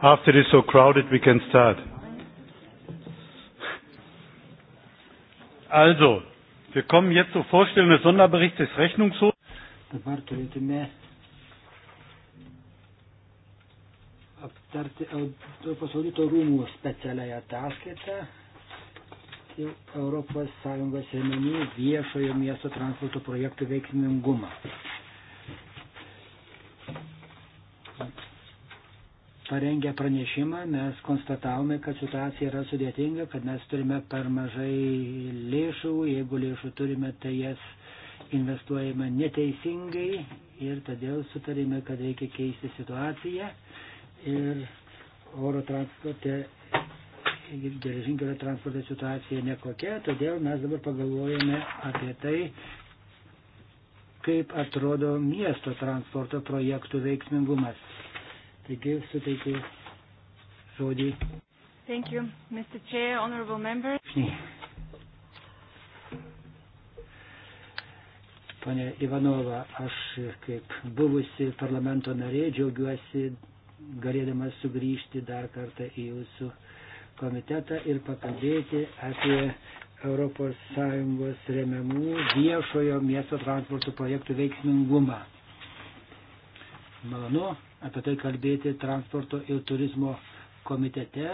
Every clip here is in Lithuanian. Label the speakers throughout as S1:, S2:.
S1: After it is so crowded, we can start. Also,
S2: wir kommen jetzt zur Vorstellung des Sonderberichts des Rechnungshofs. Dabar turėtume
S3: aptarti Europos audito rūmų specialiąją ataskaitą tai Europos Sąjungos remiamų viešojo miesto transporto projektų veiksmingumą. parengę pranešimą mes konstatavome, kad situacija yra sudėtinga, kad mes turime per mažai lėšų, jeigu lėšų turime, tai jas investuojame neteisingai ir todėl sutarėme, kad reikia keisti situaciją ir oro transporte geležinkelio transporto situacija nekokia, todėl mes dabar pagalvojame apie tai, kaip atrodo miesto transporto projektų veiksmingumas. Taigi suteikiu žodį. Thank you, Mr. Chair, honorable members. Pane Ivanova, aš kaip buvusi parlamento narė džiaugiuosi galėdamas sugrįžti dar kartą į jūsų komitetą ir pakalbėti apie ES remiamų viešojo miesto transporto projektų veiksmingumą. Malonu apie tai kalbėti transporto ir turizmo komitete,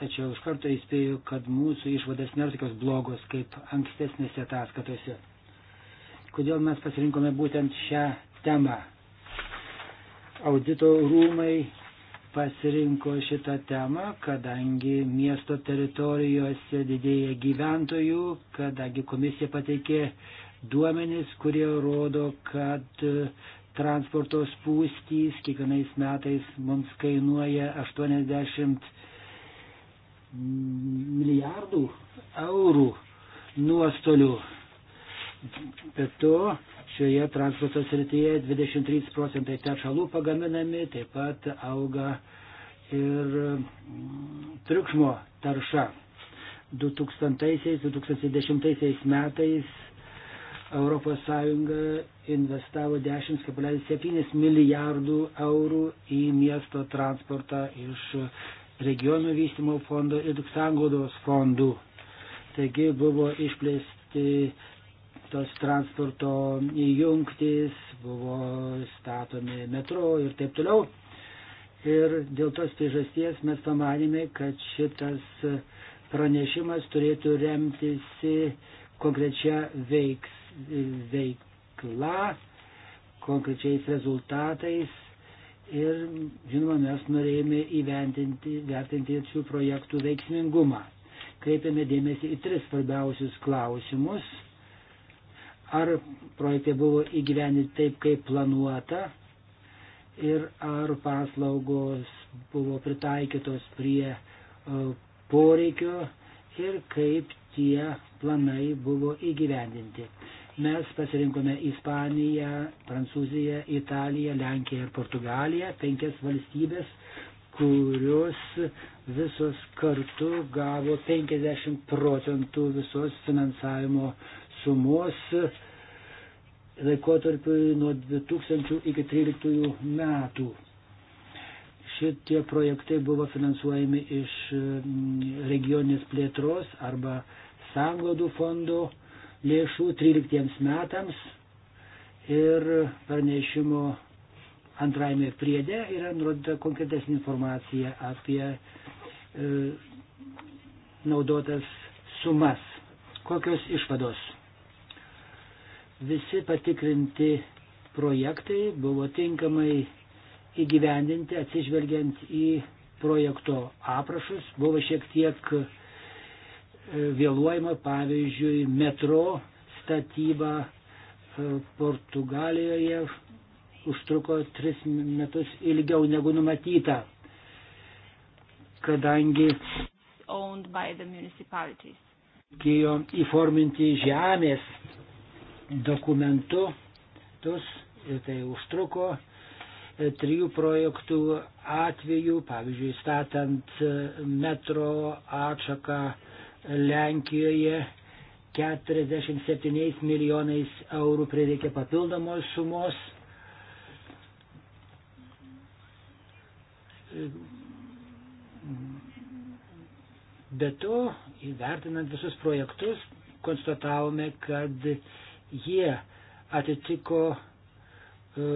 S3: tačiau iš karto įspėju, kad mūsų išvadas nėra tokios blogos kaip ankstesnėse ataskaitose. Kodėl mes pasirinkome būtent šią temą? Audito rūmai pasirinko šitą temą, kadangi miesto teritorijose didėja gyventojų, kadangi komisija pateikė duomenys, kurie rodo, kad transporto spūstys kiekvienais metais mums kainuoja 80 milijardų eurų nuostolių. Be to, šioje transporto srityje 23 procentai teršalų pagaminami, taip pat auga ir mm, triukšmo tarša. 2000-2010 metais ES investavo 10,7 milijardų eurų į miesto transportą iš regionų vystimo fondo ir sanglaudos fondų. Taigi buvo išplėsti tos transporto jungtis, buvo statomi metro ir taip toliau. Ir dėl tos priežasties mes pamanėme, kad šitas pranešimas turėtų remtis konkrečia veiks, veikla, konkrečiais rezultatais ir, žinoma, mes norėjome įvertinti vertinti šių projektų veiksmingumą. Kreipėme dėmesį į tris svarbiausius klausimus. Ar projektai buvo įgyveninti taip, kaip planuota, ir ar paslaugos buvo pritaikytos prie e, poreikio ir kaip tie planai buvo įgyvendinti. Mes pasirinkome Ispaniją, Prancūziją, Italiją, Lenkiją ir Portugaliją, penkias valstybės, kurios visos kartu gavo 50 procentų visos finansavimo sumos laikotarpiu nuo 2000 iki 2013 metų. Šitie projektai buvo finansuojami iš mm, regioninės plėtros arba sanglaudų fondo lėšų 13 metams ir pranešimo antrajame priede yra nurodyta konkretesnė informacija apie e, naudotas sumas. Kokios išvados? Visi patikrinti projektai buvo tinkamai įgyvendinti atsižvelgiant į projekto aprašus, buvo šiek tiek vėluojama, pavyzdžiui, metro statyba e, Portugalijoje užtruko tris metus ilgiau negu numatyta, kadangi reikėjo įforminti žemės dokumentu tus, ir tai užtruko e, trijų projektų atveju, pavyzdžiui, statant e, metro atšaką Lenkijoje 47 milijonais eurų prireikė papildomos sumos. Be to, įvertinant visus projektus, konstatavome, kad jie atitiko e,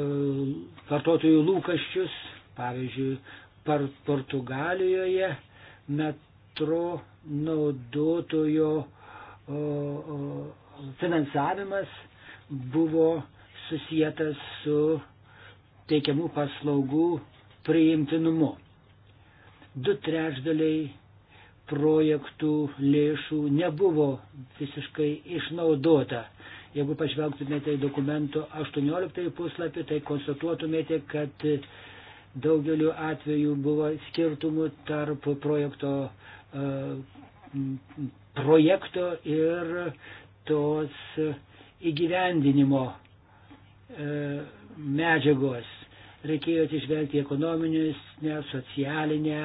S3: vartotojų lūkesčius, pavyzdžiui, Portugalijoje metro naudotojo o, o, finansavimas buvo susijęs su teikiamų paslaugų priimtinumu. Du trečdaliai projektų lėšų nebuvo visiškai išnaudota. Jeigu pažvelgtumėte į dokumento 18 puslapį, tai konstatuotumėte, kad daugeliu atveju buvo skirtumų tarp projekto uh, E, projekto ir tos įgyvendinimo e, medžiagos. Reikėjo atsižvelgti ekonominius, ne socialinę,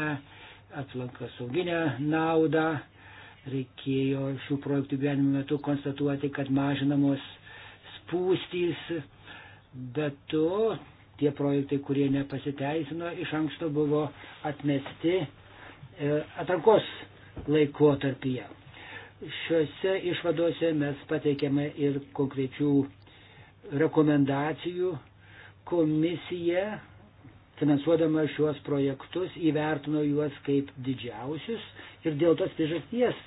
S3: aplanką sauginę naudą. Reikėjo šių projektų gyvenimo metu konstatuoti, kad mažinamos spūstys, bet to tie projektai, kurie nepasiteisino, iš anksto buvo atmesti E, atrankos laikotarpyje. Šiuose išvadose mes pateikėme ir konkrečių rekomendacijų. Komisija, finansuodama šiuos projektus, įvertino juos kaip didžiausius ir dėl tos priežasties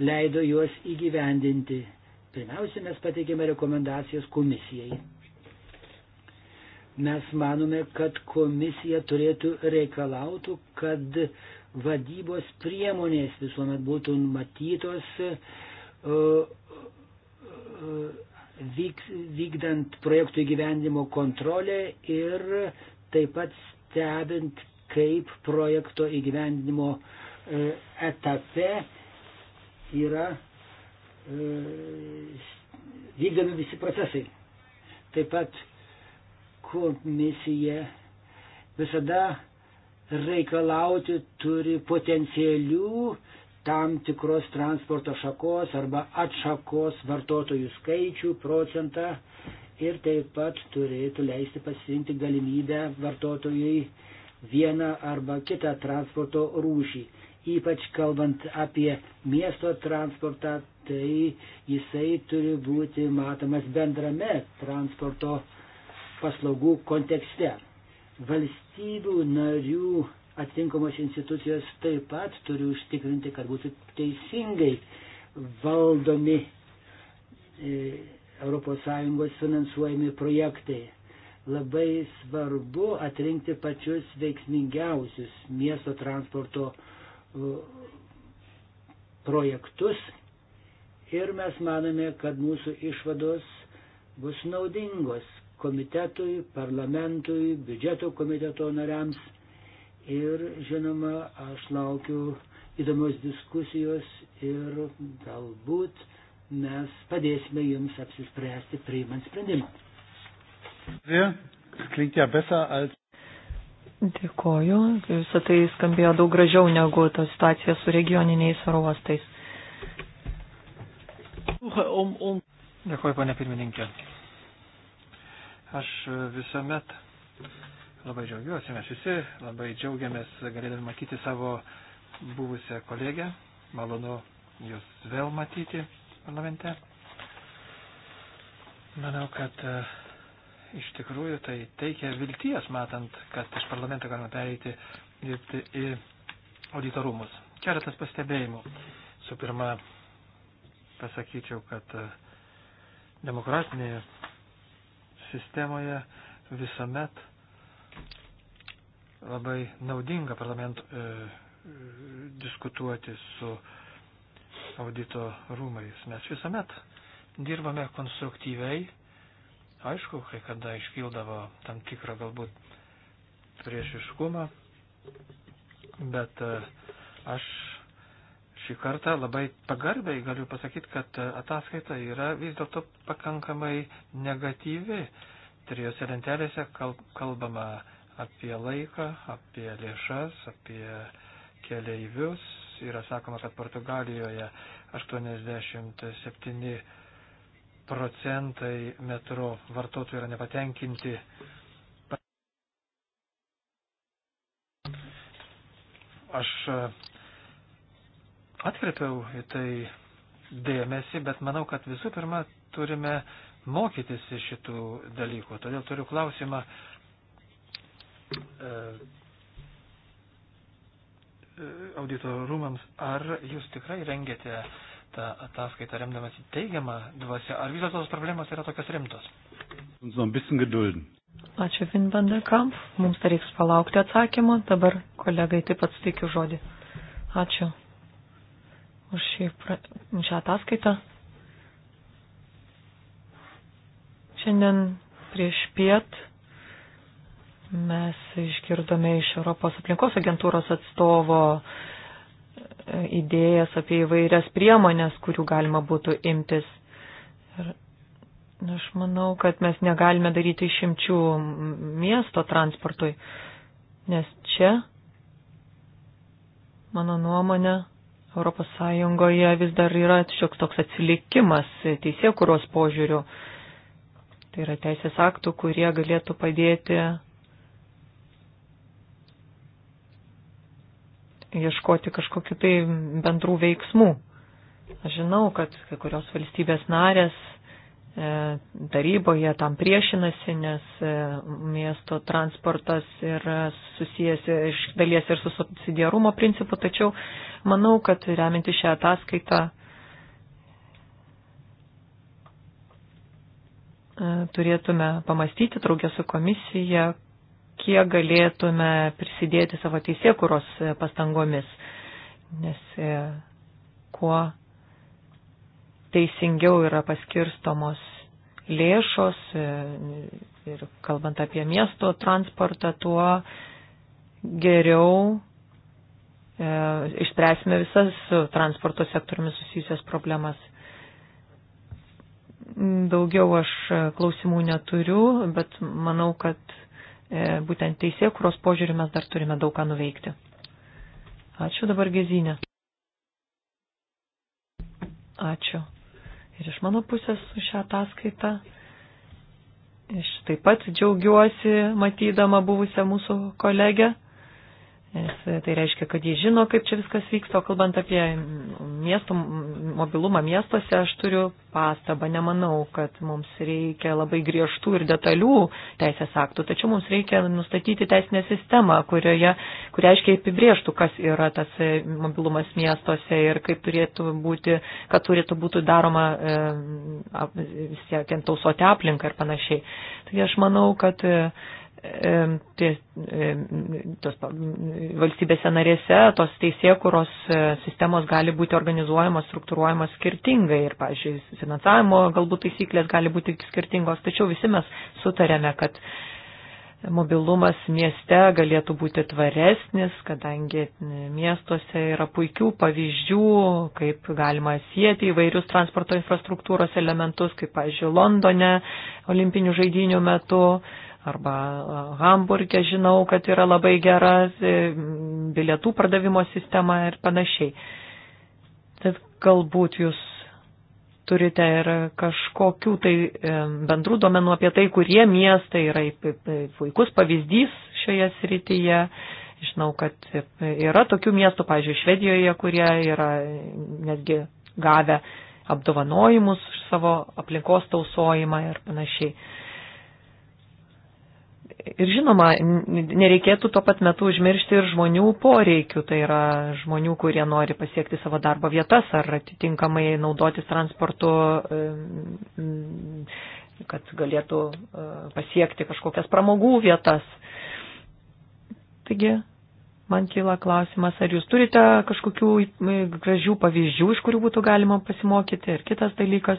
S3: leido juos įgyvendinti. Pirmiausia, mes pateikėme rekomendacijas komisijai. Mes manome, kad komisija turėtų reikalautų, kad vadybos priemonės visuomet būtų matytos e, e, vyk, vykdant projektų įgyvendimo kontrolę ir taip pat stebint, kaip projekto įgyvendimo e, etape yra vykdomi visi procesai. Taip pat komisija visada reikalauti turi potencialių tam tikros transporto šakos arba atšakos vartotojų skaičių procentą ir taip pat turėtų leisti pasirinkti galimybę vartotojui vieną arba kitą transporto rūšį. Ypač kalbant apie miesto transportą, tai jisai turi būti matomas bendrame transporto paslaugų kontekste. Valstybių narių atitinkamos institucijos taip pat turi užtikrinti, kad būtų teisingai valdomi ES finansuojami projektai. Labai svarbu atrinkti pačius veiksmingiausius miesto transporto e, projektus ir mes manome, kad mūsų išvados bus naudingos komitetui, parlamentui, biudžeto komiteto nariams. Ir žinoma, aš laukiu įdomios diskusijos ir galbūt mes padėsime jums apsispręsti priimant sprendimą.
S4: Dėkoju, visą tai skambėjo daug gražiau negu ta situacija su regioniniais oro uostais.
S2: Um, um. Dėkoju, ponė pirmininkė. Aš visuomet labai džiaugiuosi, mes visi labai džiaugiamės galėdami matyti savo buvusią kolegę. Malonu jūs vėl matyti parlamente. Manau, kad e, iš tikrųjų tai teikia vilties, matant, kad iš parlamento galima pereiti dirbti į auditorumus. Keletas pastebėjimų. Su pirma, pasakyčiau, kad e, demokratinėje sistemoje visuomet labai naudinga parlament e, diskutuoti su audito rūmais. Mes visuomet dirbame konstruktyviai. Aišku, kai kada iškildavo tam tikrą galbūt priešiškumą, bet e, aš šį kartą labai pagarbiai galiu pasakyti, kad ataskaita yra vis dėlto pakankamai negatyvi. Trijose lentelėse kalbama apie laiką, apie lėšas, apie keleivius. Yra sakoma, kad Portugalijoje 87 procentai metro vartotojų yra nepatenkinti aš atkreipiau į tai dėmesį, bet manau, kad visų pirma turime mokytis iš šitų dalykų. Todėl turiu klausimą e, e audito rūmams, ar jūs tikrai rengėte tą ataskaitą remdamas į teigiamą dvasę, ar visos tos problemos yra tokios rimtos?
S4: Ačiū, Vin van der Kamp. Mums dar reiks palaukti atsakymą. Dabar kolegai taip pat steikiu žodį. Ačiū už šį, šią ataskaitą. Šiandien prieš piet mes išgirdome iš Europos aplinkos agentūros atstovo e, idėjas apie įvairias priemonės, kurių galima būtų imtis. Ir aš manau, kad mes negalime daryti išimčių miesto transportui, nes čia, mano nuomonė, Europos Sąjungoje vis dar yra šioks toks atsilikimas teisė kuros požiūrių. Tai yra teisės aktų, kurie galėtų padėti ieškoti kažkokiu tai bendrų veiksmų. Aš žinau, kad kai kurios valstybės narės E, taryboje tam priešinasi, nes e, miesto transportas yra susijęs iš dalies ir su subsidiarumo principu, tačiau manau, kad remianti šią ataskaitą e, turėtume pamastyti draugę su komisija, kiek galėtume prisidėti savo teisėkuros pastangomis, nes kuo teisingiau yra paskirstomos lėšos e, ir kalbant apie miesto transportą, tuo geriau e, išspręsime visas su transporto sektoriumi susijusias problemas. Daugiau aš klausimų neturiu, bet manau, kad e, būtent teisė, kurios požiūrį mes dar turime daug ką nuveikti. Ačiū dabar Gezinė. Ačiū ir iš mano pusės su šią ataskaitą. Aš taip pat džiaugiuosi matydama buvusią mūsų kolegę. Nes e, tai reiškia, kad jie žino, kaip čia viskas vyksta, o kalbant apie miesto, mobilumą miestuose, aš turiu pastabą, nemanau, kad mums reikia labai griežtų ir detalių teisės aktų, tačiau mums reikia nustatyti teisinę sistemą, kurioje, kuria aiškiai apibrieštų, kas yra tas e, mobilumas miestuose ir kaip turėtų būti, kad turėtų būti daroma e, siekiant tausoti aplinką ir panašiai. Tai aš manau, kad E, tie, e, tos valstybėse narėse tos teisėkuros e, sistemos gali būti organizuojamos, struktūruojamos skirtingai ir, pavyzdžiui, finansavimo galbūt taisyklės gali būti skirtingos, tačiau visi mes sutarėme, kad mobilumas mieste galėtų būti tvaresnis, kadangi miestuose yra puikių pavyzdžių, kaip galima sieti įvairius transporto infrastruktūros elementus, kaip, pavyzdžiui, Londone olimpinių žaidinių metu arba Hamburgė e, žinau, kad yra labai gera e, bilietų pardavimo sistema ir panašiai. Tad galbūt jūs turite ir kažkokių tai e, bendrų duomenų apie tai, kurie miestai yra puikus pavyzdys šioje srityje. Žinau, kad yra tokių miestų, pavyzdžiui, Švedijoje, kurie yra netgi gavę apdovanojimus už savo aplinkos tausojimą ir panašiai. Ir žinoma, nereikėtų tuo pat metu užmiršti ir žmonių poreikių, tai yra žmonių, kurie nori pasiekti savo darbo vietas ar atitinkamai naudotis transportu, e, kad galėtų e, pasiekti kažkokias pramogų vietas. Taigi, man kyla klausimas, ar jūs turite kažkokių e, gražių pavyzdžių, iš kurių būtų galima pasimokyti. Ir kitas dalykas,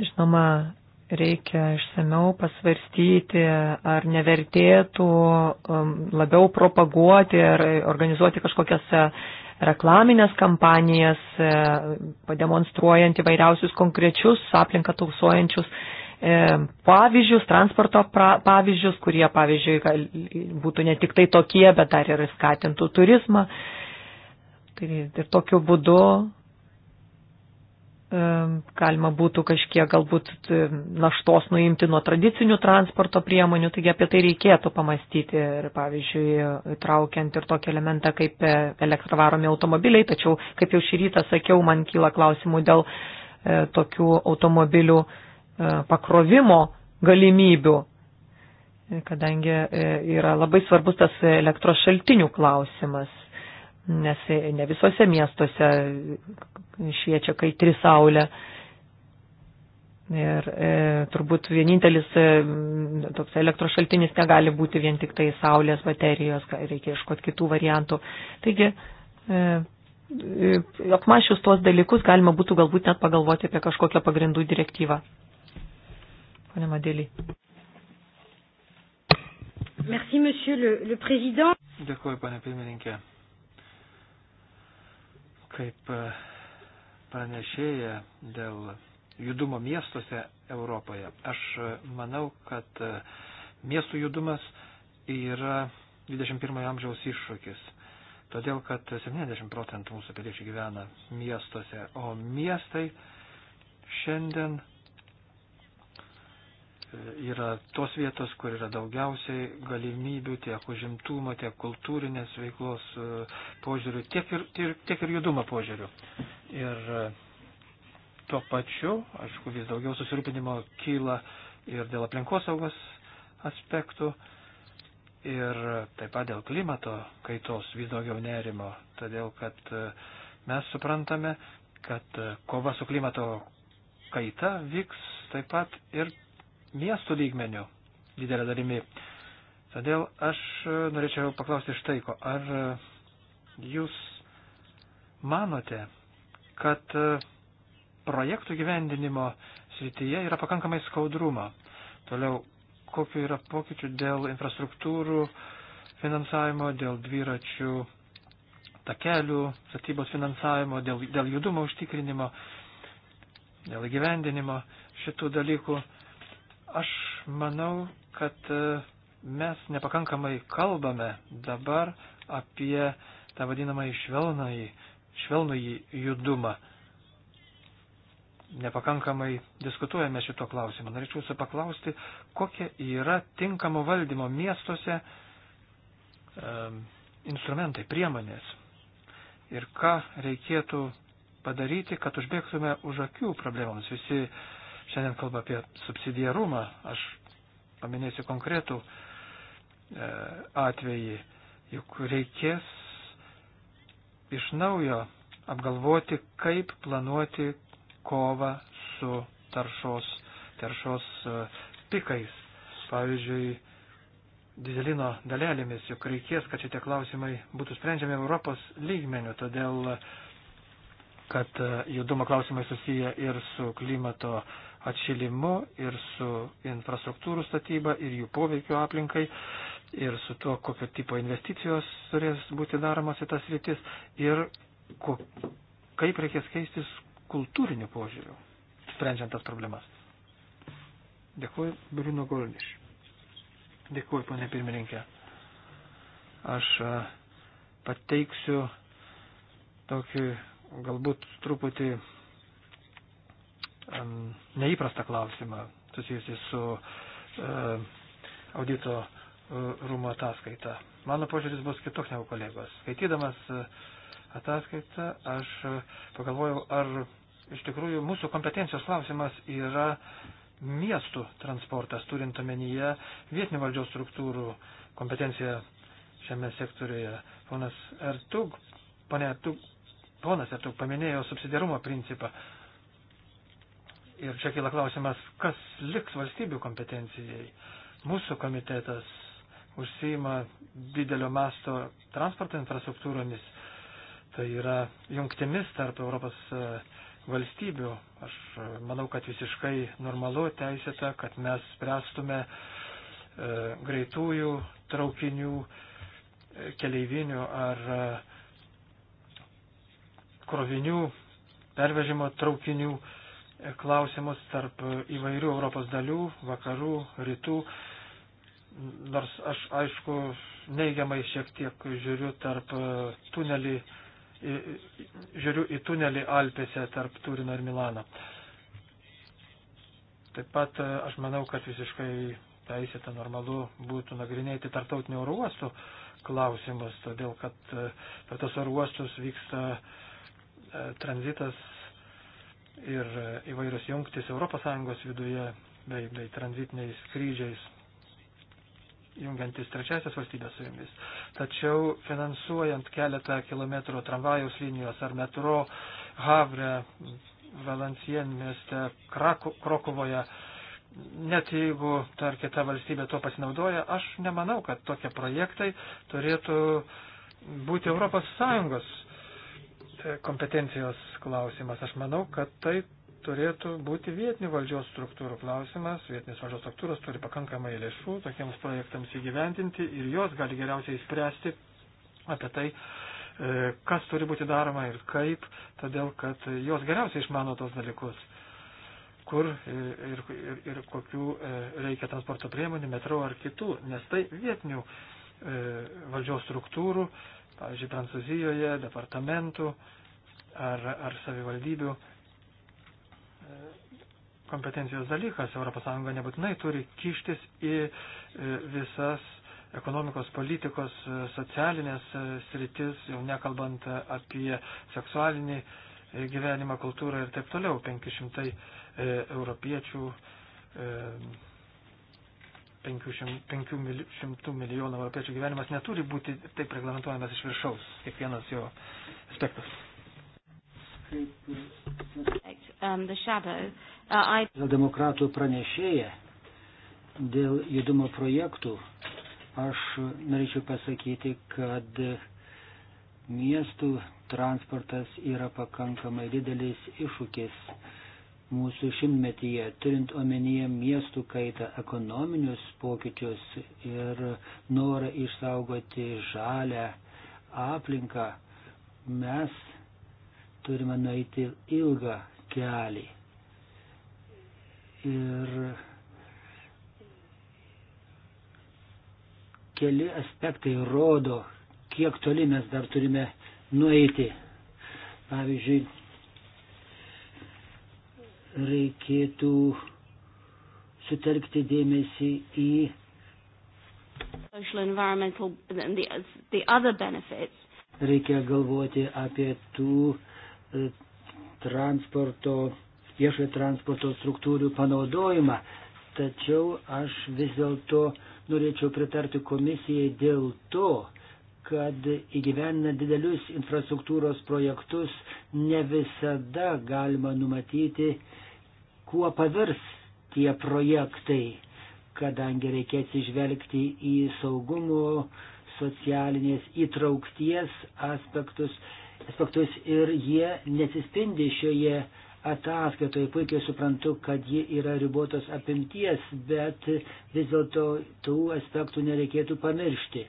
S4: žinoma, reikia išsameu pasvarstyti, ar nevertėtų um, labiau propaguoti ar organizuoti kažkokias e, reklaminės kampanijas, e, pademonstruojant įvairiausius konkrečius aplinką tausojančius e, pavyzdžius, transporto pavyzdžius, kurie, pavyzdžiui, būtų ne tik tai tokie, bet dar ir skatintų turizmą. Tai ir tokiu būdu galima būtų kažkiek galbūt e, naštos nuimti nuo tradicinių transporto priemonių, taigi apie tai reikėtų pamastyti ir, pavyzdžiui, traukiant ir tokį elementą kaip e, elektravaromi automobiliai, tačiau, kaip jau šį rytą sakiau, man kyla klausimų dėl e, tokių automobilių pakrovimo galimybių, kadangi yra labai svarbus tas elektros šaltinių klausimas nes ne visose miestuose šviečia kaitri saulė. Ir e, turbūt vienintelis e, toks elektros šaltinis negali būti vien tik tai saulės baterijos, reikia iškoti kitų variantų. Taigi, e, e, apmašius tuos dalykus, galima būtų galbūt net pagalvoti apie kažkokią pagrindų direktyvą. Pone Madėlį.
S3: Merci, monsieur le, le président. Dėkuoju, pane
S2: pirmininkė kaip e, pranešėja dėl judumo miestuose Europoje. Aš e, manau, kad e, miestų judumas yra 21 amžiaus iššūkis. Todėl, kad 70 procentų mūsų piliečių gyvena miestuose, o miestai šiandien yra tos vietos, kur yra daugiausiai galimybių tiek užimtumo, tiek kultūrinės veiklos e, požiūrių, tiek ir, tiek, tiek ir judumo požiūrių. Ir e, tuo pačiu, aišku, vis daugiau susirūpinimo kyla ir dėl aplinkosaugos aspektų, ir taip pat dėl klimato kaitos vis daugiau nerimo, todėl kad e, mes suprantame, kad kova su klimato kaita vyks taip pat ir miestų lygmenių didelė dalimi. Todėl aš e, norėčiau paklausti štai ko. Ar e, jūs manote, kad e, projektų gyvendinimo srityje yra pakankamai skaudrumo? Toliau, kokiu yra pokyčių dėl infrastruktūrų finansavimo, dėl dviračių takelių, statybos finansavimo, dėl, dėl judumo užtikrinimo, dėl įgyvendinimo šitų dalykų. Aš manau, kad e, mes nepakankamai kalbame dabar apie tą vadinamą švelnąjį, švelnąjį judumą. Nepakankamai diskutuojame šito klausimu. Norėčiau jūsų paklausti, kokia yra tinkamo valdymo miestuose e, instrumentai, priemonės ir ką reikėtų padaryti, kad užbėgtume už akių problemams. Visi šiandien kalba apie subsidiarumą. Aš paminėsiu konkretų e, atvejį, juk reikės iš naujo apgalvoti, kaip planuoti kovą su taršos, taršos e, pikais. Pavyzdžiui, dizelino dalelėmis, juk reikės, kad šitie klausimai būtų sprendžiami Europos lygmenių, todėl kad e, judumo klausimai susiję ir su klimato atšilimu, ir su infrastruktūrų statyba, ir jų poveikiu aplinkai, ir su tuo, kokio tipo investicijos turės būti daromas į tas rytis, ir ko, kaip reikės keistis kultūriniu požiūriu, sprendžiant tas problemas. Dėkuoju, Bruno Golniš. Dėkuoju, ponė pirmininkė. Aš e, pateiksiu tokį galbūt truputį neįprastą klausimą susijusi su e, audito e, rūmo ataskaita. Mano požiūris bus kitoks negu kolegos. Skaitydamas e, ataskaitą, aš e, pagalvojau, ar iš tikrųjų mūsų kompetencijos klausimas yra miestų transportas, turint omenyje vietinių valdžios struktūrų kompetenciją šiame sektoriuje. Ponas Ertug, ponė Ertug, ponas Ertug paminėjo subsidiarumo principą. E, Ir čia kyla klausimas, kas liks valstybių kompetencijai. Mūsų komitetas užsima didelio masto transporto infrastruktūromis, tai yra jungtimis tarp Europos e, valstybių. Aš e, manau, kad visiškai normalu teisėta, kad mes spręstume e, greitųjų traukinių, e, keleivinių ar e, krovinių pervežimo traukinių e, klausimus tarp įvairių Europos dalių, vakarų, rytų. Nors aš, aišku, neigiamai šiek tiek žiūriu tarp e, tunelį, e, e, žiūriu į tunelį Alpėse tarp Turino ir Milano. Taip pat aš manau, kad visiškai teisėta normalu būtų nagrinėti tarptautinių oro uostų klausimus, todėl kad per tos oro uostus vyksta tranzitas ir e, įvairios jungtis ES viduje bei, bei tranzitiniais skrydžiais, jungiantis trečiasias valstybės su jomis. Tačiau finansuojant keletą kilometrų tramvajaus linijos ar metro Havre, Valencien mieste, Kraku, Krokovoje, net jeigu tar kita valstybė to pasinaudoja, aš nemanau, kad tokie projektai turėtų būti ES E, kompetencijos klausimas. Aš manau, kad tai turėtų būti vietinių valdžios struktūrų klausimas. Vietinės valdžios struktūros turi pakankamai lėšų tokiems projektams įgyventinti ir jos gali geriausiai spręsti apie tai, e, kas turi būti daroma ir kaip, todėl kad jos geriausiai išmano tos dalykus, kur ir, ir, ir kokių e, reikia transporto priemonių, metro ar kitų, nes tai vietinių valdžios struktūrų pavyzdžiui, Prancūzijoje, departamentų ar, ar savivaldybių e, kompetencijos dalykas. ES nebūtinai turi kištis į e, visas ekonomikos, politikos, e, socialinės sritis, jau nekalbant apie seksualinį gyvenimą, kultūrą ir taip toliau. 500 europiečių 500 milijonų europiečių gyvenimas neturi būti taip reglamentuojamas iš
S3: viršaus, kiekvienas jo aspektas.
S1: Um, dėl
S3: uh, demokratų pranešėja, dėl judumo projektų, aš norėčiau pasakyti, kad miestų transportas yra pakankamai didelis iššūkis mūsų šimtmetyje, turint omenyje miestų kaitą, ekonominius pokyčius ir norą išsaugoti žalę aplinką, mes turime nueiti ilgą kelią. Ir keli aspektai rodo, kiek toli mes dar turime nueiti. Pavyzdžiui, reikėtų sutelkti dėmesį į Reikia galvoti apie tų e, transporto, viešojo transporto struktūrių panaudojimą. Tačiau aš vis dėlto norėčiau pritarti komisijai dėl to, kad įgyveninant didelius infrastruktūros projektus ne visada galima numatyti, kuo pavirs tie projektai, kadangi reikia atsižvelgti į saugumo, socialinės įtraukties aspektus, aspektus ir jie nesispindi šioje ataskaitoje. Puikiai suprantu, kad ji yra ribotos apimties, bet vis dėlto tų aspektų nereikėtų pamiršti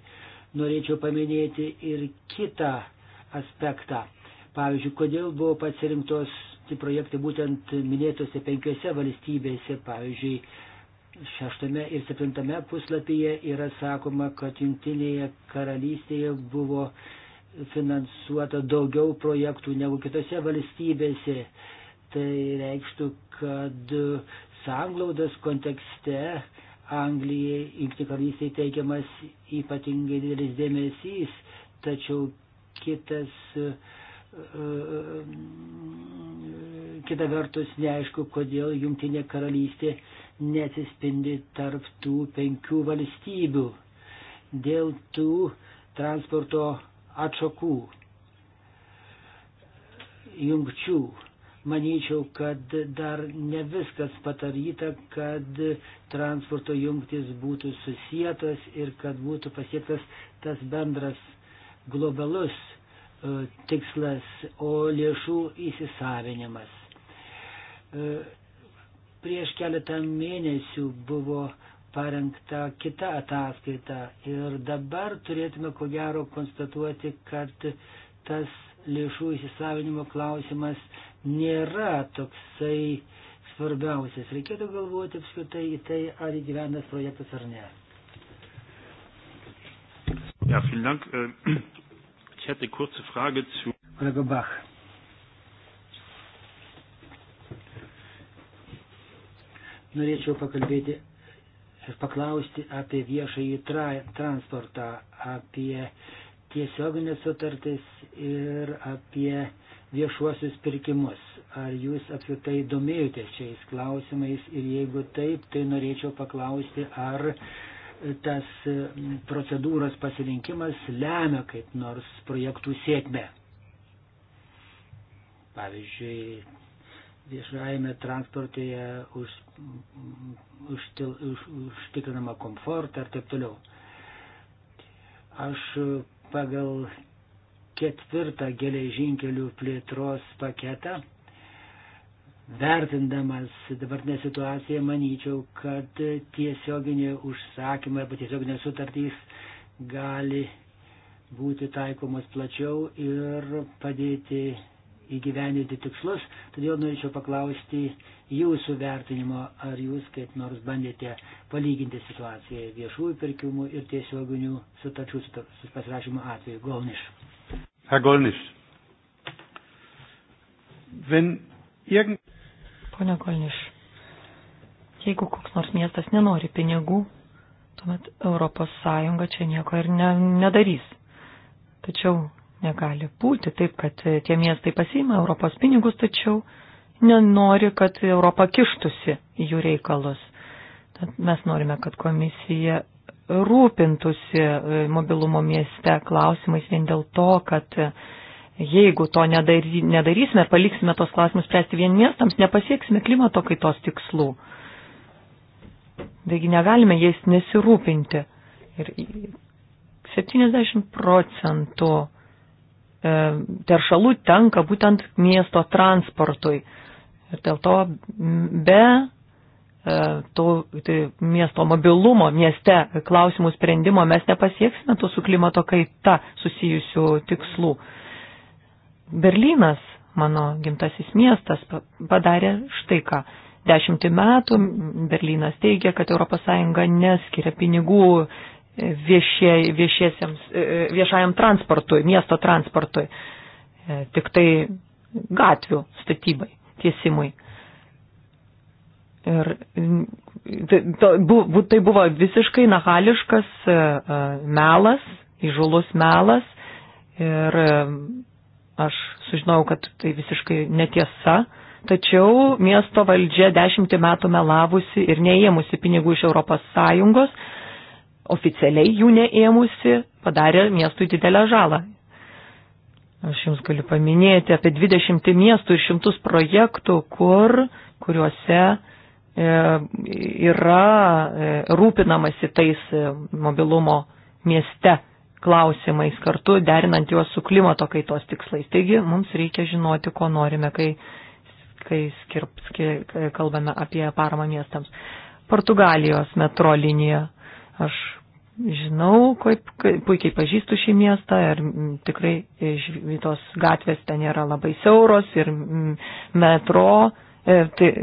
S3: norėčiau paminėti ir kitą aspektą. Pavyzdžiui, kodėl buvo pasirinktos tie projektai būtent minėtose penkiose valstybėse, pavyzdžiui, šeštame ir septintame puslapyje yra sakoma, kad jungtinėje karalystėje buvo finansuota daugiau projektų negu kitose valstybėse. Tai reikštų, kad sanglaudos kontekste Anglijai, Junktinė karalystė teikiamas ypatingai didelis dėmesys, tačiau kitas, e, e, kita vertus neaišku, kodėl Junktinė karalystė neatsispindi tarp tų penkių valstybių dėl tų transporto atšakų, jungčių manyčiau, kad dar ne viskas pataryta, kad transporto jungtis būtų susijėtos ir kad būtų pasiektas tas bendras globalus e, tikslas, o lėšų įsisavinimas. E, prieš keletą mėnesių buvo parengta kita ataskaita ir dabar turėtume ko gero konstatuoti, kad tas lėšų įsisavinimo klausimas nėra toksai svarbiausias. Reikėtų galvoti apskritai į tai, ar įgyvendas projektas ar ne.
S1: Ja, vielen Dank. Äh, ich hätte kurze Frage zu.
S3: Kollege Bach. Norėčiau pakalbėti ir paklausti apie viešąjį tra transportą, apie tiesioginės sutartis ir apie viešuosius pirkimus. Ar jūs apskritai domėjotės šiais klausimais ir jeigu taip, tai norėčiau paklausti, ar tas procedūros pasirinkimas lemia kaip nors projektų sėkmę. Pavyzdžiui, viešajame transportėje už, užtil, už, užtikrinama komfortą ir taip toliau. Aš pagal ketvirtą geležinkelių plėtros paketą. Vertindamas dabartinę situaciją, manyčiau, kad tiesioginė užsakymai arba tiesioginės sutartys gali būti taikomos plačiau ir padėti įgyveninti tikslus. Todėl norėčiau paklausti jūsų vertinimo, ar jūs kaip nors bandėte palyginti situaciją viešųjų pirkimų ir tiesioginių sutarčių pasirašymo atveju. Golniš.
S1: Herr Golniš. Wenn irgend...
S4: Pone Golniš, jeigu koks nors miestas nenori pinigų, tuomet Europos Sąjunga čia nieko ir ne, nedarys. Tačiau negali būti taip, kad tie miestai pasiima Europos pinigus, tačiau nenori, kad Europa kištusi į jų reikalus. Tad mes norime, kad komisija rūpintusi e, mobilumo mieste klausimais vien dėl to, kad e, jeigu to nedary, nedarysime, paliksime tos klausimus spręsti vien miestams, nepasieksime klimato kaitos tikslų. Taigi negalime jais nesirūpinti. Ir 70 procentų e, teršalų tenka būtent miesto transportui. Ir dėl to be E, to tai, miesto mobilumo, mieste klausimų sprendimo mes nepasieksime tų su klimato kaita susijusių tikslų. Berlynas, mano gimtasis miestas, padarė štai ką. Dešimtį metų Berlynas teigia, kad ES neskiria pinigų viešie, viešiesiems, e, viešajam transportui, miesto transportui, e, tik tai gatvių statybai, tiesimui. Ir tai, to, bu, tai buvo visiškai nahališkas e, e, melas, įžulus melas. Ir e, aš sužinojau, kad tai visiškai netiesa. Tačiau miesto valdžia dešimtį metų melavusi ir neėmusi pinigų iš ES, oficialiai jų neėmusi, padarė miestui didelę žalą. Aš jums galiu paminėti apie 20 miestų ir šimtus projektų, kur, kuriuose E, yra e, rūpinamasi tais e, mobilumo mieste klausimais kartu, derinant juos su klimato kaitos tikslais. Taigi mums reikia žinoti, ko norime, kai, kai skirp, skir, kalbame apie paramą miestams. Portugalijos metro linija. Aš žinau, kaip, kaip puikiai pažįstu šį miestą ir tikrai tos gatvės ten yra labai siauros ir metro E, tai,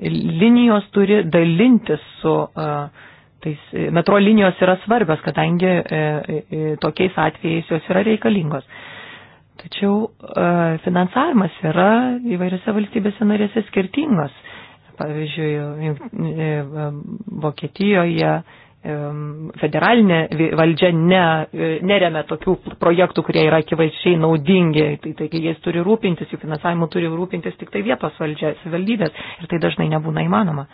S4: e, linijos turi dalintis su e, tais, metro linijos yra svarbios, kadangi tokiais atvejais jos yra reikalingos. Tačiau finansavimas yra įvairiose valstybėse narėse skirtingas. Pavyzdžiui, Vokietijoje federalinė valdžia ne, e, neremia tokių projektų, kurie yra akivaizdžiai naudingi. Tai taigi jais turi rūpintis, jų finansavimu turi rūpintis tik tai vietos valdžia, savivaldybės ir tai dažnai nebūna įmanoma.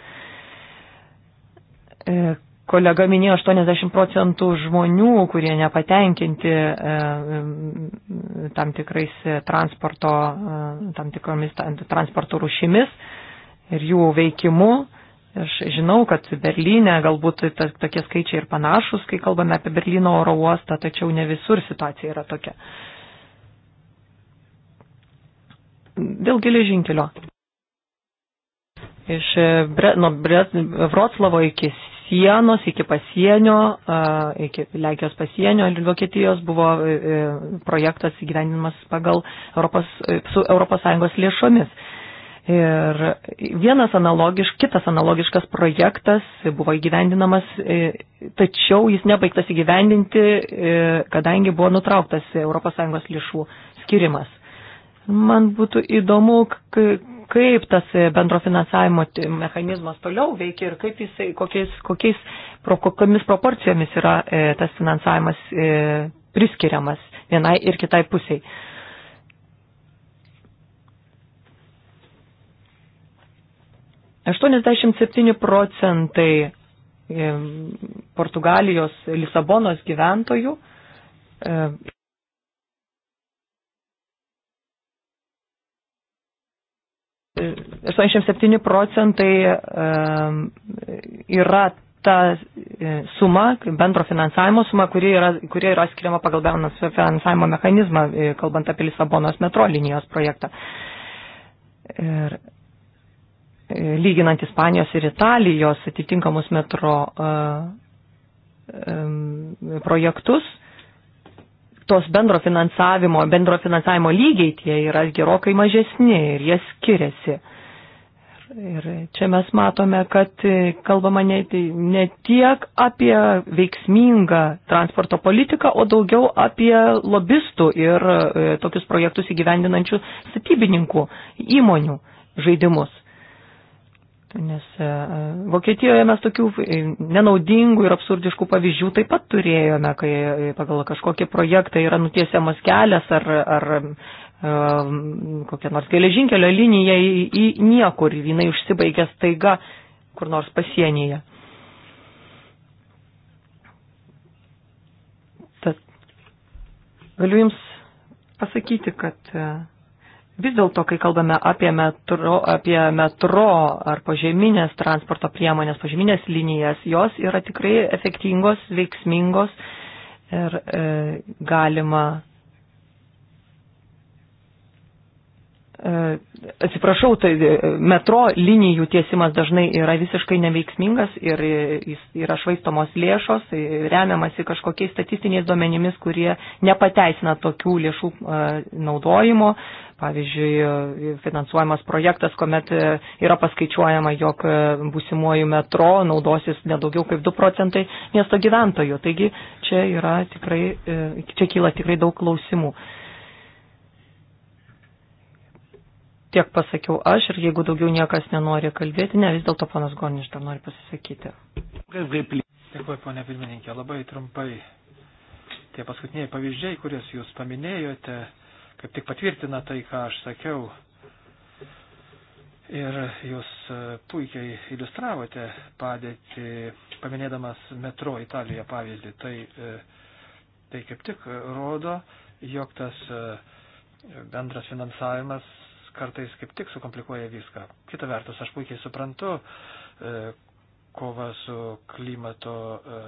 S4: E, kolega minėjo 80 procentų žmonių, kurie nepatenkinti e, tam tikrais transporto, tam tikromis transporto rušimis ir jų veikimu Aš žinau, kad Berlyne galbūt tokie skaičiai ir panašus, kai kalbame apie Berlyno oro uostą, tačiau ne visur situacija yra tokia. Dėl geležinkelio. Iš e, Bre, nuo Bre, Vroclavo iki sienos, iki pasienio, e, iki Lenkijos pasienio ir Vokietijos buvo e, projektas įgyvendinamas pagal Europos, su ES lėšomis. Ir vienas analogiš, kitas analogiškas projektas buvo įgyvendinamas, e, tačiau jis nebaigtas įgyvendinti, e, kadangi buvo nutrauktas ES lėšų skirimas. Man būtų įdomu, kaip tas bendro finansavimo mechanizmas toliau veikia ir kaip jisai, kokiais, kokiais, pro, kokiamis proporcijomis yra e, tas finansavimas priskiriamas vienai ir kitai pusiai. 87 procentai Portugalijos Lisabonos gyventojų e, Aštuoniasdešimt septyni procentai yra ta e, suma, bendro finansavimo suma, kuri yra, kuri yra skiriama pagal bendro finansavimo mechanizmą, e, kalbant apie Lisabonos metro linijos projektą. Ir E, lyginant Ispanijos ir Italijos atitinkamus metro e, projektus, tos bendro finansavimo, bendro finansavimo lygiai tie yra gerokai mažesni ir jie skiriasi. Ir čia mes matome, kad kalbama ne, ne tiek apie veiksmingą transporto politiką, o daugiau apie lobistų ir e, tokius projektus įgyvendinančių statybininkų įmonių žaidimus. Nes e, Vokietijoje mes tokių e, nenaudingų ir absurdiškų pavyzdžių taip pat turėjome, kai e, pagal kažkokį projektą yra nutiesiamas kelias ar, ar kokia nors geležinkelio linija į, į niekur, jinai užsibaigė staiga kur nors pasienyje. Tad galiu Jums pasakyti, kad Vis dėlto, kai kalbame apie metro, apie metro ar pažeminės transporto priemonės, pažeminės linijas, jos yra tikrai efektingos, veiksmingos ir e, galima E, atsiprašau, tai e, metro linijų tiesimas dažnai yra visiškai neveiksmingas ir e, jis yra švaistomos lėšos, remiamasi kažkokiais statistiniais duomenimis, kurie nepateisina tokių lėšų naudojimo. Pavyzdžiui, finansuojamas projektas, kuomet yra paskaičiuojama, jog būsimuoju metro naudosis nedaugiau kaip 2 procentai miesto gyventojų. Taigi čia, yra tikrai, čia kyla tikrai daug klausimų. tiek pasakiau aš ir jeigu daugiau niekas nenori kalbėti, ne, vis dėlto ponas Gorniš dar nori pasisakyti.
S2: Dėkuoju, ponė pirmininkė, labai trumpai. Tie paskutiniai pavyzdžiai, kuriuos jūs paminėjote, kaip tik patvirtina tai, ką aš sakiau. Ir jūs e, puikiai iliustravote padėtį, paminėdamas metro Italijoje pavyzdį. Tai, e, tai kaip tik rodo, jog tas e, bendras finansavimas kartais kaip tik sukomplikuoja viską. Kita vertus, aš puikiai suprantu e, kovą su klimato e,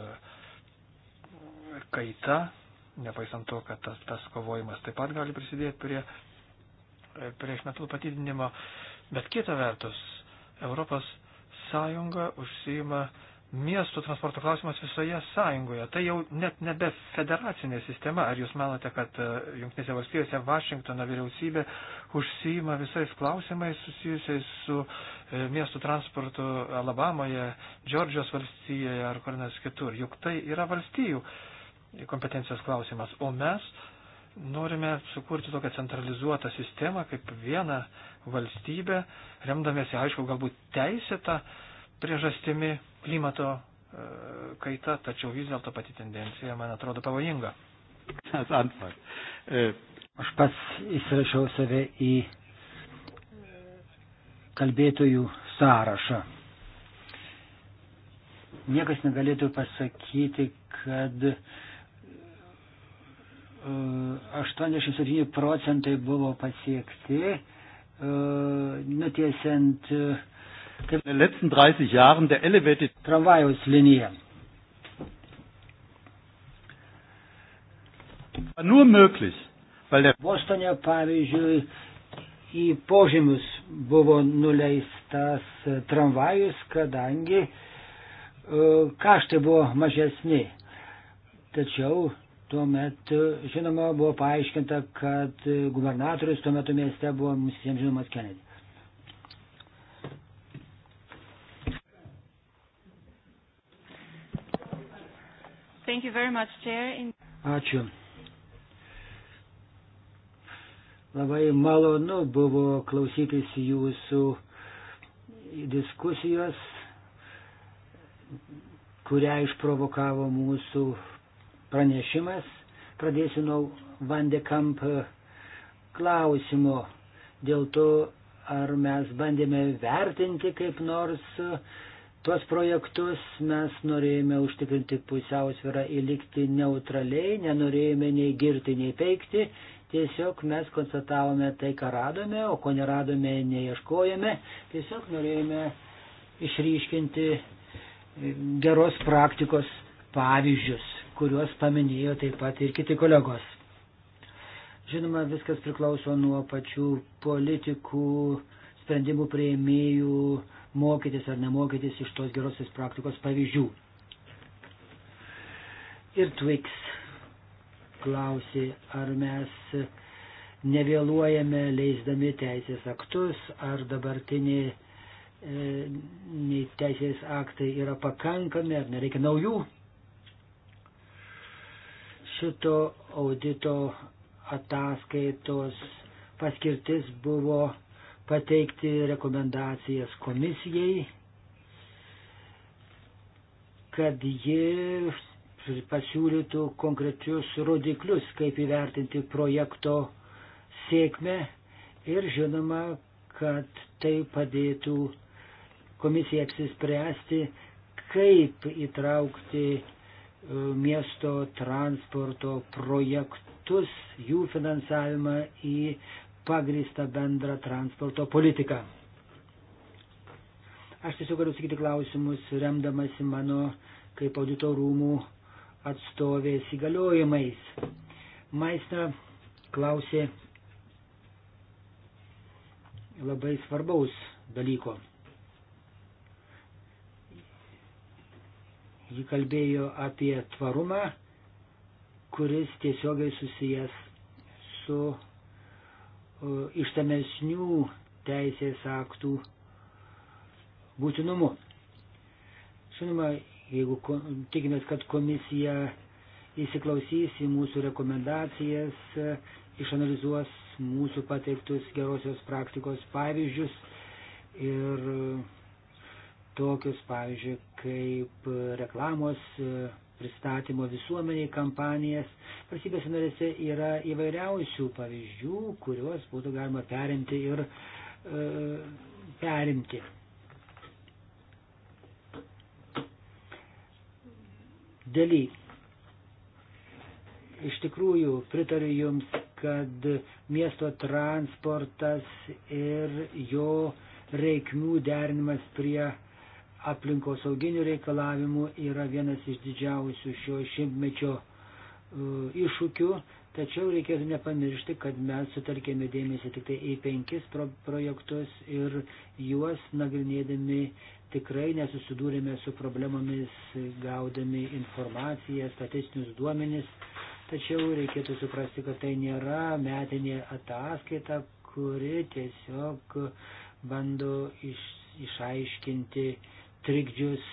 S2: kaita, nepaisant to, kad tas, tas kovojimas taip pat gali prisidėti prie, e, prie išmetalų patidinimo. Bet kita vertus, Europos Sąjunga užsima uh, miestų transporto klausimas visoje sąjungoje. Tai jau net nebe federacinė sistema. Ar jūs manote, kad e, Junktinėse valstijose Vašingtono vyriausybė užsijima visais klausimais susijusiais su e, miestų transportu Alabamoje, Džordžijos valstijoje ar kur nors kitur? Juk tai yra valstijų kompetencijos klausimas. O mes norime sukurti tokią centralizuotą sistemą kaip vieną valstybę, remdamėsi, aišku, galbūt teisėtą priežastimi klimato e, kaita, tačiau vis dėlto pati tendencija, man atrodo, pavojinga. E,
S3: Aš pats įsirašiau save į kalbėtojų sąrašą. Niekas negalėtų pasakyti, kad 87 e, procentai buvo pasiekti, nutiesiant uh, Elevated... Tramvajaus linija. Bostone, pavyzdžiui, į požemius buvo nuleistas e, tramvajus, kadangi e, kaštai buvo mažesni. Tačiau tuo metu, e, žinoma, buvo paaiškinta, kad gubernatorius tuo metu mieste buvo mums visiems žinomas Kennedy.
S4: Much, In...
S3: Ačiū. Labai malonu buvo klausytis jūsų diskusijos, kurią išprovokavo mūsų pranešimas. Pradėsiu nuo Vandekamp klausimo dėl to, ar mes bandėme vertinti kaip nors tuos projektus mes norėjome užtikrinti pusiausvyrą ir likti neutraliai, nenorėjome nei girti, nei peikti, tiesiog mes konstatavome tai, ką radome, o ko neradome, neieškojame, tiesiog norėjome išryškinti geros praktikos pavyzdžius, kuriuos paminėjo taip pat ir kiti kolegos. Žinoma, viskas priklauso nuo pačių politikų, sprendimų prieimėjų, mokytis ar nemokytis iš tos gerosios praktikos pavyzdžių. Ir Twix klausė, ar mes nevėluojame leisdami teisės aktus, ar dabartinė e, teisės aktai yra pakankami, ar nereikia naujų. Šito audito ataskaitos paskirtis buvo pateikti rekomendacijas komisijai, kad ji pasiūlytų konkrečius rodiklius, kaip įvertinti projekto sėkmę ir žinoma, kad tai padėtų komisijai apsispręsti, kaip įtraukti e, miesto transporto projektus, jų finansavimą į pagrįstą bendrą transporto politiką. Aš tiesiog galiu sakyti klausimus, remdamasi mano kaip audito rūmų atstovės įgaliojimais. Maistra klausė labai svarbaus dalyko. Ji kalbėjo apie tvarumą, kuris tiesiogiai susijęs su E, ištamesnių teisės aktų būtinumu. Žinoma, jeigu tikimės, kad komisija įsiklausys į mūsų rekomendacijas, e, išanalizuos mūsų pateiktus gerosios praktikos pavyzdžius ir tokius, pavyzdžiui, kaip reklamos e, pristatymo visuomeniai kampanijas. Valstybės narėse yra įvairiausių pavyzdžių, kuriuos būtų galima perimti ir e, perimti. Dėly. Iš tikrųjų, pritariu Jums, kad miesto transportas ir jo reikmių derinimas prie aplinkosauginių reikalavimų yra vienas iš didžiausių šio šimtmečio e, iššūkių, tačiau reikėtų nepamiršti, kad mes sutelkėme dėmesį tik tai į penkis pro projektus ir juos nagrinėdami tikrai nesusidūrėme su problemomis, gaudami informaciją, statistinius duomenis, tačiau reikėtų suprasti, kad tai nėra metinė ataskaita, kuri tiesiog bando iš, išaiškinti uh, trikdžius,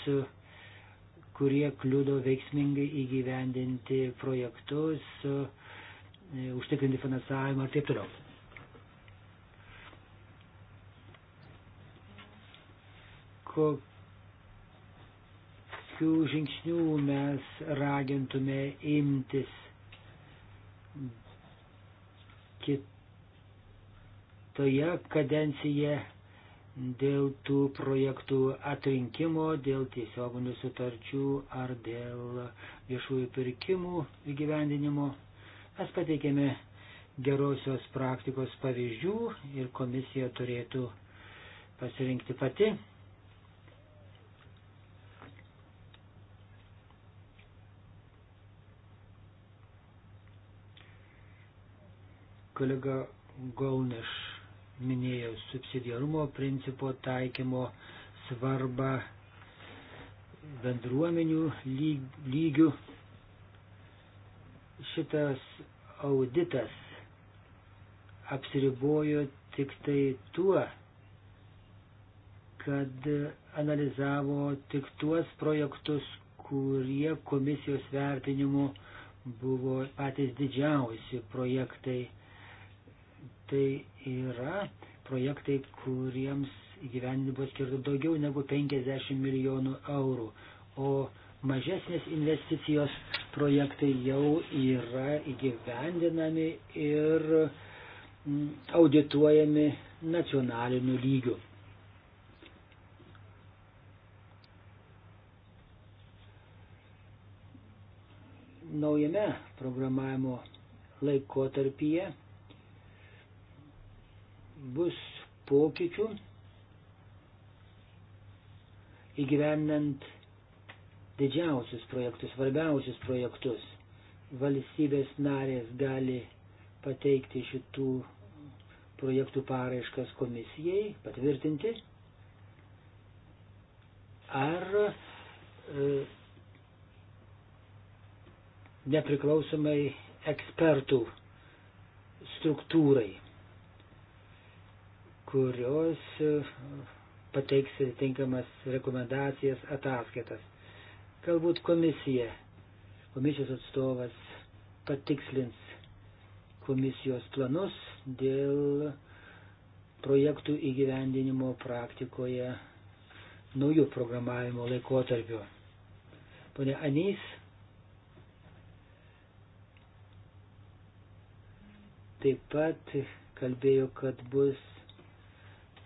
S3: kurie kliudo veiksmingai įgyvendinti projektus, e, užtikrinti finansavimą ir taip toliau. Kokių žingsnių mes ragintume imtis kitoje kadencijoje dėl tų projektų atrinkimo, dėl tiesioginių sutarčių ar dėl viešųjų pirkimų įgyvendinimo. Mes pateikėme gerosios praktikos pavyzdžių ir komisija turėtų pasirinkti pati. Kolega Golniš minėjau subsidiarumo principo taikymo svarbą bendruomenių lygių. Šitas auditas apsiribojo tik tai tuo, kad analizavo tik tuos projektus, kurie komisijos vertinimu buvo patys didžiausi projektai tai yra projektai, kuriems įgyvendinti buvo skirta daugiau negu 50 milijonų eurų, o mažesnės investicijos projektai jau yra įgyvendinami ir mm, audituojami nacionaliniu lygiu. Naujame programavimo laikotarpyje bus pokyčių įgyvendant didžiausius projektus, svarbiausius projektus. Valstybės narės gali pateikti šitų projektų paraiškas komisijai, patvirtinti. Ar e, nepriklausomai ekspertų struktūrai kurios e, pateiks tinkamas rekomendacijas ataskaitas. Galbūt komisija, komisijos atstovas patikslins komisijos planus dėl projektų įgyvendinimo praktikoje naujų programavimo laikotarpių. Pone Anys, taip pat kalbėjo, kad bus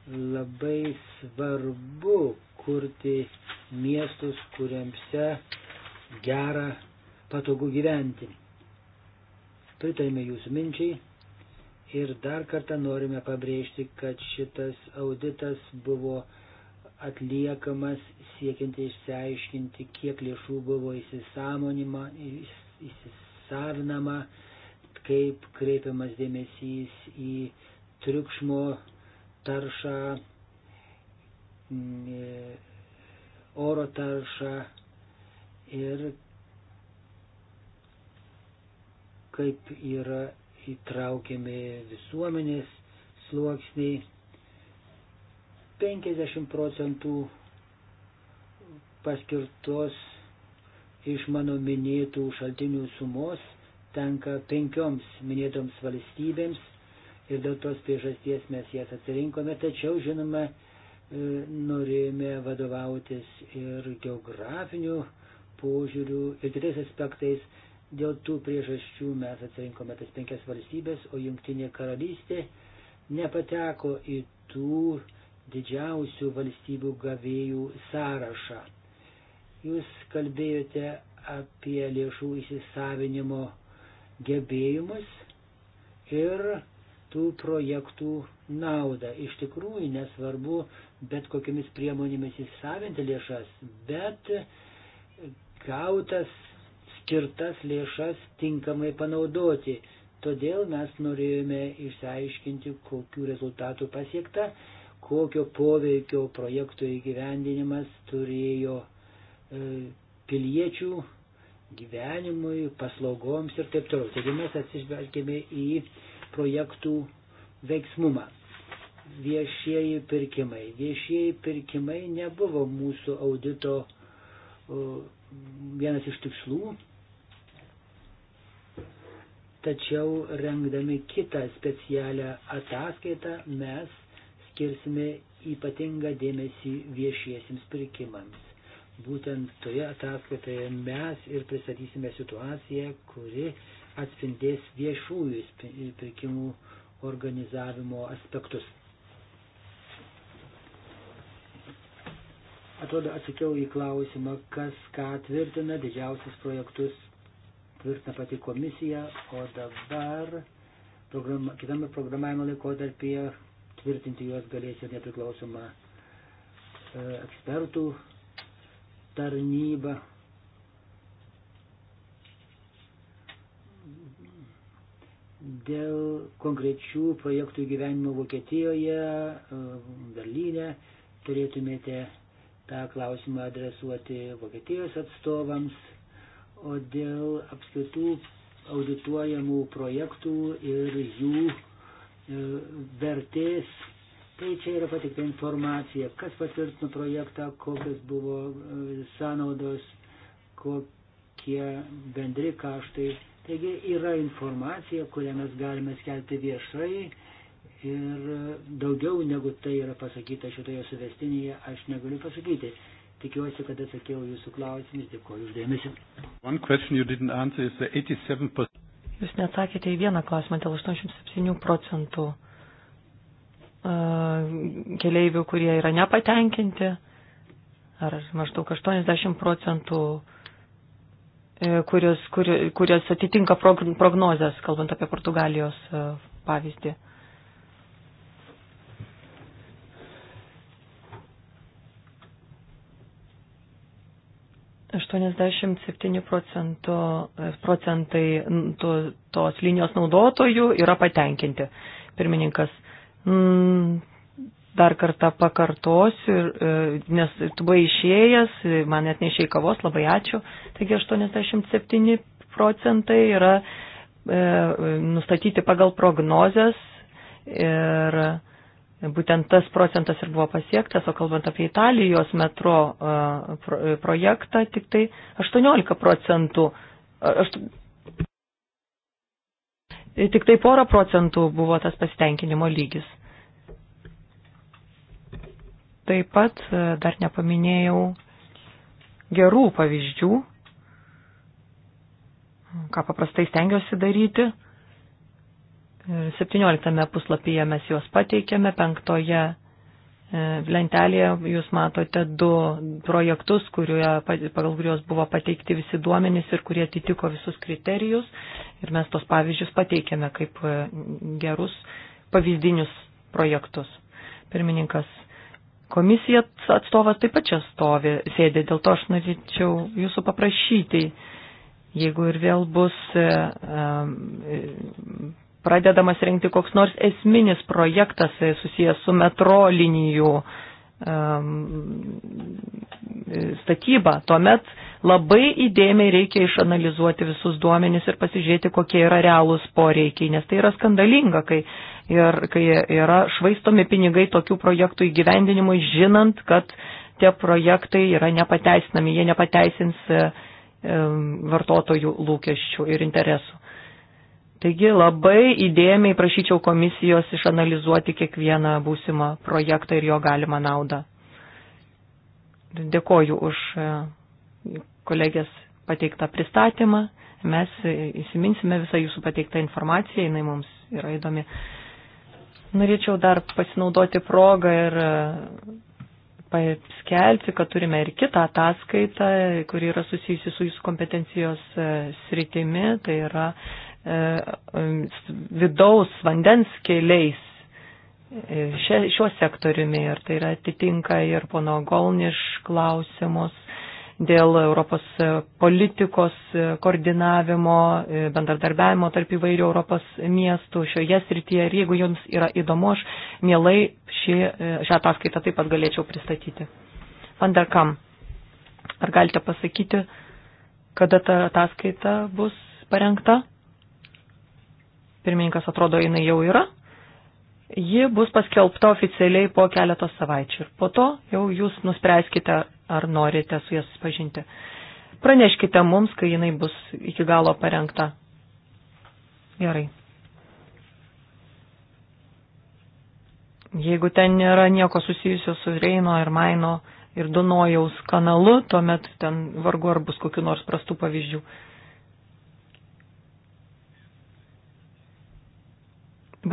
S3: labai svarbu kurti miestus, kuriuose gera, patogu gyventi. Pritarime jūsų minčiai ir dar kartą norime pabrėžti, kad šitas auditas buvo atliekamas siekiant išsiaiškinti, kiek lėšų buvo įsisavinama, kaip kreipiamas dėmesys į triukšmo taršą, oro taršą ir kaip yra įtraukiami visuomenės sluoksniai. 50 procentų paskirtos iš mano minėtų šaltinių sumos tenka penkioms minėtoms valstybėms ir dėl tos priežasties mes jas atsirinkome, tačiau, žinoma, e, norėjome vadovautis ir geografiniu požiūriu ir kitais aspektais. Dėl tų priežasčių mes atsirinkome tas penkias valstybės, o Junktinė karalystė nepateko į tų didžiausių valstybių gavėjų sąrašą. Jūs kalbėjote apie lėšų įsisavinimo gebėjimus ir tų projektų naudą. Iš tikrųjų nesvarbu bet kokiamis priemonėmis įsisavinti lėšas, bet gautas skirtas lėšas tinkamai panaudoti. Todėl mes norėjome išsiaiškinti, kokiu rezultatu pasiekta, kokio poveikio projektų įgyvendinimas turėjo e, piliečių gyvenimui, paslaugoms ir taip toliau. Taigi mes atsižvelgėme į projektų veiksmumą. Viešieji pirkimai. Viešieji pirkimai nebuvo mūsų audito vienas iš tikslų, tačiau rengdami kitą specialią ataskaitą mes skirsime ypatingą dėmesį viešiesiems pirkimams. Būtent toje ataskaitoje mes ir pristatysime situaciją, kuri atspindės viešųjų pirkimų organizavimo aspektus. Atrodo, atsakiau į klausimą, kas ką tvirtina, didžiausius projektus tvirtina pati komisija, o dabar program, kitame programavimo laikotarpyje tvirtinti juos galės ir nepriklausoma e, ekspertų tarnyba. dėl konkrečių projektų gyvenimo Vokietijoje, e, Berlyne, turėtumėte tą klausimą adresuoti Vokietijos atstovams, o dėl apskritų audituojamų projektų ir jų e, vertės. Tai čia yra patikta informacija, kas patvirtino projektą, kokios buvo e, sąnaudos, kokie bendri kaštai Taigi yra informacija, kurią mes galime skelbti viešai ir daugiau negu tai yra pasakyta šitoje suvestinėje aš negaliu pasakyti. Tikiuosi, kad atsakiau jūsų klausimus, dėkuoju uždėmesi.
S4: Jūs neatsakėte į vieną klausimą dėl 87 procentų e, keleivių, kurie yra nepatenkinti, ar maždaug 80 procentų E, kurios, kur, kurios atitinka prognozes, kalbant apie Portugalijos e, pavyzdį. Aštuoniasdešimt septyni e, procentai to, tos linijos naudotojų yra patenkinti. Pirmininkas, mm, dar kartą pakartosiu, e, nes tu buvai išėjęs, man net neišėjai kavos, labai ačiū. Taigi 87 procentai yra e, nustatyti pagal prognozes ir būtent tas procentas ir buvo pasiektas, o kalbant apie Italijos metro e, projektą, tik tai 18 procentų. Aš, tik tai pora procentų buvo tas pasitenkinimo lygis. Taip pat e, dar nepaminėjau gerų pavyzdžių, ką paprastai stengiuosi daryti. 17 puslapyje mes juos pateikėme, penktoje e, lentelėje jūs matote du projektus, kurie, pagal kuriuos buvo pateikti visi duomenys ir kurie atitiko visus kriterijus. Ir mes tos pavyzdžius pateikėme kaip e, gerus pavyzdinius projektus. Pirmininkas Komisija atstovas taip pat čia stovi, sėdė, dėl to aš norėčiau jūsų paprašyti, jeigu ir vėl bus e, e, pradedamas rengti koks nors esminis projektas e, susijęs su metro linijų statybą. Tuomet labai įdėmiai reikia išanalizuoti visus duomenys ir pasižiūrėti, kokie yra realūs poreikiai, nes tai yra skandalinga, kai, ir, kai yra švaistomi pinigai tokių projektų įgyvendinimui, žinant, kad tie projektai yra nepateisinami, jie nepateisins vartotojų lūkesčių ir interesų. Taigi labai įdėmiai prašyčiau komisijos išanalizuoti kiekvieną būsimą projektą ir jo galimą naudą. Dėkoju už e, kolegės pateiktą pristatymą. Mes įsiminsime visą jūsų pateiktą informaciją, jinai mums yra įdomi. Norėčiau dar pasinaudoti progą ir e, paskelbti, kad turime ir kitą ataskaitą, kuri yra susijusi su jūsų kompetencijos e, sritimi, tai yra E, e, vidaus vandens keliais e, šiuo sektoriumi ir tai yra atitinka ir pono Golniš klausimus dėl Europos politikos koordinavimo, bendradarbiavimo tarp įvairių Europos miestų šioje srityje. Ir jeigu jums yra įdomu, aš mielai šį, šią ataskaitą taip pat galėčiau pristatyti. Vanderkam, ar galite pasakyti, kada ta ataskaita bus parengta? pirmininkas atrodo jinai jau yra, ji bus paskelbta oficialiai po keletos savaičių ir po to jau jūs nuspręskite, ar norite su jas susipažinti. Praneškite mums, kai jinai bus iki galo parengta. Gerai. Jeigu ten nėra nieko susijusio su Reino ir Maino ir Dunojaus kanalu, tuomet ten vargu ar bus kokiu nors prastų pavyzdžių.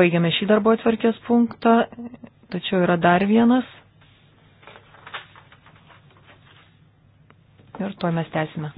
S4: Baigiame šį darbo atvarkės punktą, tačiau yra dar vienas. Ir to mes tęsime.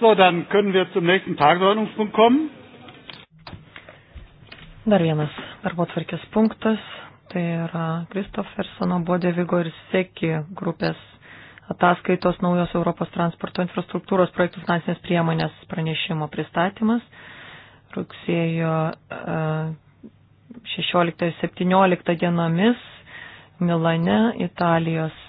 S1: So, dann können wir zum nächsten Tagesordnungspunkt kommen.
S4: Dar vienas darbo tvarkės punktas, tai yra Kristofersono Bodevigo ir Seki grupės ataskaitos naujos Europos transporto infrastruktūros projektų finansinės priemonės pranešimo pristatymas. Rugsėjo 16-17 e, dienomis Milane, Italijos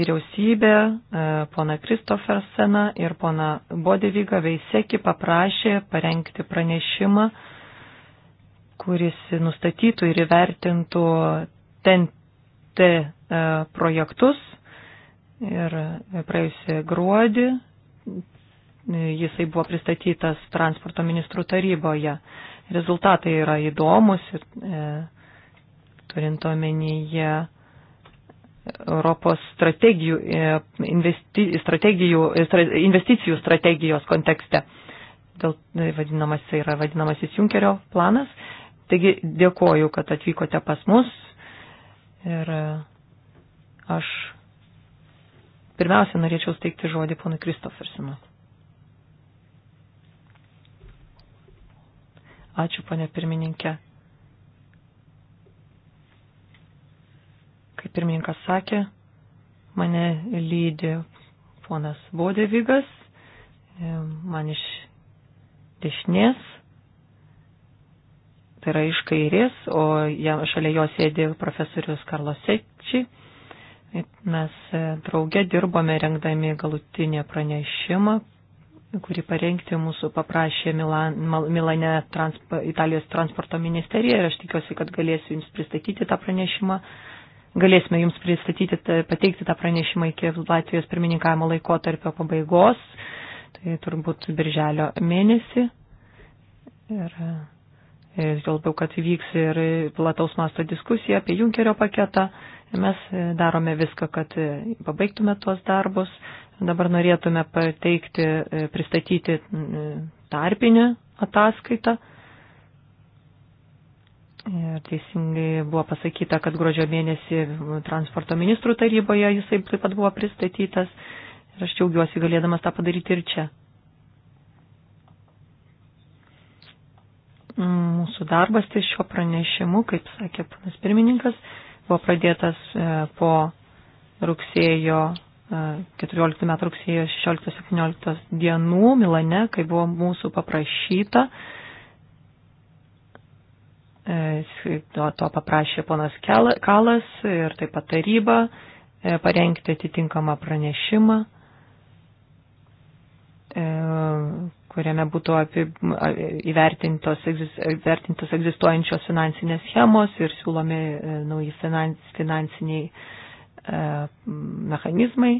S4: vyriausybė, e, pona Kristoferseną ir pona Bodevigą Veisekį paprašė parengti pranešimą, kuris nustatytų ir įvertintų TNT e, projektus. Ir e, praėjusią gruodį jisai buvo pristatytas transporto ministrų taryboje. Rezultatai yra įdomus ir e, turint omenyje. E, Europos strategijų, e, investi, strategijų, e, investicijų strategijos kontekste. Dėl e, vadinamas tai yra vadinamasis Junkerio planas. Taigi dėkoju, kad atvykote pas mus ir aš pirmiausia norėčiau steigti žodį ponui Kristofersinui. Ačiū, ponė pirmininkė. Kaip pirmininkas sakė, mane lydi ponas Bodevigas, e, man iš dešinės, tai yra iš kairės, o šalia jo sėdi profesorius Karlos Sečiai. E, mes e, drauge dirbome rengdami galutinį pranešimą, kurį parengti mūsų paprašė Milan, Milane transpa, Italijos transporto ministerija ir aš tikiuosi, kad galėsiu Jums pristatyti tą pranešimą galėsime jums pristatyti, pateikti tą pranešimą iki Latvijos pirmininkavimo laikotarpio pabaigos, tai turbūt birželio mėnesį. Ir dėl e, to, kad vyks ir plataus masto diskusija apie Junkerio paketą, mes e, darome viską, kad e, pabaigtume tuos darbus. Dabar norėtume pateikti, pristatyti tarpinę ataskaitą Ir teisingai buvo pasakyta, kad gruodžio mėnesį transporto ministrų taryboje jisai taip pat buvo pristatytas. Ir aš džiaugiuosi galėdamas tą padaryti ir čia. Mūsų darbas ties šio pranešimu, kaip sakė panas pirmininkas, buvo pradėtas e, po rugsėjo 14 e, metų rugsėjo 16-17 dienų Milane, kai buvo mūsų paprašyta E, to paprašė ponas Kalas ir taip pat taryba e, parengti atitinkamą pranešimą, e, kuriame būtų apie, įvertintos, įvertintos egzistuojančios finansinės schemos ir siūlomi nauji finans, finansiniai mechanizmai.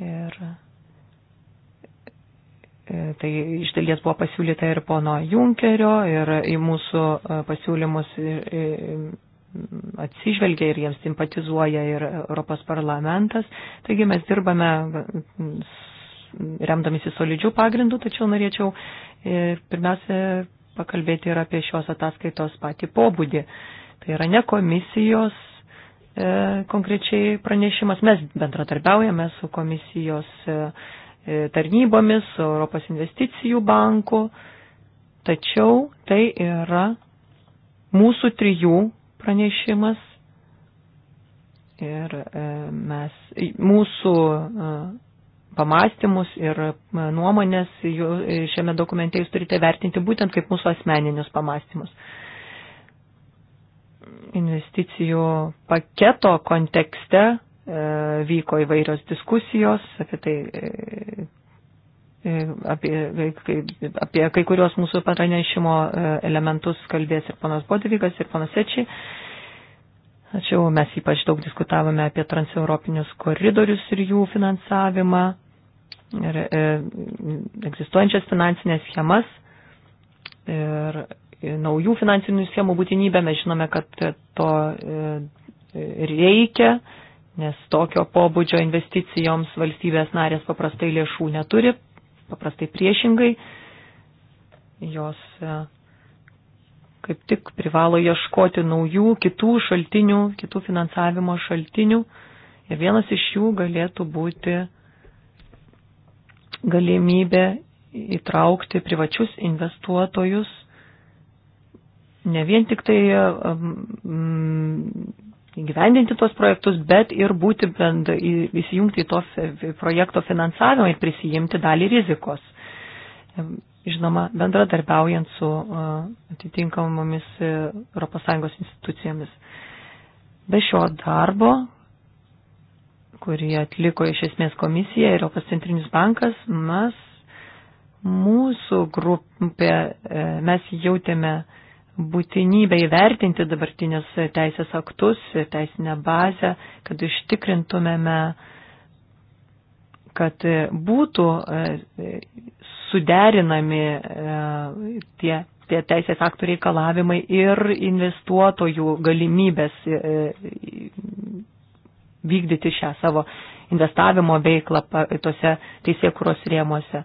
S4: Ir E, tai iš dalies buvo pasiūlyta ir pono Junkerio, ir į mūsų e, pasiūlymus e, atsižvelgia ir jiems simpatizuoja ir Europos parlamentas. Taigi mes dirbame remdamėsi solidžių pagrindų, tačiau norėčiau pirmiausia pakalbėti ir apie šios ataskaitos patį pobūdį. Tai yra ne komisijos konkrečiai pranešimas, mes bendradarbiaujame su komisijos E, tarnybomis, su Europos investicijų banku, tačiau tai yra mūsų trijų pranešimas ir e, mes, e, mūsų pamastymus ir nuomonės šiame dokumente jūs turite vertinti būtent kaip mūsų asmeninius pamastymus. Investicijų paketo kontekste E, vyko įvairios diskusijos apie tai, apie, e, apie kai kurios mūsų pranešimo e, elementus kalbės ir panas Bodvigas, ir panas Ečiai. Tačiau mes ypač daug diskutavome apie transeuropinius koridorius ir jų finansavimą ir e, egzistuojančias finansinės schemas ir naujų finansinių schemų būtinybę. Mes žinome, kad to e, reikia nes tokio pobūdžio investicijoms valstybės narės paprastai lėšų neturi, paprastai priešingai, jos e, kaip tik privalo ieškoti naujų kitų šaltinių, kitų finansavimo šaltinių ir vienas iš jų galėtų būti galimybė įtraukti privačius investuotojus ne vien tik tai um, įgyvendinti tos projektus, bet ir būti bend, įsijungti į tos projekto finansavimą ir prisijimti dalį rizikos. Žinoma, bendradarbiaujant su atitinkamomis e, ES institucijomis. Be šio darbo, kurį atliko iš esmės komisija ir Europos centrinis bankas, mes, mūsų grupė, e, mes jautėme būtinybę įvertinti dabartinius teisės aktus, teisinę bazę, kad užtikrintumėme, kad būtų e, suderinami e, tie, tie teisės aktų reikalavimai ir investuotojų galimybės e, vykdyti šią savo investavimo veiklą tose teisėkuros rėmuose.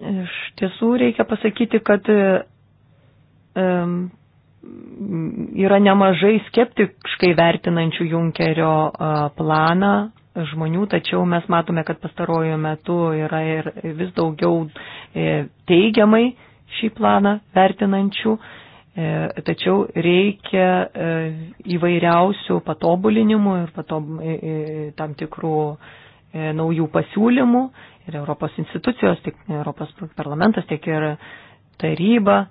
S4: Iš tiesų reikia pasakyti, kad yra nemažai skeptiškai vertinančių Junkerio planą žmonių, tačiau mes matome, kad pastarojų metų yra ir vis daugiau e, teigiamai šį planą vertinančių, e, tačiau reikia e, įvairiausių patobulinimų ir patob, tam tikrų naujų pasiūlymų ir Europos institucijos, tiek Europos parlamentas, tiek ir taryba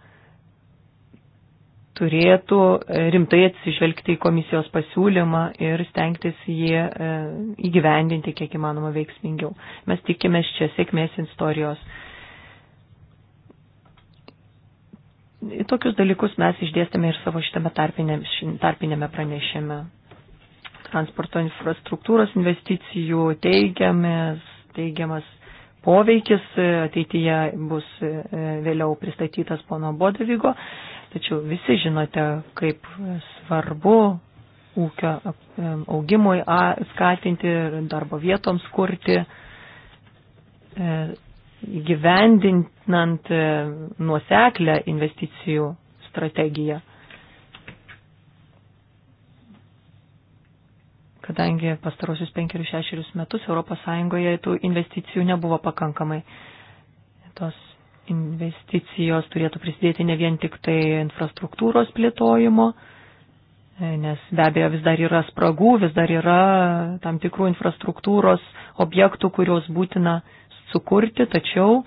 S4: turėtų e, rimtai atsižvelgti į komisijos pasiūlymą ir stengtis jį e, įgyvendinti kiek įmanoma veiksmingiau. Mes tikimės čia sėkmės istorijos. Į tokius dalykus mes išdėstame ir savo šitame tarpinėme, tarpinėme pranešime. Transporto infrastruktūros investicijų teigiamas, teigiamas poveikis e, ateityje bus e, e, vėliau pristatytas pono Bodevigo, tačiau visi žinote, kaip svarbu ūkio augimui skatinti, darbo vietoms kurti, gyvendinant nuoseklę investicijų strategiją. kadangi pastarosius penkerius šešerius metus ES tų investicijų nebuvo pakankamai. Tos investicijos turėtų prisidėti ne vien tik tai infrastruktūros plėtojimo, nes be abejo vis dar yra spragų, vis dar yra tam tikrų infrastruktūros objektų, kuriuos būtina sukurti, tačiau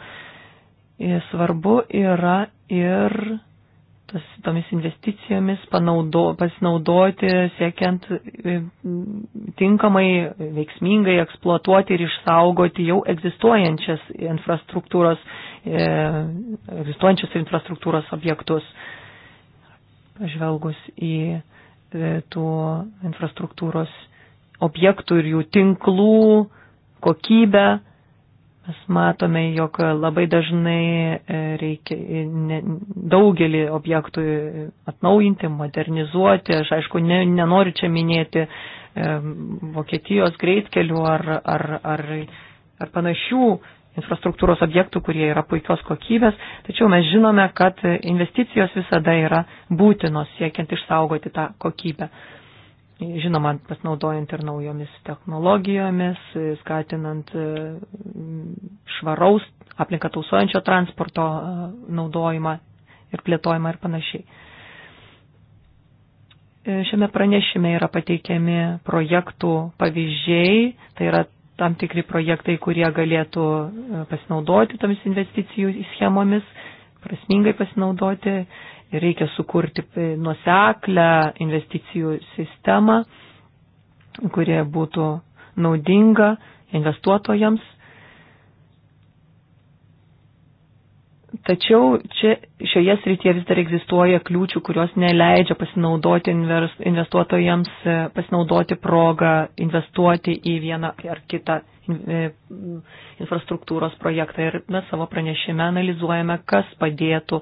S4: e, svarbu yra ir tos, tomis investicijomis panaudo, pasinaudoti, siekiant e, tinkamai, veiksmingai eksploatuoti ir išsaugoti jau egzistuojančias infrastruktūros, e, egzistuojančius infrastruktūros objektus. Pažvelgus į e, tų infrastruktūros objektų ir jų tinklų kokybę, Mes matome, jog labai dažnai e, reikia e, ne, daugelį objektų e, atnaujinti, modernizuoti. Aš aišku, ne, nenoriu čia minėti e, Vokietijos greitkelių ar, ar, ar, ar panašių infrastruktūros objektų, kurie yra puikios kokybės, tačiau mes žinome, kad investicijos visada yra būtinos siekiant išsaugoti tą kokybę žinoma, pasinaudojant ir naujomis technologijomis, skatinant e, švaraus aplinką tausojančio transporto e, naudojimą ir plėtojimą ir panašiai. E, šiame pranešime yra pateikiami projektų pavyzdžiai, tai yra tam tikri projektai, kurie galėtų pasinaudoti tomis investicijų schemomis, prasmingai pasinaudoti reikia sukurti nuseklę investicijų sistemą, kurie būtų naudinga investuotojams. Tačiau čia, šioje srityje vis dar egzistuoja kliūčių, kurios neleidžia pasinaudoti investuotojams, e, pasinaudoti progą investuoti į vieną ar kitą e, infrastruktūros projektą. Ir mes savo pranešime analizuojame, kas padėtų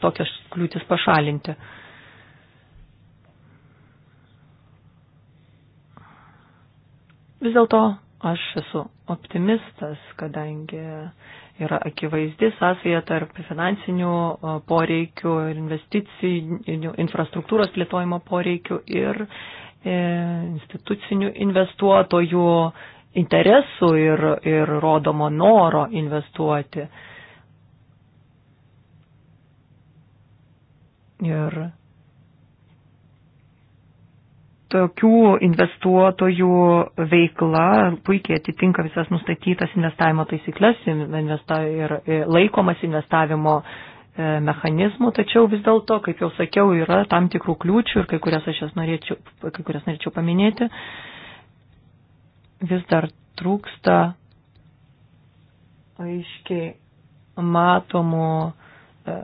S4: tokias kliūtis pašalinti. Vis dėlto aš esu optimistas, kadangi yra akivaizdi sąsaja tarp finansinių poreikių ir investicijų, infrastruktūros plėtojimo poreikių ir e, institucinių investuotojų interesų ir, ir rodomo noro investuoti. Uh, Ir tokių investuotojų veikla puikiai atitinka visas nustatytas investavimo taisyklės ir laikomas investavimo e, mechanizmų, tačiau vis dėlto, kaip jau sakiau, yra tam tikrų kliūčių ir kai kurias aš jas norėčiau, kai kurias norėčiau paminėti. Vis dar trūksta aiškiai matomų e,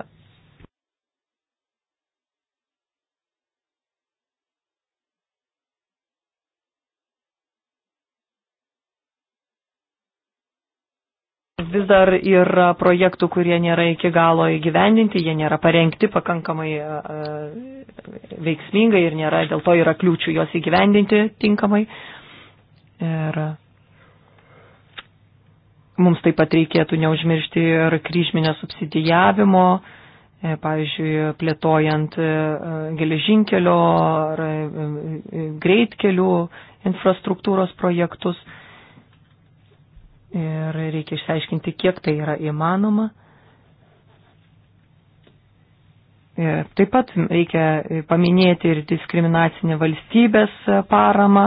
S4: vis dar yra projektų, kurie nėra iki galo įgyvendinti, jie nėra parengti pakankamai e, e, veiksmingai ir nėra, dėl to yra kliūčių juos įgyvendinti tinkamai. Ir mums taip pat reikėtų neužmiršti ir kryžminio subsidijavimo, e, pavyzdžiui, plėtojant geležinkelio ar greitkelių infrastruktūros projektus ir reikia išsiaiškinti, kiek tai yra įmanoma. Ir taip pat reikia paminėti ir diskriminacinį valstybės paramą,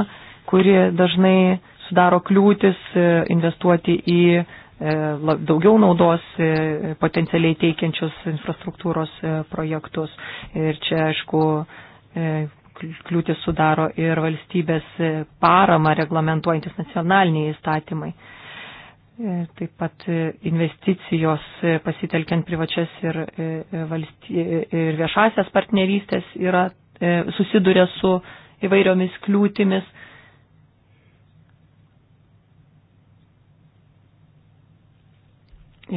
S4: kuri dažnai sudaro kliūtis e, investuoti į e, daugiau naudos e, potencialiai teikiančius infrastruktūros projektus. Ir čia, aišku, kliūtis sudaro ir valstybės parama reglamentuojantis nacionaliniai įstatymai. E, taip pat e, investicijos e, pasitelkiant privačias ir, valsty, ir viešasias partnerystės yra, susiduria su įvairiomis kliūtimis.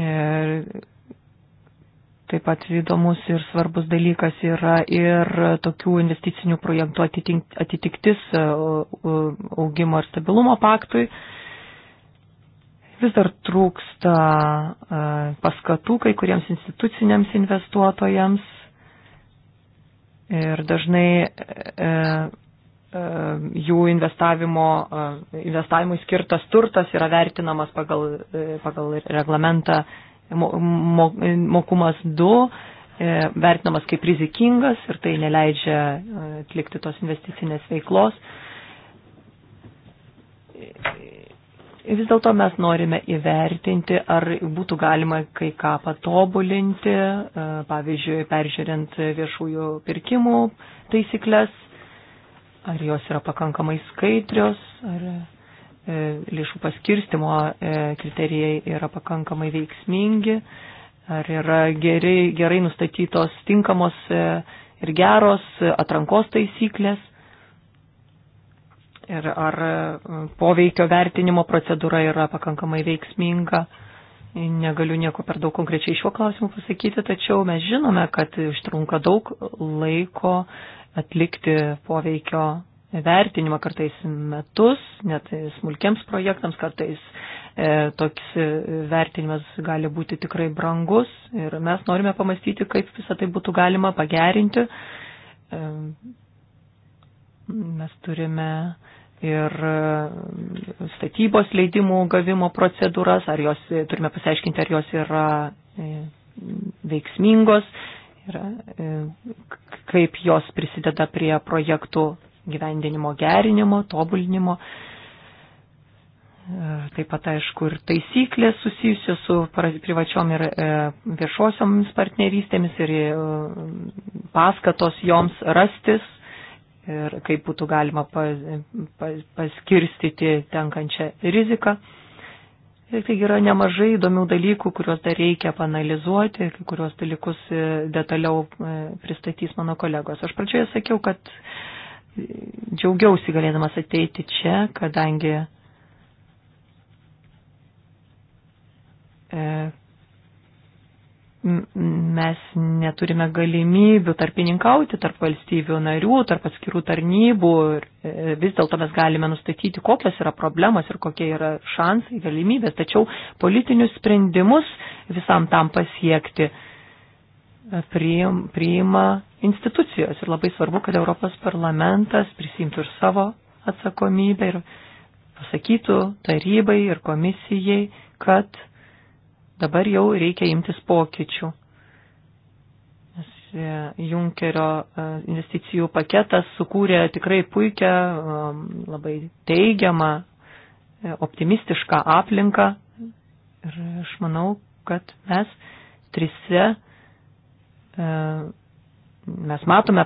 S4: Ir taip pat įdomus ir svarbus dalykas yra ir tokių investicinių projektų atitiktis augimo ir stabilumo paktui. Vis dar trūksta e, paskatų kai kuriems instituciniams investuotojams ir dažnai e, e, jų investavimo, investavimui skirtas turtas yra vertinamas pagal, pagal reglamentą mokumas 2, vertinamas kaip rizikingas ir tai neleidžia atlikti tos investicinės veiklos. Vis dėlto mes norime įvertinti, ar būtų galima kai ką patobulinti, e, pavyzdžiui, peržiūrint viešųjų pirkimų taisyklės, ar jos yra pakankamai skaidrios, ar e, lėšų paskirstimo e, kriterijai yra pakankamai veiksmingi, ar yra gerai, gerai nustatytos tinkamos ir geros atrankos taisyklės ir ar e, poveikio vertinimo procedūra yra pakankamai veiksminga. Negaliu nieko per daug konkrečiai šiuo klausimu pasakyti, tačiau mes žinome, kad užtrunka daug laiko atlikti poveikio vertinimą kartais metus, net smulkiams projektams kartais e, toks e, vertinimas gali būti tikrai brangus ir mes norime pamastyti, kaip visą tai būtų galima pagerinti. E, Mes turime ir e, statybos leidimų gavimo procedūras, ar jos, turime pasiaiškinti, ar jos yra e, veiksmingos, yra, e, kaip jos prisideda prie projektų gyvendinimo gerinimo, tobulinimo. Taip pat, aišku, ir taisyklės susijusios su privačiom ir viešosiomis partnerystėmis ir paskatos joms rastis ir kaip būtų galima paskirstyti tenkančią riziką. Ir tai yra nemažai įdomių dalykų, kuriuos dar reikia panalizuoti, kai kuriuos dalykus e, detaliau e, pristatys mano kolegos. Aš pradžioje sakiau, kad džiaugiausi galėdamas ateiti čia, kadangi e, mes neturime galimybių tarpininkauti tarp valstybių narių, tarp atskirų tarnybų ir e, vis dėlto mes galime nustatyti, kokios yra problemos ir kokie yra šansai, galimybės, tačiau politinius sprendimus visam tam pasiekti e, priima institucijos ir labai svarbu, kad Europos parlamentas prisimtų ir savo atsakomybę ir pasakytų tarybai ir komisijai, kad Dabar jau reikia imtis pokyčių. E, Junkerio e, investicijų paketas sukūrė tikrai puikią, e, labai teigiamą, optimistišką aplinką. Ir aš manau, kad mes trise, mes matome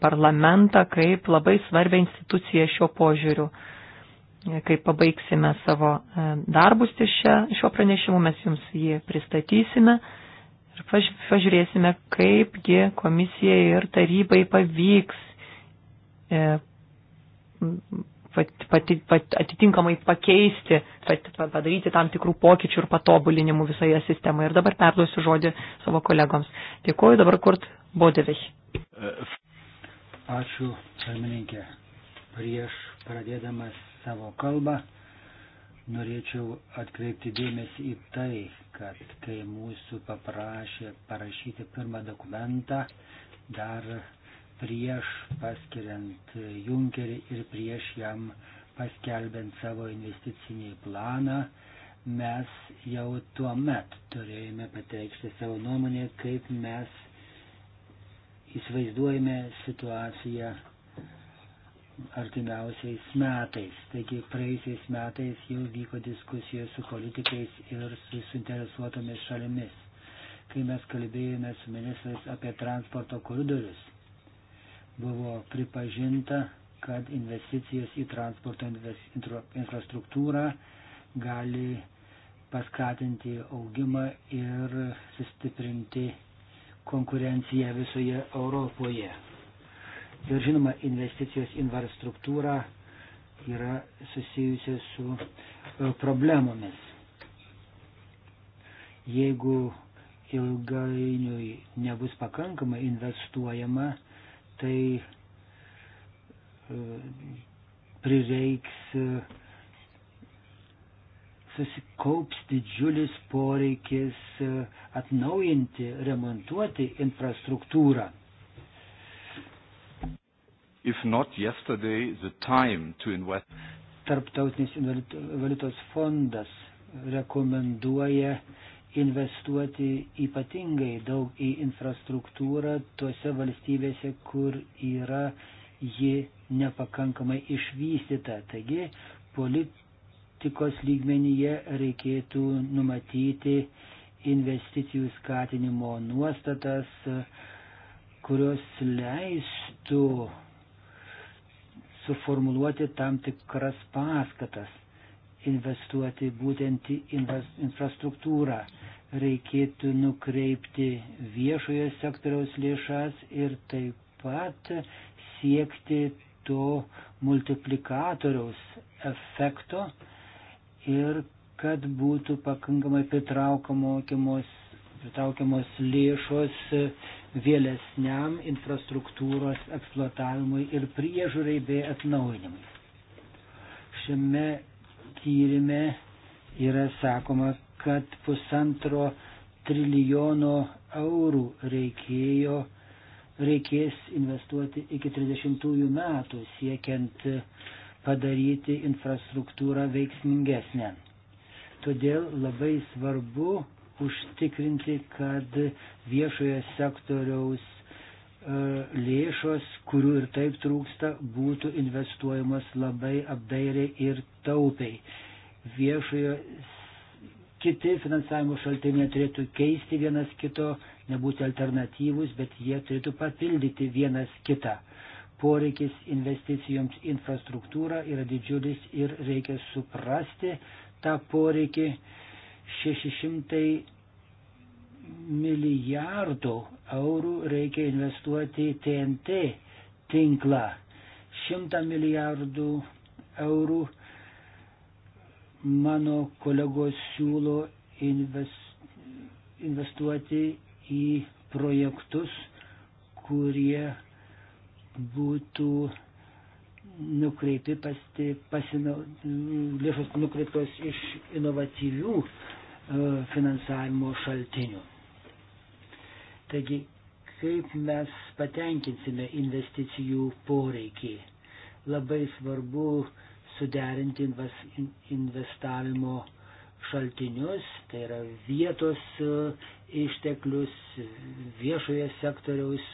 S4: parlamentą kaip labai svarbę instituciją šio požiūriu. E, kai pabaigsime savo e, darbus ties šiuo pranešimu, mes jums jį pristatysime ir pažiūrėsime, kaipgi komisija ir tarybai pavyks e, pati, pat, atitinkamai pakeisti, pat, padaryti tam tikrų pokyčių ir patobulinimų visoje sistemoje. Ir dabar perduosiu žodį savo kolegoms. Dėkuoju dabar Kurt Bodevich.
S3: Ačiū, pirmininkė. Prieš pradėdamas savo kalbą. Norėčiau atkreipti dėmesį į tai, kad kai mūsų paprašė parašyti pirmą dokumentą, dar prieš paskiriant Junkerį ir prieš jam paskelbent savo investicinį planą, mes jau tuo met turėjome pateikti savo nuomonę, kaip mes įsivaizduojame situaciją artimiausiais metais. Taigi praėjusiais metais jau vyko diskusijos su politikais ir su suinteresuotomis šalimis. Kai mes kalbėjome su ministrais apie transporto koridorius, buvo pripažinta, kad investicijos į transporto infrastruktūrą gali paskatinti augimą ir sustiprinti konkurenciją visoje Europoje. Ir žinoma, investicijos infrastruktūra yra susijusios su e, problemomis. Jeigu ilgainiui nebus pakankamai investuojama, tai e, prireiks e, susikaups didžiulis poreikis atnaujinti, remontuoti infrastruktūrą
S2: if not yesterday, the time to invest.
S3: Tarptautinis valiutos fondas rekomenduoja investuoti ypatingai daug į infrastruktūrą tuose valstybėse, kur yra ji nepakankamai išvystyta. Taigi politikos lygmenyje reikėtų numatyti investicijų skatinimo nuostatas, kurios leistų suformuluoti tam tikras paskatas, investuoti būtent į infrastruktūrą. Reikėtų nukreipti viešojo sektoriaus lėšas ir taip pat siekti to multiplikatoriaus efekto ir kad būtų pakankamai pritraukiamos lėšos vėlesniam infrastruktūros eksploatavimui ir priežiūrai bei atnaujinimui. Šiame tyrime yra sakoma, kad pusantro trilijono eurų reikėjo, reikės investuoti iki 30 metų siekiant padaryti infrastruktūrą veiksmingesnę. Todėl labai svarbu užtikrinti, kad viešojo sektoriaus e, lėšos, kurių ir taip trūksta, būtų investuojamos labai apdairiai ir taupiai. Viešojo kiti finansavimo šaltiniai turėtų keisti vienas kito, nebūti alternatyvus, bet jie turėtų papildyti vienas kitą. Poreikis investicijoms infrastruktūra yra didžiulis ir reikia suprasti tą poreikį 600 milijardų eurų reikia investuoti į TNT tinklą. 100 milijardų eurų mano kolegos siūlo investuoti į projektus, kurie būtų nukreipti pasti, pasinau, lėšos nukreiptos iš inovatyvių E, finansavimo šaltinių. Taigi, kaip mes patenkinsime investicijų poreikį? Labai svarbu suderinti investavimo šaltinius, tai yra vietos e, išteklius, viešoje sektoriaus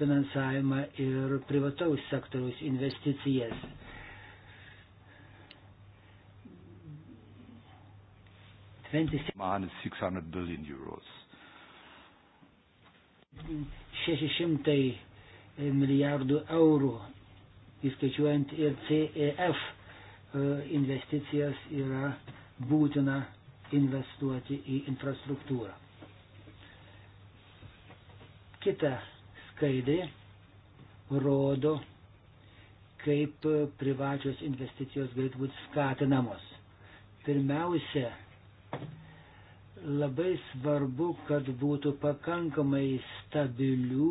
S3: finansavimą ir privataus sektoriaus investicijas. 26 billion euros. 600 e, milijardų eurų, įskaičiuojant ir CEF e, investicijas, yra būtina investuoti į infrastruktūrą. Kita skaidrė rodo, kaip privačios investicijos galėtų būti skatinamos. Pirmiausia, Labai svarbu, kad būtų pakankamai stabilių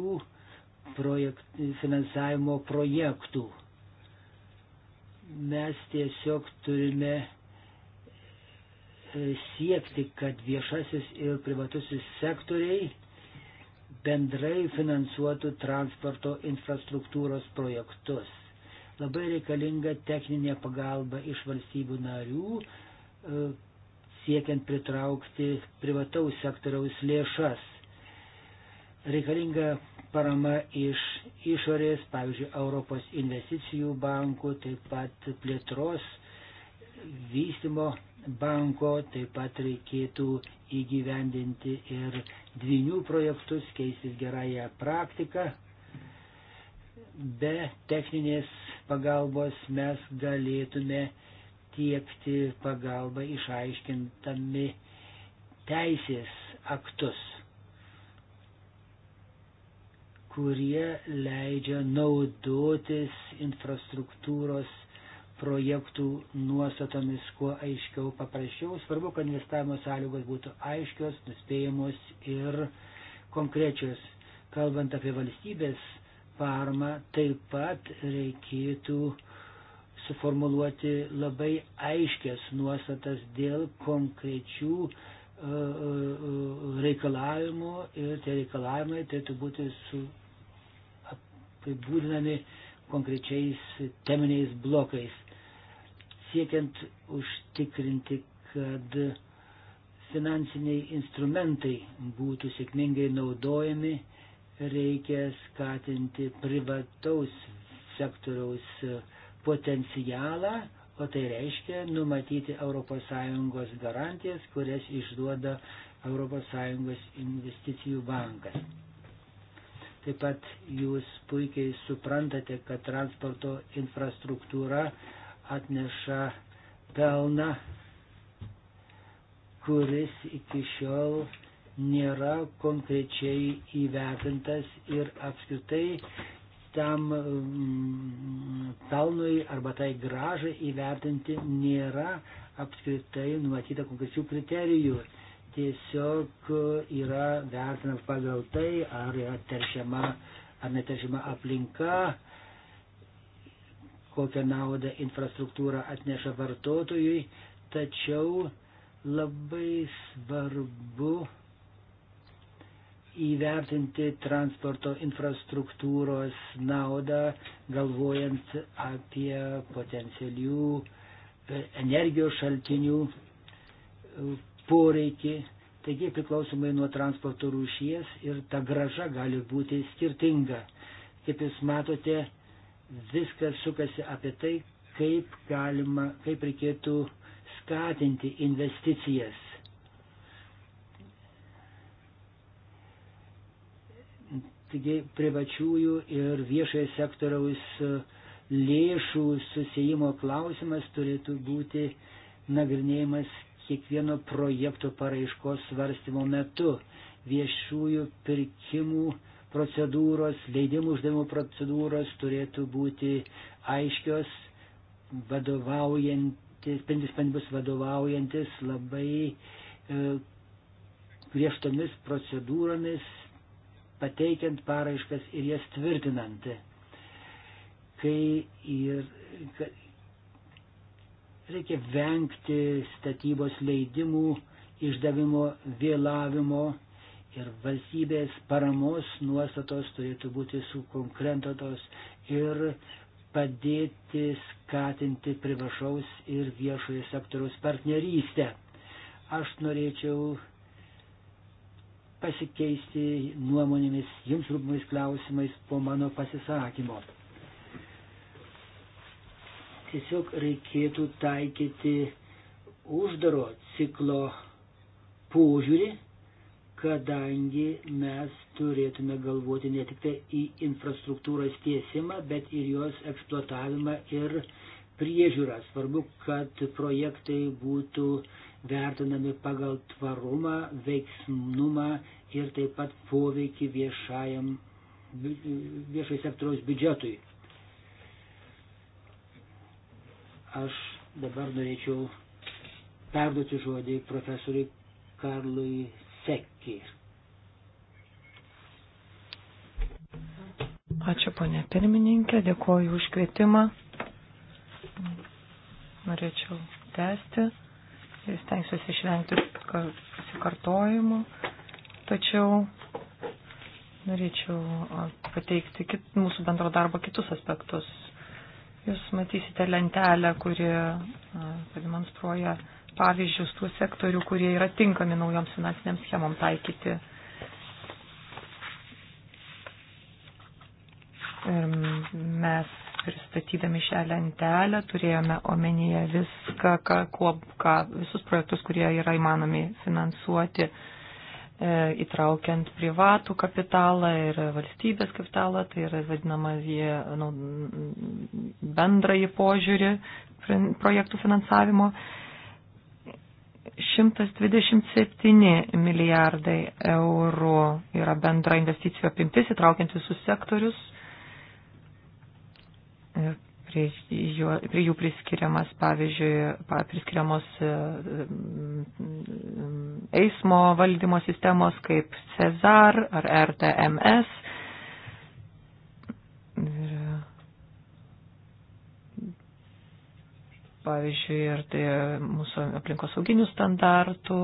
S3: projekt, finansavimo projektų. Mes tiesiog turime e, siekti, kad viešasis ir privatusis sektoriai bendrai finansuotų transporto infrastruktūros projektus. Labai reikalinga techninė pagalba iš valstybių narių, e, siekiant pritraukti privataus sektoriaus lėšas. Reikalinga parama iš išorės, pavyzdžiui, Europos investicijų bankų, taip pat plėtros vystimo banko, taip pat reikėtų įgyvendinti ir dvinių projektus, keistis gerąją praktiką. Be techninės pagalbos mes galėtume uh, tiekti pagalbą išaiškintami teisės aktus, kurie leidžia naudotis infrastruktūros projektų nuostatomis kuo aiškiau, paprasčiau. Svarbu, kad investavimo sąlygos būtų aiškios, nuspėjamos ir konkrečios. Kalbant apie valstybės parmą, taip pat reikėtų suformuluoti labai aiškės nuostatas dėl konkrečių e, e, reikalavimų ir tie reikalavimai turėtų būti su apibūdinami konkrečiais teminiais blokais, siekiant užtikrinti, kad finansiniai instrumentai būtų sėkmingai naudojami, reikia skatinti privataus sektoriaus potencialą, o tai reiškia numatyti ES garantijas, kurias išduoda ES investicijų bankas. Taip pat jūs puikiai suprantate, kad transporto infrastruktūra atneša pelną, kuris iki šiol nėra konkrečiai įvertintas ir apskritai tam mm, pelnui arba tai gražai įvertinti nėra apskritai numatyta konkrečių kriterijų. Tiesiog yra vertinama pagal tai, ar yra teršiama ar neteršiama aplinka, kokią naudą infrastruktūra atneša vartotojui, tačiau labai svarbu įvertinti transporto infrastruktūros naudą, galvojant apie potencialių e, energijos šaltinių e, poreikį. Taigi priklausomai nuo transporto rūšies ir ta graža gali būti skirtinga. Kaip jūs matote, viskas sukasi apie tai, kaip galima, kaip reikėtų skatinti investicijas Taigi privačiųjų ir viešojo sektoriaus e, lėšų susijimo klausimas turėtų būti nagrinėjimas kiekvieno projekto paraiškos svarstymo metu. Viešųjų pirkimų procedūros, leidimų uždavimo procedūros turėtų būti aiškios, vadovaujantis, sprendis sprendimus vadovaujantis labai e, griežtomis procedūromis pateikiant paraiškas ir jas tvirtinant. Kai ir reikia vengti statybos leidimų išdavimo vėlavimo ir valstybės paramos nuostatos turėtų būti sukonkrentotos ir padėti skatinti privašaus ir viešojo sektoriaus partnerystę. Aš norėčiau pasikeisti nuomonėmis jums rūpimais klausimais po mano pasisakymo. Tiesiog reikėtų taikyti uždaro ciklo požiūrį, kadangi mes turėtume galvoti ne tik tai į infrastruktūros tiesimą, bet ir jos eksploatavimą ir priežiūrą. Svarbu, kad projektai būtų uh, vertinami pagal tvarumą, veiksmumą ir taip pat poveikį viešajam, viešai sektoriaus biudžetui. Aš dabar norėčiau perduoti žodį profesoriui Karlui Sekki.
S4: Ačiū ponė pirmininkė, dėkuoju už kvietimą. Norėčiau tęsti jis teisės išvengti pasikartojimų, tačiau norėčiau pateikti kit, mūsų bendro darbo kitus aspektus. Jūs matysite lentelę, kuri pademonstruoja pavyzdžius tų sektorių, kurie yra tinkami naujoms finansinėms schemom taikyti. Ir mes pristatydami šią lentelę turėjome omenyje viską, ką, kuo, ką, visus projektus, kurie yra įmanomi finansuoti, e, įtraukiant privatų kapitalą ir valstybės kapitalą, tai yra vadinama jie nu, bendrąjį požiūrį projektų finansavimo. 127 milijardai eurų yra bendra investicijų apimtis, įtraukiant visus sektorius prie, jo, prie jų priskiriamas, pavyzdžiui, priskiriamos e, e, eismo valdymo sistemos kaip Cezar ar RTMS. Ir, pavyzdžiui, ir tai mūsų aplinkos sauginių standartų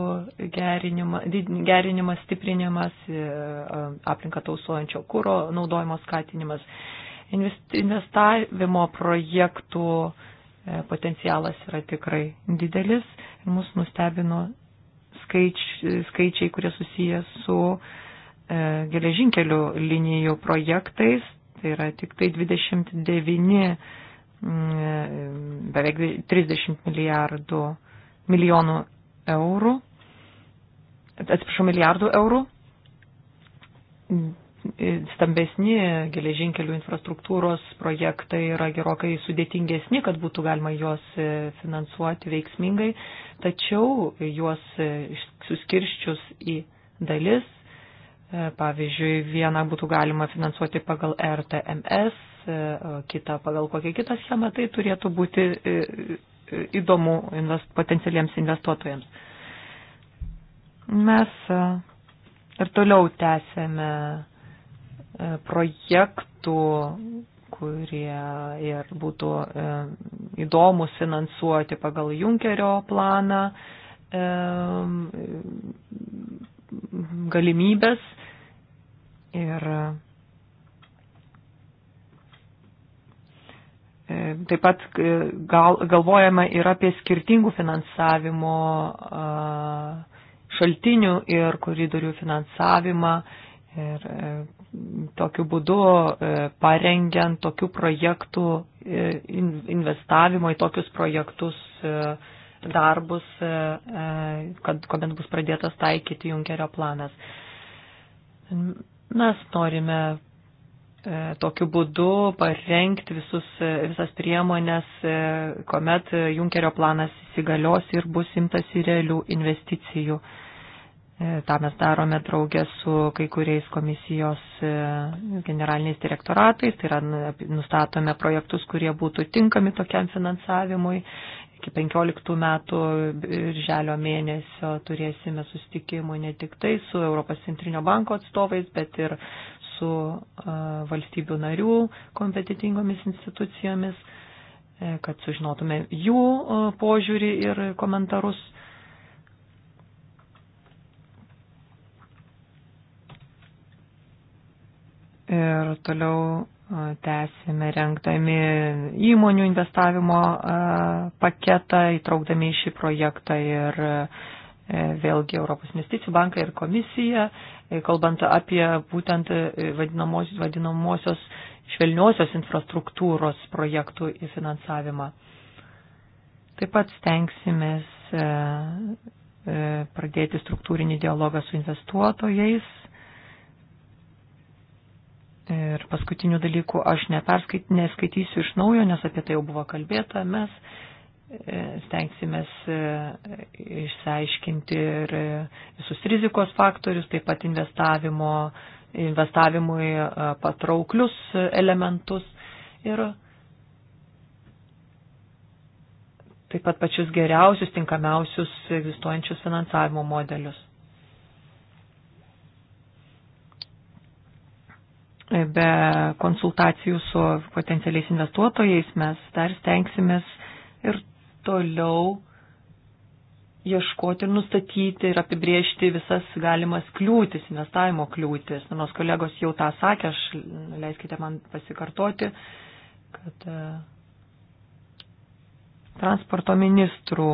S4: gerinimas, gerinimas stiprinimas, e, aplinką tausojančio kūro naudojimo skatinimas. Investavimo projektų e, potencialas yra tikrai didelis ir mus nustebino skaič, skaičiai, kurie susiję su e, geležinkelių linijų projektais. Tai yra tik tai 29, m, mm, e, beveik 30 milijardų milijonų eurų. Atsiprašau, milijardų eurų stambesni geležinkelių infrastruktūros projektai yra gerokai sudėtingesni, kad būtų galima juos e, finansuoti veiksmingai, tačiau juos e, suskirščius į dalis, e, pavyzdžiui, vieną būtų galima finansuoti pagal RTMS, kitą pagal kokią kitą schemą, tai turėtų būti įdomu invest, potencialiems investuotojams. Mes ir toliau tęsėme E, projektų, kurie ir būtų e, įdomus finansuoti pagal Junkerio planą e, galimybės ir Taip pat gal, galvojama ir apie skirtingų finansavimo šaltinių ir koridorių finansavimą ir tokiu būdu e, parengiant tokių projektų, e, investavimo į tokius projektus e, darbus, kad kuomet bus pradėtas taikyti Junkerio planas. Mes norime tokiu būdu parengti visus, visas priemonės, kuomet Junkerio planas įsigalios ir bus imtas į realių investicijų E, Ta mes darome draugę su kai kuriais komisijos e, generaliniais direktoratais, tai yra nu, nustatome projektus, kurie būtų tinkami tokiam finansavimui. Iki 15 metų birželio mėnesio turėsime susitikimų ne tik tai su Europos centrinio banko atstovais, bet ir su e, valstybių narių kompetitingomis institucijomis, kad sužinotume jų požiūrį ir komentarus ir toliau tęsime rengdami įmonių investavimo paketą, įtraukdami į šį projektą ir vėlgi Europos investicijų banką ir komisiją, e, kalbant apie būtent e, vadinamosios, vadinamosios švelniosios infrastruktūros projektų įfinansavimą. Taip pat stengsimės e, pradėti struktūrinį dialogą su investuotojais Ir paskutinių dalykų aš neskaitysiu iš naujo, nes apie tai jau buvo kalbėta. Mes e, stengsimės e, išsiaiškinti ir e, visus rizikos faktorius, taip pat investavimo, investavimui patrauklius elementus ir taip pat pačius geriausius, tinkamiausius egzistuojančius finansavimo modelius. be konsultacijų su potencialiais investuotojais mes dar stengsimės ir toliau ieškoti ir nustatyti ir apibriežti visas galimas kliūtis, investavimo kliūtis. Manos kolegos jau tą sakė, aš leiskite man pasikartoti, kad e, transporto ministrų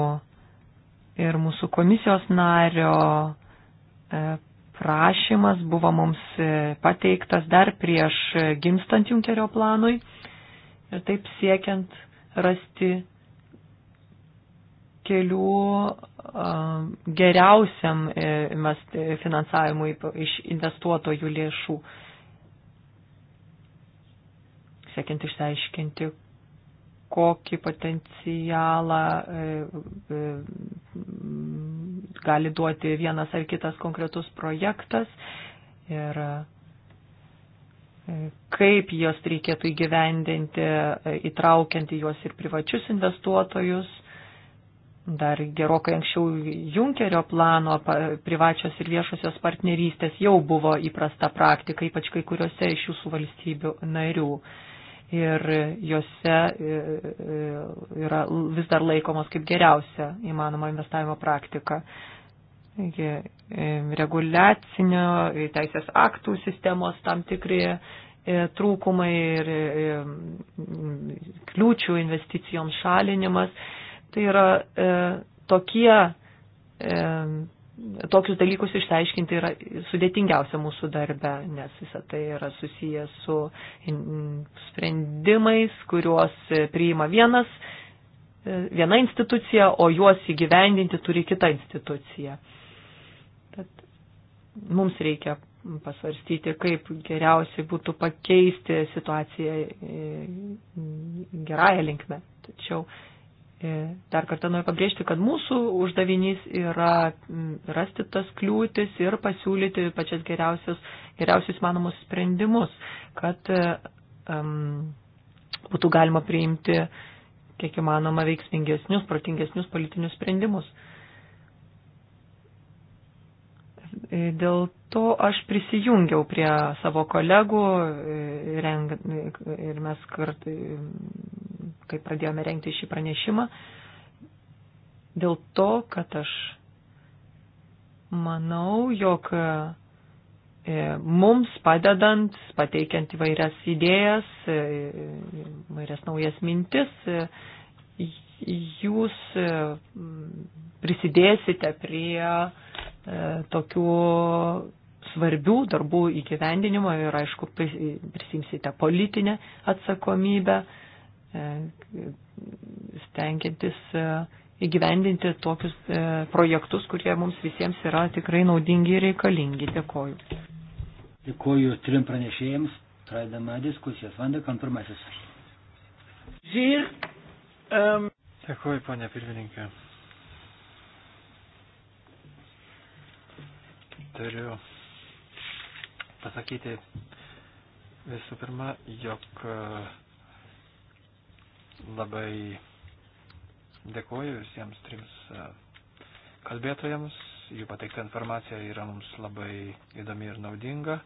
S4: ir mūsų komisijos nario e, prašymas buvo mums e, pateiktas dar prieš e, gimstant Junkerio planui ir taip siekiant rasti kelių geriausiam e, finansavimui iš investuotojų lėšų, siekiant išsiaiškinti, kokį potencialą gali duoti vienas ar kitas konkretus projektas ir e, kaip jos reikėtų įgyvendinti, e, įtraukianti juos ir privačius investuotojus. Dar gerokai anksčiau Junkerio plano privačios ir viešosios partnerystės jau buvo įprasta praktika, ypač kai kuriuose iš jūsų valstybių narių ir jose e, e, yra vis dar laikomos kaip geriausia įmanoma investavimo praktika. E, reguliacinio teisės aktų sistemos tam tikri trūkumai ir kliūčių investicijoms šalinimas. Tai yra tokie tokius dalykus išsiaiškinti yra sudėtingiausia mūsų darbe, nes visa tai yra susiję su sprendimais, kuriuos priima vienas, e, viena institucija, o juos įgyvendinti turi kita institucija. Tad mums reikia pasvarstyti, kaip geriausiai būtų pakeisti situaciją e, gerąją linkmę. Tačiau E, dar kartą noriu pabrėžti, kad mūsų uždavinys yra rasti tas kliūtis ir pasiūlyti pačias geriausius, geriausius manomus sprendimus, kad um, būtų galima priimti kiek įmanoma veiksmingesnius, protingesnius politinius sprendimus. E, dėl to aš prisijungiau prie savo kolegų reng, ir mes kartai kai pradėjome renkti šį pranešimą, dėl to, kad aš manau, jog e, mums padedant, pateikiant įvairias idėjas, e, įvairias naujas mintis, e, jūs prisidėsite prie tokių svarbių darbų įgyvendinimo ir, aišku, prisimsite politinę atsakomybę E, stengiantis e, įgyvendinti tokius e, projektus, kurie mums visiems yra tikrai naudingi ir reikalingi. Dėkoju.
S3: Dėkoju trim pranešėjams. Pradedama diskusijas. Vandekam pirmasis. Žir. Um... Dėkoju, ponė pirmininkė.
S2: Turiu pasakyti visų pirma, jog uh, Labai dėkuoju visiems trims e, kalbėtojams. Jų pateikta informacija yra mums labai įdomi ir naudinga.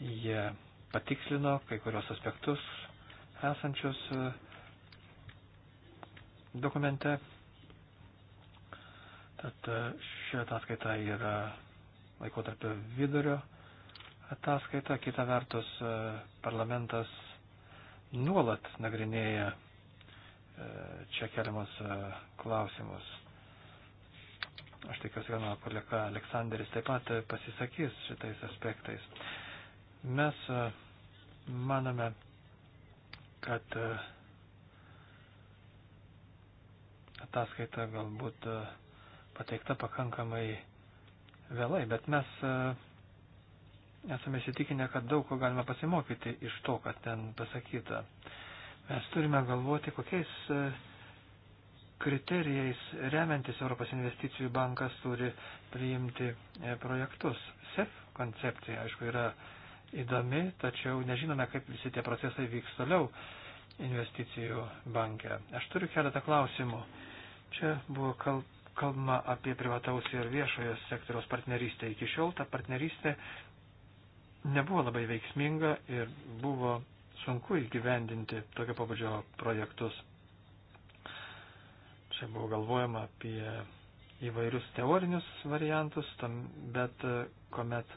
S2: Jie patikslino kai kurios aspektus esančius e, dokumente. Tad e, ši ataskaita yra laikotarpio vidurio ataskaita. Kita vertus, parlamentas nuolat nagrinėja e, čia keliamus e, klausimus. Aš tikiuosi, kad mano kolega Aleksandris taip pat e, pasisakys šitais aspektais. Mes manome, kad ataskaita galbūt pateikta pakankamai vėlai, bet mes Esame įsitikinę, kad daug ko galima pasimokyti iš to, kad ten pasakyta. Mes turime galvoti, kokiais e, kriterijais remiantis Europos investicijų bankas turi priimti e, projektus. SEF koncepcija, aišku, yra įdomi, tačiau nežinome, kaip visi tie procesai vyks toliau investicijų banke. Aš turiu keletą klausimų. Čia buvo kalbama apie privataus ir viešojo sektoriaus partnerystę. Iki šiol ta partnerystė nebuvo labai veiksminga ir buvo sunku įgyvendinti tokio pabudžio projektus. Čia buvo galvojama apie įvairius teorinius variantus, tam, bet e, kuomet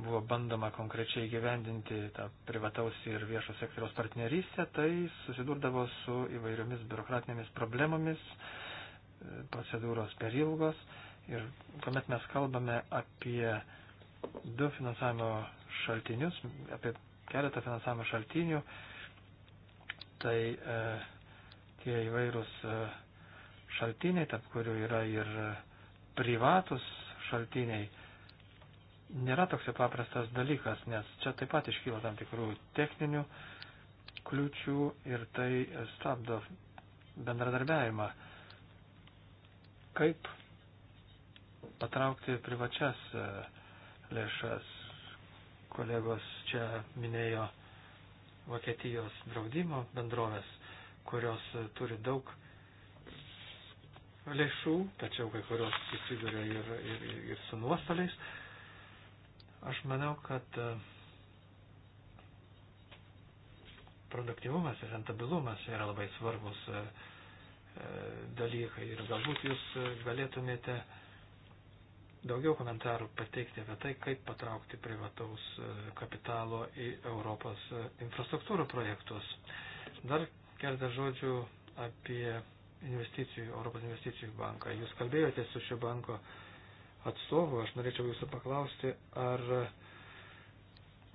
S2: buvo bandoma konkrečiai įgyvendinti tą privataus ir viešo sektoriaus partnerystę, tai susidurdavo su įvairiomis biurokratinėmis problemomis, e, procedūros per ilgos. Ir kuomet mes kalbame apie du finansavimo šaltinius, apie keletą finansavimo šaltinių. Tai e, tie įvairūs e, šaltiniai, tarp kurių yra ir e, privatus šaltiniai, nėra toks paprastas dalykas, nes čia taip pat iškyla tam tikrų techninių kliūčių ir tai stabdo bendradarbiavimą. Kaip patraukti privačias e, lėšas. Kolegos čia minėjo Vokietijos draudimo bendrovės, kurios turi daug lėšų, tačiau kai kurios susiduria ir, ir, ir su nuostoliais. Aš manau, kad e, produktivumas ir rentabilumas yra labai svarbus e, e, dalykai ir galbūt jūs galėtumėte uh, daugiau komentarų pateikti apie tai, kaip patraukti privataus e, kapitalo į Europos e, infrastruktūrų projektus. Dar keletą žodžių apie investicijų, Europos investicijų banką. Jūs kalbėjote su šio banko atstovu, aš norėčiau jūsų paklausti, ar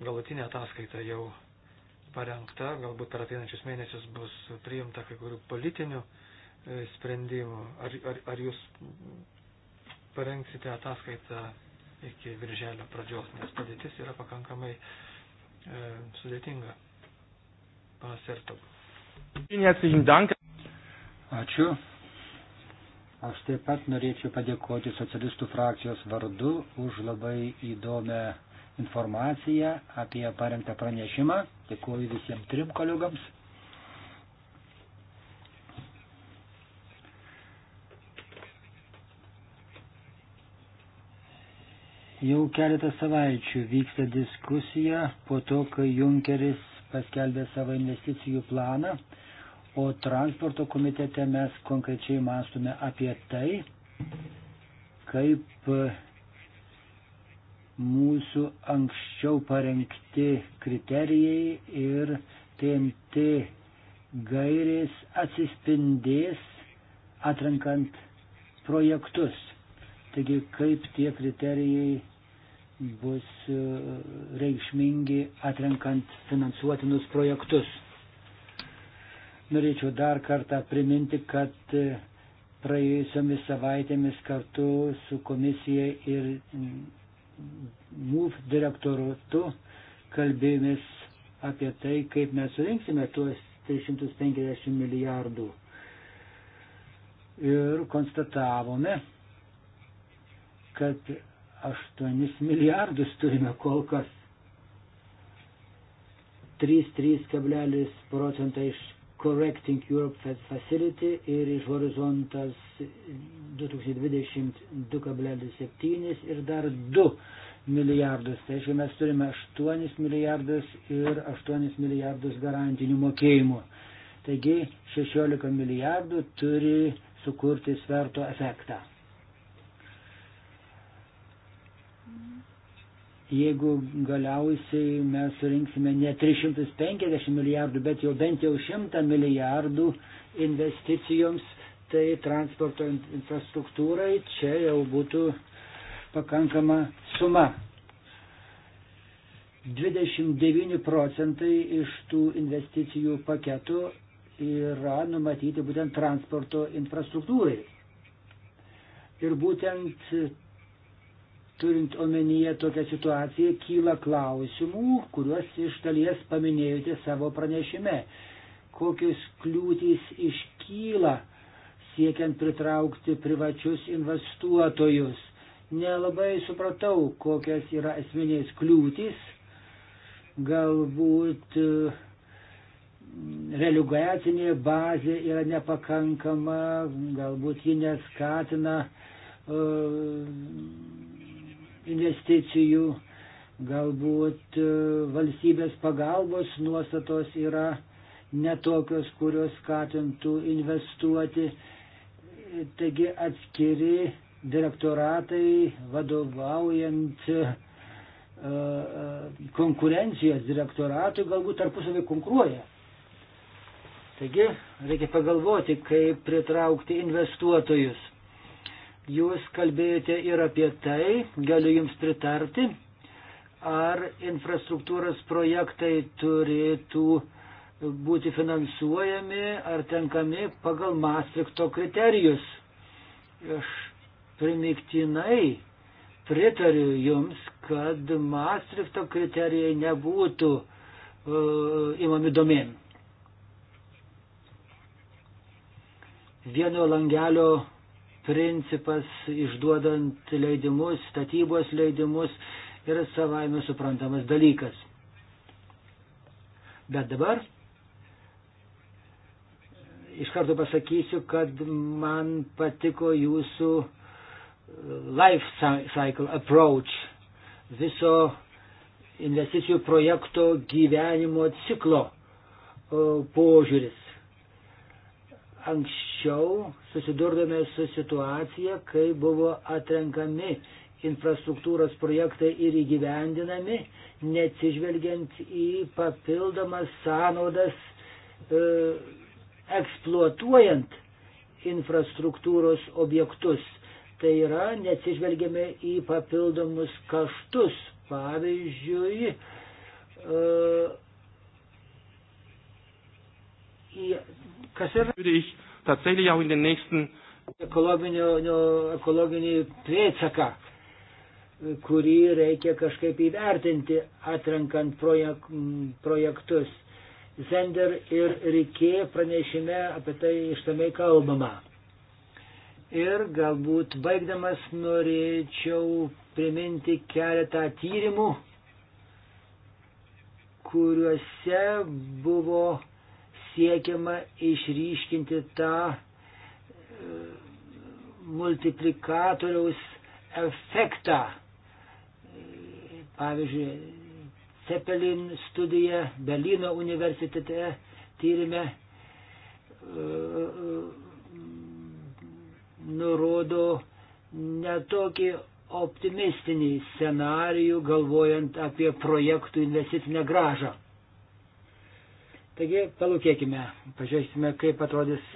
S2: galutinė ataskaita jau parengta, galbūt per ateinančius mėnesius bus priimta kai kurių politinių e, sprendimų, ar, ar, ar jūs parengsite ataskaitą iki virželio pradžios, nes padėtis yra pakankamai e, sudėtinga. Panas Ertau.
S3: Ačiū. Aš taip pat norėčiau padėkoti socialistų frakcijos vardu už labai įdomią informaciją apie parengtą pranešimą. Dėkuoju visiems trim kolegams. Jau keletą savaičių vyksta diskusija po to, kai Junkeris paskelbė savo investicijų planą, o transporto komitete mes konkrečiai mąstume apie tai, kaip mūsų anksčiau parengti kriterijai ir TNT gairės atsispindės atrankant projektus. Taigi kaip tie kriterijai bus e, reikšmingi atrenkant finansuotinus projektus. Norėčiau dar kartą priminti, kad e, praėjusiomis savaitėmis kartu su komisija ir MUF direktoratu kalbėjomės apie tai, kaip mes surinksime tuos 350 milijardų. Ir konstatavome, kad 8 milijardus turime kol kas. 3,3 procentai iš Correcting Europe Facility ir iš horizontas 2020 2,7 ir dar 2 milijardus. Tai reiškia, mes turime 8 milijardus ir 8 milijardus garantinių mokėjimų. Taigi 16 milijardų turi sukurti sverto efektą. jeigu galiausiai mes surinksime ne 350 milijardų, bet jau bent jau 100 milijardų investicijoms, tai transporto infrastruktūrai čia jau būtų pakankama suma. 29 procentai iš tų investicijų paketų yra numatyti būtent transporto infrastruktūrai. Ir būtent Turint omenyje tokią situaciją, kyla klausimų, kuriuos iš dalies paminėjote savo pranešime. Kokios kliūtys iškyla siekiant pritraukti privačius investuotojus. Nelabai supratau, kokias yra esminės kliūtis. Galbūt mm, religacinė bazė yra nepakankama, galbūt ji neskatina uh, investicijų, galbūt e, valstybės pagalbos nuostatos yra netokios, kurios skatintų investuoti. Taigi atskiri direktoratai vadovaujant e, e, konkurencijos direktoratui galbūt tarpusavį konkuruoja. Taigi reikia pagalvoti, kaip pritraukti investuotojus. Jūs kalbėjote ir apie tai, galiu Jums pritarti, ar infrastruktūros projektai turėtų būti finansuojami ar tenkami pagal Maastrichto kriterijus. Aš primiktinai pritariu Jums, kad Maastrichto kriterijai nebūtų uh, imami domėn. Vieno langelio principas išduodant leidimus, statybos leidimus yra savaime suprantamas dalykas. Bet dabar iš karto pasakysiu, kad man patiko jūsų uh, life cycle approach, viso investicijų projekto gyvenimo ciklo uh, požiūris anksčiau susidurdome su situacija, kai buvo atrenkami infrastruktūros projektai ir įgyvendinami, neatsižvelgiant į papildomas sąnaudas e, eksploatuojant infrastruktūros objektus. Tai yra, neatsižvelgiame į papildomus kaštus. Pavyzdžiui, e,
S2: kas yra. Tatsächlich auch in den nächsten
S3: ekologinį pėdsaką, kurį reikia kažkaip įvertinti, atrenkant projek, projektus. Zender ir Rikė pranešime apie tai ištamei kalbama. Ir galbūt baigdamas norėčiau priminti keletą tyrimų, kuriuose buvo siekiama išryškinti tą e, multiplikatoriaus efektą. Pavyzdžiui, Cepelin studija Berlyno universitete tyrime e, e, nurodo netokį optimistinį scenarijų, galvojant apie projektų investicinę gražą. Taigi palūkėkime, pažiūrėsime, kaip atrodys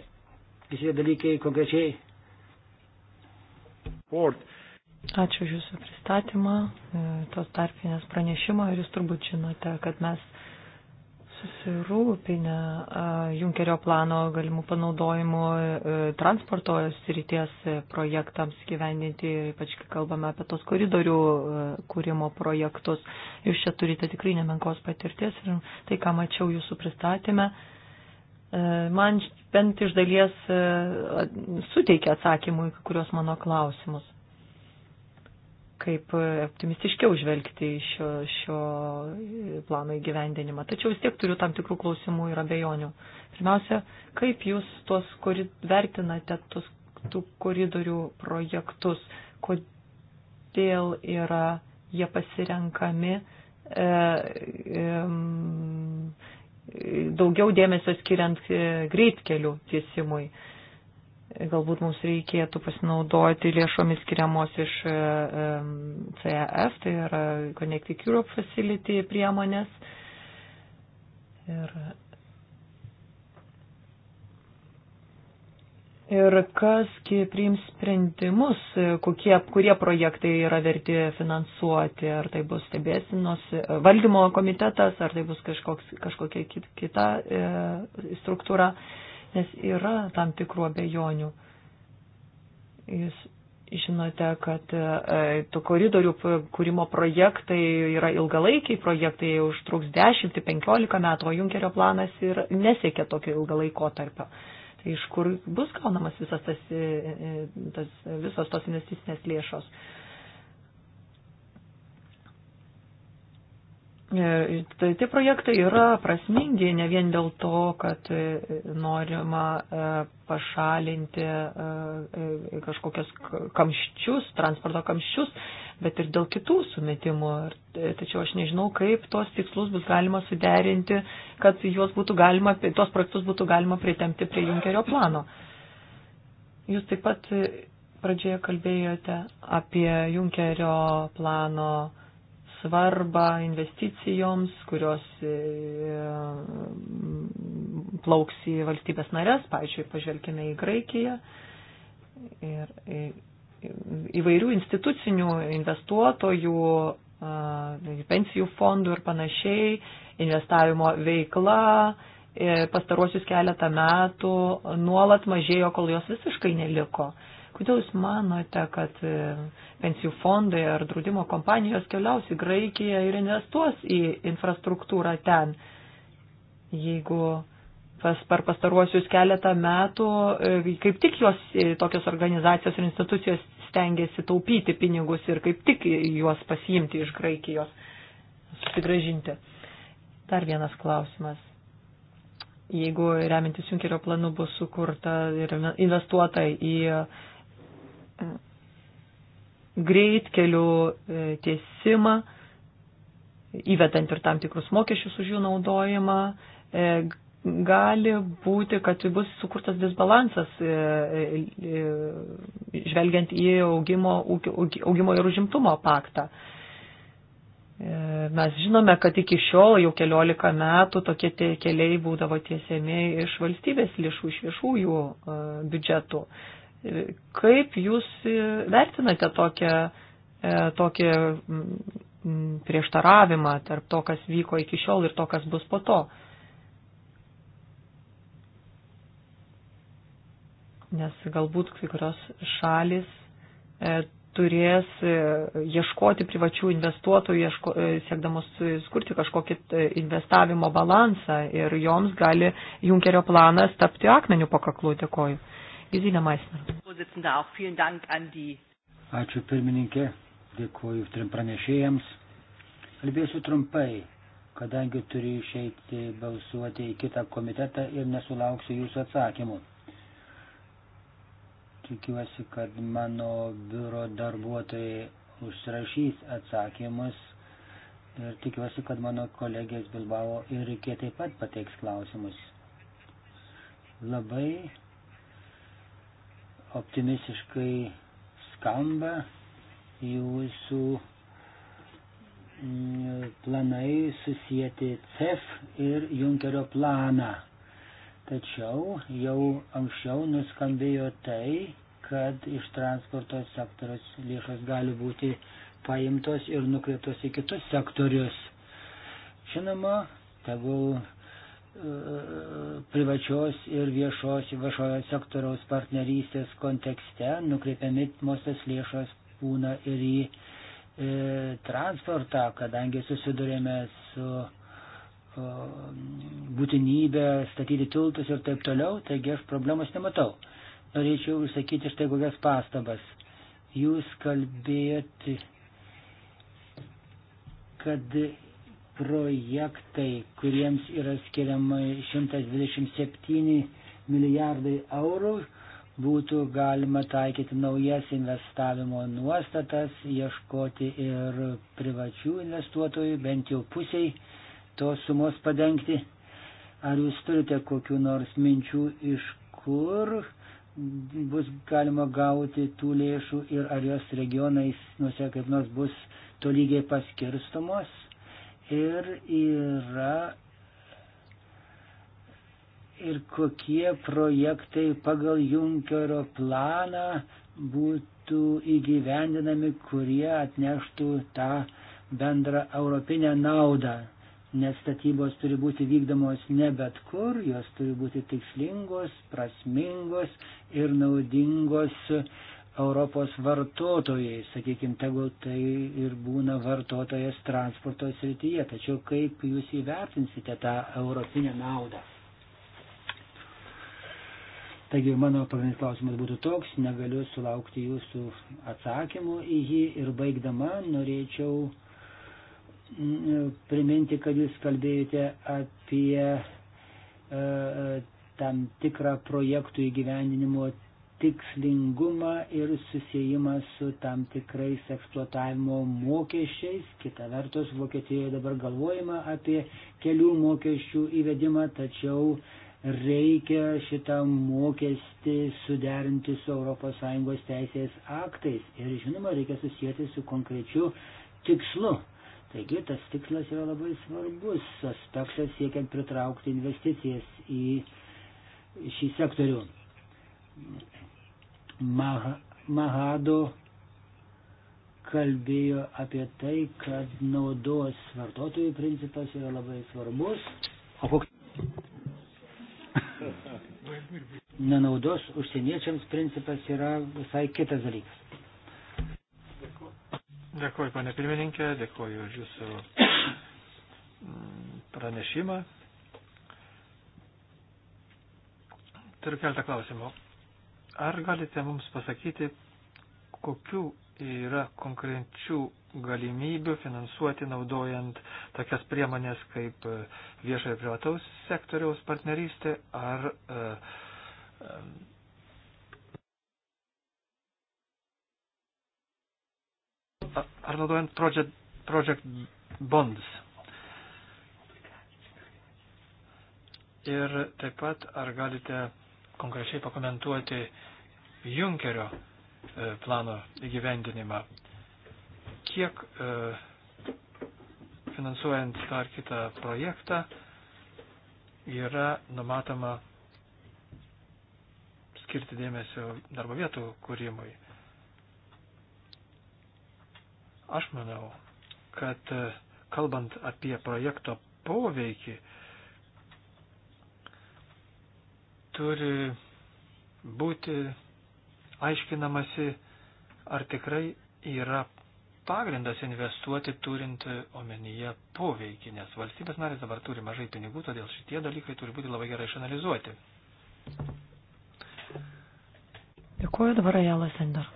S3: visi dalykai konkrečiai. Port.
S4: Ačiū už Jūsų pristatymą, e, tos tarpinės pranešimo ir Jūs turbūt žinote, kad mes susirūpinę Junkerio plano galimų panaudojimų e, transporto srities e, projektams gyvendinti, ypač kai kalbame apie tos koridorių e, kūrimo projektus. Jūs čia turite tikrai nemenkos patirties ir tai, ką mačiau jūsų pristatymę, man bent iš dalies suteikia atsakymų į kuriuos mano klausimus kaip optimistiškiau žvelgti į šio, šio plano įgyvendinimą. Tačiau vis tiek turiu tam tikrų klausimų ir abejonių. Pirmiausia, kaip jūs tos, kuri, vertinate tos, tų koridorių projektus, kodėl yra jie pasirenkami, e, e, daugiau dėmesio skiriant e, greitkelių tiesimui. E, galbūt mums reikėtų pasinaudoti lėšomis skiriamos iš e, e, CEF, tai yra Connecting Europe Facility priemonės. Ir, ir kasgi priims sprendimus, kokie, kurie projektai yra verti finansuoti, ar tai bus stebėsinos e, valdymo komitetas, ar tai bus kažkoks, kažkokia kita struktūra. E, nes yra tam tikrų abejonių. Jūs žinote, kad e, tų koridorių kūrimo projektai yra ilgalaikiai projektai, jie užtruks 10-15 metų, o Junkerio planas ir nesiekia tokio ilgalaiko tarpio. Tai iš kur bus gaunamas visas tas, e, e, tas, visos tos investicinės lėšos? Uh, E, tai, tai projektai yra prasmingi ne vien dėl to, kad e, norima e, pašalinti kažkokius kamščius, transporto kamščius, bet ir dėl kitų sumetimų. Tačiau aš nežinau, kaip tos tikslus bus galima suderinti, kad juos būtų galima, tos projektus būtų galima pritemti prie Junkerio plano. Jūs taip pat pradžioje kalbėjote apie Junkerio plano svarbą investicijoms, kurios e, plauks į valstybės narės, pavyzdžiui, pažvelkime į Graikiją ir e, įvairių institucinių investuotojų, e, pensijų fondų ir panašiai, investavimo veikla pastaruosius keletą metų nuolat mažėjo, kol jos visiškai neliko. Kodėl Jūs manote, kad e, pensijų fondai ar draudimo kompanijos keliaus į Graikiją ir investuos į infrastruktūrą ten, jeigu pas, per pastaruosius keletą metų e, kaip tik jos e, tokios organizacijos ir institucijos stengiasi taupyti pinigus ir kaip tik juos pasiimti iš Graikijos, susigražinti. Dar vienas klausimas. Jeigu remintis Junkerio planu bus sukurta ir investuota į greitkelių e, tiesimą, įvedant ir tam tikrus mokesčius už jų naudojimą, e, gali būti, kad bus sukurtas disbalansas, e, žvelgiant į augimo, augimo ir užimtumo paktą. Mes žinome, kad iki šiol jau keliolika metų tokie keliai būdavo tiesiami iš valstybės lėšų, iš viešųjų biudžetų. Kaip jūs vertinate tokią, e, tokį prieštaravimą tarp to, kas vyko iki šiol ir to, kas bus po to? Nes galbūt kai kurios šalis e, turės e, ieškoti privačių investuotojų, ieško, siekdamos skurti kažkokį investavimo balansą ir joms gali Junkerio planas tapti akmenių pakaklų. Dėkoju. Gesine Meissner.
S3: Ačiū pirmininkė, dėkuoju trim pranešėjams. Kalbėsiu trumpai, kadangi turiu išeiti balsuoti į kitą komitetą ir nesulauksiu jūsų atsakymų. Tikiuosi, kad mano biuro darbuotojai užrašys atsakymus ir tikiuosi, kad mano kolegės Bilbao ir reikia taip pat pateiks klausimus. Labai optimistiškai skamba jūsų mm, planai susijęti CEF ir Junkerio planą. Tačiau jau anksčiau nuskambėjo tai, kad iš transporto sektoriaus lėšos gali būti paimtos ir nukreiptos į kitus sektorius. Žinoma, tegul E, privačios ir viešos, viešojo sektoriaus partnerystės kontekste nukreipiami mostas lėšos būna ir į e, transportą, kadangi susidurėme su o, būtinybė statyti tiltus ir taip toliau, taigi aš problemos nematau. Norėčiau išsakyti štai kokias pastabas. Jūs kalbėjote, kad projektai, kuriems yra skiriama 127 milijardai eurų, būtų galima taikyti naujas investavimo nuostatas, ieškoti ir privačių investuotojų, bent jau pusiai tos sumos padengti. Ar jūs turite kokiu nors minčių, iš kur bus galima gauti tų lėšų ir ar jos regionais, nusia kaip nors bus tolygiai paskirstomos? ir yra ir kokie projektai pagal Junkerio planą būtų įgyvendinami, kurie atneštų tą bendrą europinę naudą. Nes statybos turi būti vykdomos ne bet kur, jos turi būti tikslingos, prasmingos ir naudingos uh, Europos vartotojai, sakykime, tegul tai ir būna vartotojas transporto srityje, tačiau kaip jūs įvertinsite tą europinę naudą? Taigi mano pagrindinis klausimas būtų toks, negaliu sulaukti jūsų atsakymų į jį ir baigdama norėčiau mm, priminti, kad jūs kalbėjote apie e, e tam tikrą projektų įgyvendinimo tikslingumą ir susijimą su tam tikrais eksploatavimo mokesčiais. Kita vertus, Vokietijoje dabar galvojama apie kelių mokesčių įvedimą, tačiau reikia šitą mokestį suderinti su ES teisės aktais ir žinoma, reikia susijęti su konkrečiu tikslu. Taigi tas tikslas yra labai svarbus aspektas siekiant pritraukti investicijas į šį sektorių. Mahado kalbėjo apie tai, kad naudos vartotojų principas yra labai svarbus. O koks? Nenaudos užsieniečiams principas yra visai kitas dalykas.
S2: Dėkuoju, pane pirmininkė, dėkuoju už jūsų mm, pranešimą. Turiu keltą klausimą. Ar galite mums pasakyti, kokių yra konkrečių galimybių finansuoti naudojant tokias priemonės kaip e, viešo ir privataus sektoriaus partnerystė ar e, e, ar naudojant project, project bonds. Ir taip pat ar galite konkrečiai pakomentuoti Junkerio e, plano įgyvendinimą. Kiek e, finansuojant tą ar kitą projektą yra numatoma skirti dėmesio darbo vietų kūrimui. Aš manau, kad e, kalbant apie projekto poveikį, turi būti aiškinamasi, ar tikrai yra pagrindas investuoti turint omenyje poveikį, nes valstybės narės dabar turi mažai pinigų, todėl šitie dalykai turi būti labai gerai išanalizuoti.
S4: Dėkuoju dabar Ajala Sender.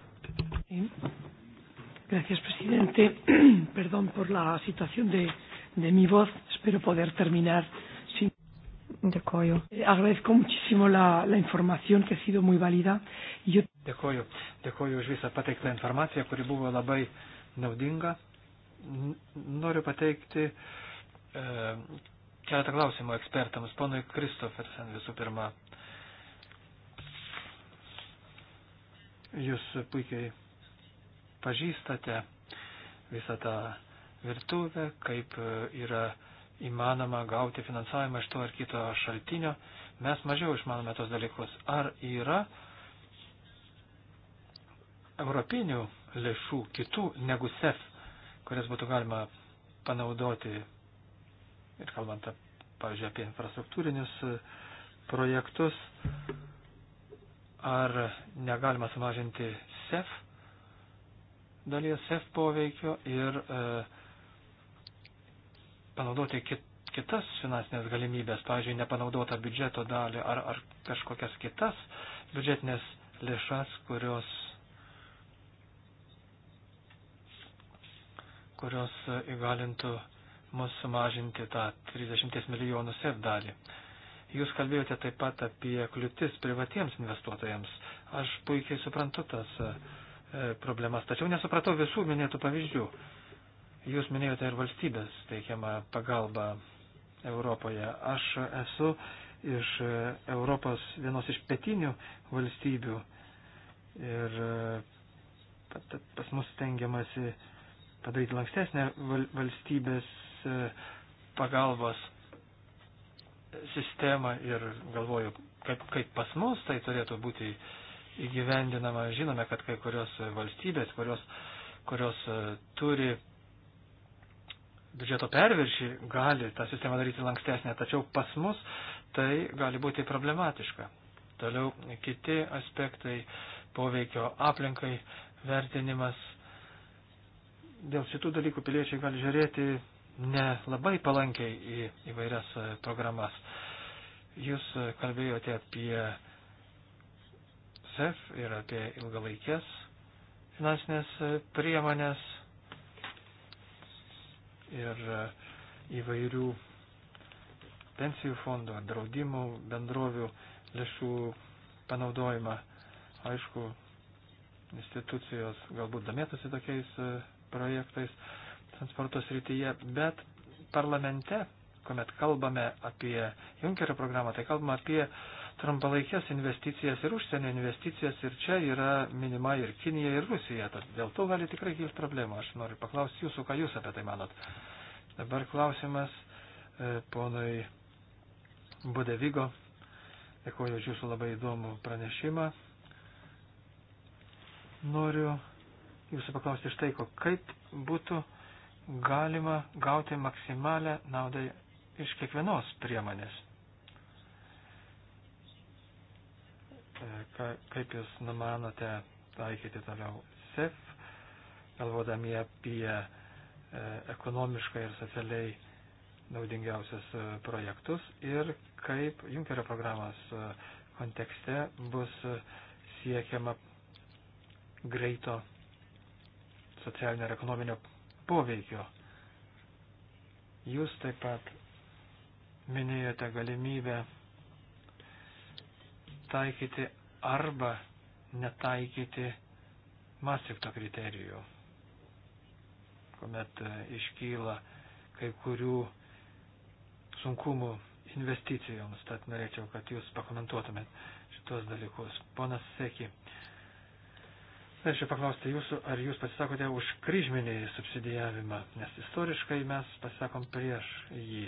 S4: Gracias, presidente. Perdón por la situación de, de mi voz. Espero poder terminar Dėkoju. Agradezco muchísimo la, la información que ha sido muy válida. Yo...
S2: Dėkoju. Dėkoju už visą pateiktą informaciją, kuri buvo labai naudinga. Noriu pateikti e, keletą klausimų ekspertams. Ponui Kristofersen visų pirma. Jūs puikiai pažįstate visą tą virtuvę, kaip yra e, įmanoma gauti finansavimą iš to ar kito šaltinio, mes mažiau išmanome tos dalykus. Ar yra europinių lėšų kitų negu SEF, kurias būtų galima panaudoti ir kalbant, pavyzdžiui, apie infrastruktūrinius e, projektus, ar negalima sumažinti SEF dalies SEF poveikio ir e, panaudoti kit, kitas finansinės galimybės, pavyzdžiui, nepanaudotą biudžeto dalį ar, ar kažkokias kitas biudžetinės lėšas, kurios, kurios įgalintų mus sumažinti tą 30 milijonų SEF dalį. Jūs kalbėjote taip pat apie kliūtis privatiems investuotojams. Aš puikiai suprantu tas e, problemas, tačiau nesupratau visų minėtų pavyzdžių. Jūs minėjote ir valstybės teikiamą pagalbą Europoje. Aš esu iš Europos vienos iš pietinių valstybių ir e, pas mus tengiamasi padaryti lankstesnę valstybės e, pagalbos sistemą ir galvoju, kaip, kaip pas mus tai turėtų būti įgyvendinama. Žinome, kad kai kurios valstybės, kurios, kurios e, turi biudžeto perviršį gali tą sistemą daryti lankstesnę, tačiau pas mus tai gali būti problematiška. Toliau kiti aspektai poveikio aplinkai vertinimas. Dėl šitų dalykų piliečiai gali žiūrėti ne labai palankiai į įvairias e, programas. Jūs kalbėjote apie SEF ir apie ilgalaikės finansinės e, priemonės ir e, įvairių pensijų fondų ar draudimų bendrovių lėšų panaudojimą. Aišku, institucijos galbūt domėtųsi tokiais e, projektais transporto srityje, bet parlamente, kuomet kalbame apie Junkerio programą, tai kalbame apie trumpalaikės investicijas ir užsienio investicijas ir čia yra minima ir Kinija, ir Rusija. Tad dėl to gali tikrai kilti problemų. Aš noriu paklausti jūsų, ką jūs apie tai manot. Dabar klausimas e, ponui Budevigo. Dėkuoju už jūsų labai įdomų pranešimą. Noriu jūsų paklausti štai ko. Kaip būtų galima gauti maksimalę naudą iš kiekvienos priemonės? E, kaip jūs numanote taikyti toliau SEF, galvodami apie e, ekonomiškai ir socialiai naudingiausius e, projektus ir kaip Junkerio programos kontekste bus siekiama greito socialinio ir ekonominio poveikio. Jūs taip pat minėjote galimybę taikyti arba netaikyti Mastrikto kriterijų, kuomet e, iškyla kai kurių sunkumų investicijoms. Tad norėčiau, kad jūs pakomentuotumėt šitos dalykus. Ponas Seki, norėčiau paklausti jūsų, ar jūs pasisakote už kryžminį subsidijavimą, nes istoriškai mes pasisakom prieš jį.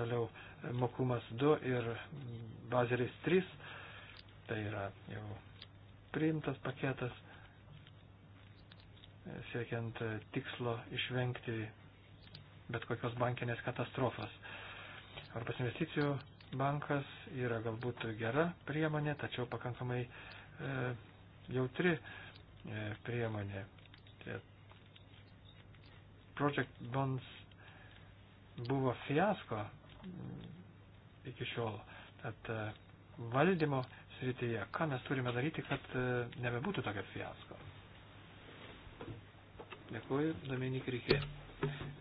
S2: Toliau e, mokumas 2 ir bazeris 3 Tai yra jau priimtas paketas, siekiant tikslo išvengti bet kokios bankinės katastrofos. Europos investicijų bankas yra galbūt gera priemonė, tačiau pakankamai e, jautri e, priemonė. Tie Project Bonds buvo fiasko mm, iki šiol. Tad e, valdymo srityje. Ką mes turime daryti, kad e, nebebūtų tokio fiasko? Dėkuoju, Dominik Rikė.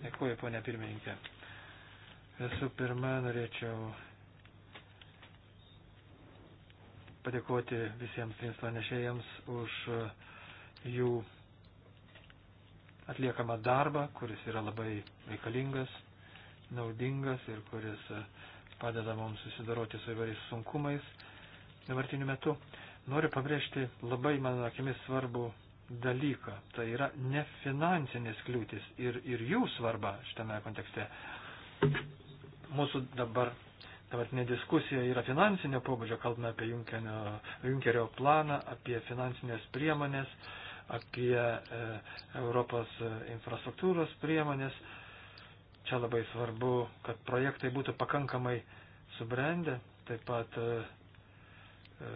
S2: Dėkuoju, ponia pirmininkė. Visų pirma, norėčiau padėkoti visiems trims pranešėjams už e, jų atliekamą darbą, kuris yra labai reikalingas, naudingas ir kuris e, padeda mums susidoroti su įvairiais sunkumais dabartiniu metu, noriu pabrėžti labai, mano akimis, svarbų dalyką. Tai yra nefinansinės kliūtis ir, ir jų svarba šitame kontekste. Mūsų dabar, dabartinė diskusija yra finansinio pobūdžio, kalbame apie Junkerio, Junkerio planą, apie finansinės priemonės, apie e, Europos e, infrastruktūros priemonės. Čia labai svarbu, kad projektai būtų pakankamai subrendę, taip pat e, E,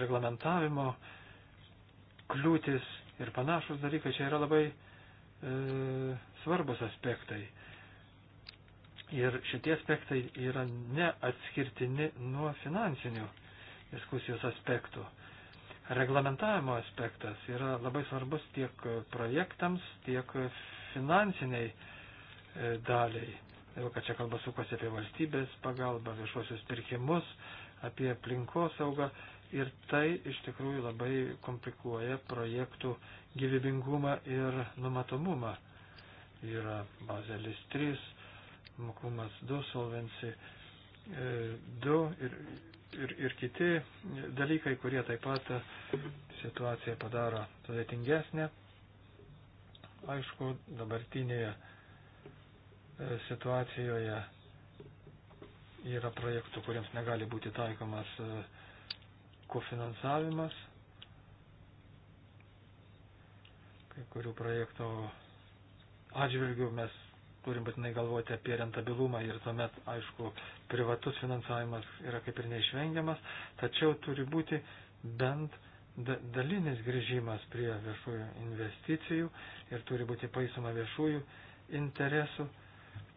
S2: reglamentavimo kliūtis ir panašus dalykai čia yra labai e, svarbus aspektai. Ir šitie aspektai yra neatskirtini nuo finansinių diskusijos aspektų. Reglamentavimo aspektas yra labai svarbus tiek projektams, tiek finansiniai e, daliai jau kad čia kalba sukasi apie valstybės pagalbą, viešuosius pirkimus, apie aplinkosaugą ir tai iš tikrųjų labai komplikuoja projektų gyvybingumą ir numatomumą. Yra Bazelis 3, Mokumas 2, Solvency 2 e, ir, ir, ir kiti dalykai, kurie taip pat situaciją padaro sudėtingesnė. Aišku, dabartinėje E, situacijoje yra projektų, kuriems negali būti taikomas e, kofinansavimas. Kai kurių projektų atžvilgių mes turim būtinai galvoti apie rentabilumą ir tuomet, aišku, privatus finansavimas yra kaip ir neišvengiamas, tačiau turi būti bent dalinis grįžimas prie viešųjų investicijų ir turi būti paisoma viešųjų interesų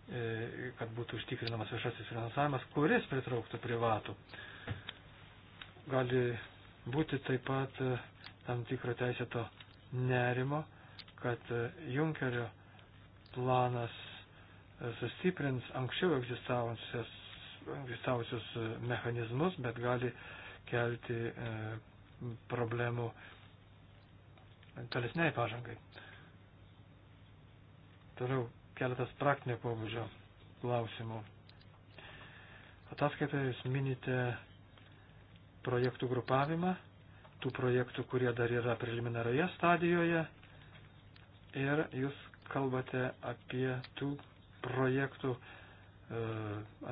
S2: E, kad būtų užtikrinamas viešasis finansavimas, kuris pritrauktų privatų. Gali būti taip pat e, tam tikro teisėto nerimo, kad e, Junkerio planas sustiprins anksčiau egzistavusius, egzistavusius mechanizmus, bet gali kelti problemų tolesniai pažangai. Toliau keletas praktinio pobūdžio klausimų. Ataskaitoje jūs minite projektų grupavimą, tų projektų, kurie dar yra preliminarioje stadijoje ir jūs kalbate apie tų projektų e,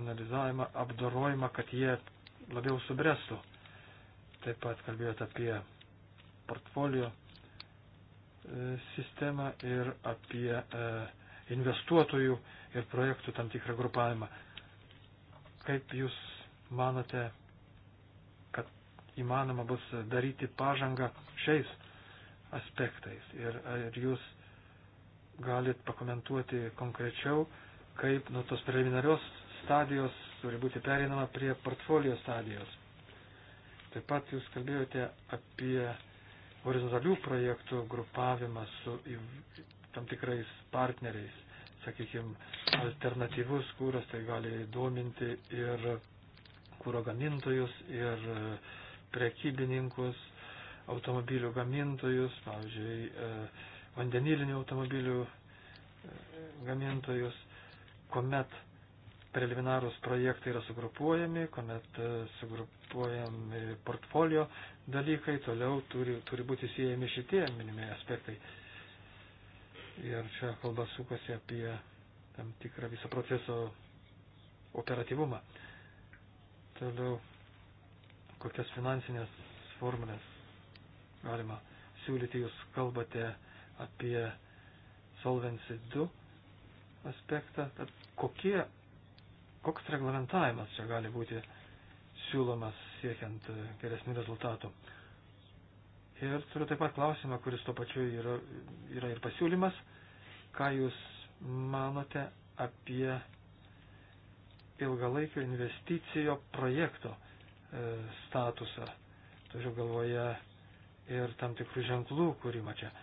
S2: analizavimą, apdorojimą, kad jie labiau subręstų. Taip pat kalbėjote apie portfolio e, sistemą ir apie e, investuotojų ir projektų tam tikrą grupavimą. Kaip Jūs manote, kad įmanoma bus daryti pažangą šiais aspektais? Ir ar Jūs galit pakomentuoti konkrečiau, kaip nuo tos preliminarios stadijos turi būti perinama prie portfolio stadijos? Taip pat Jūs kalbėjote apie horizontalių projektų grupavimą su tam tikrais partneriais. Sakykime, alternatyvus kūras tai gali dominti ir kūro gamintojus, ir e, prekybininkus, automobilių gamintojus, pavyzdžiui, e, vandenilinių automobilių e, gamintojus, kuomet preliminarūs projektai yra sugrupuojami, kuomet sugrupuojami portfolio dalykai, toliau turi, turi būti siejami šitie minimi aspektai. Ir čia kalba sukasi apie tam tikrą viso proceso operatyvumą. Toliau, kokias finansinės formulės galima siūlyti, jūs kalbate apie Solvency 2 aspektą, tad kokie, koks reglamentavimas čia gali būti siūlomas siekiant geresnių rezultatų. Ir turiu taip pat klausimą, kuris tuo pačiu yra, yra ir pasiūlymas. Ką Jūs manote apie ilgalaikio investicijo projekto e, statusą? Turiu galvoje ir tam tikrų ženklų kūrimą čia.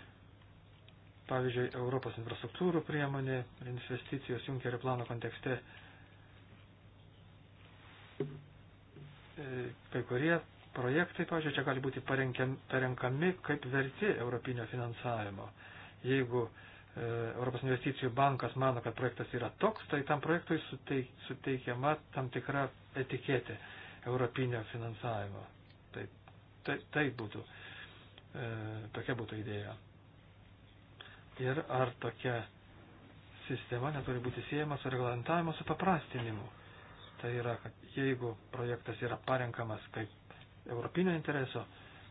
S2: Pavyzdžiui, Europos infrastruktūrų priemonė, investicijos Junkerio plano kontekste e, kai kurie projektai, pažiūrėjau, čia gali būti parenkami kaip verti europinio finansavimo. Jeigu e, Europos investicijų bankas mano, kad projektas yra toks, tai tam projektui suteikiama tam tikra etiketė europinio finansavimo. Tai, tai, tai būtų, e, tokia būtų idėja. Ir ar tokia sistema neturi būti siejama su reglamentavimo supaprastinimu. Tai yra, kad jeigu projektas yra parenkamas kaip europinio intereso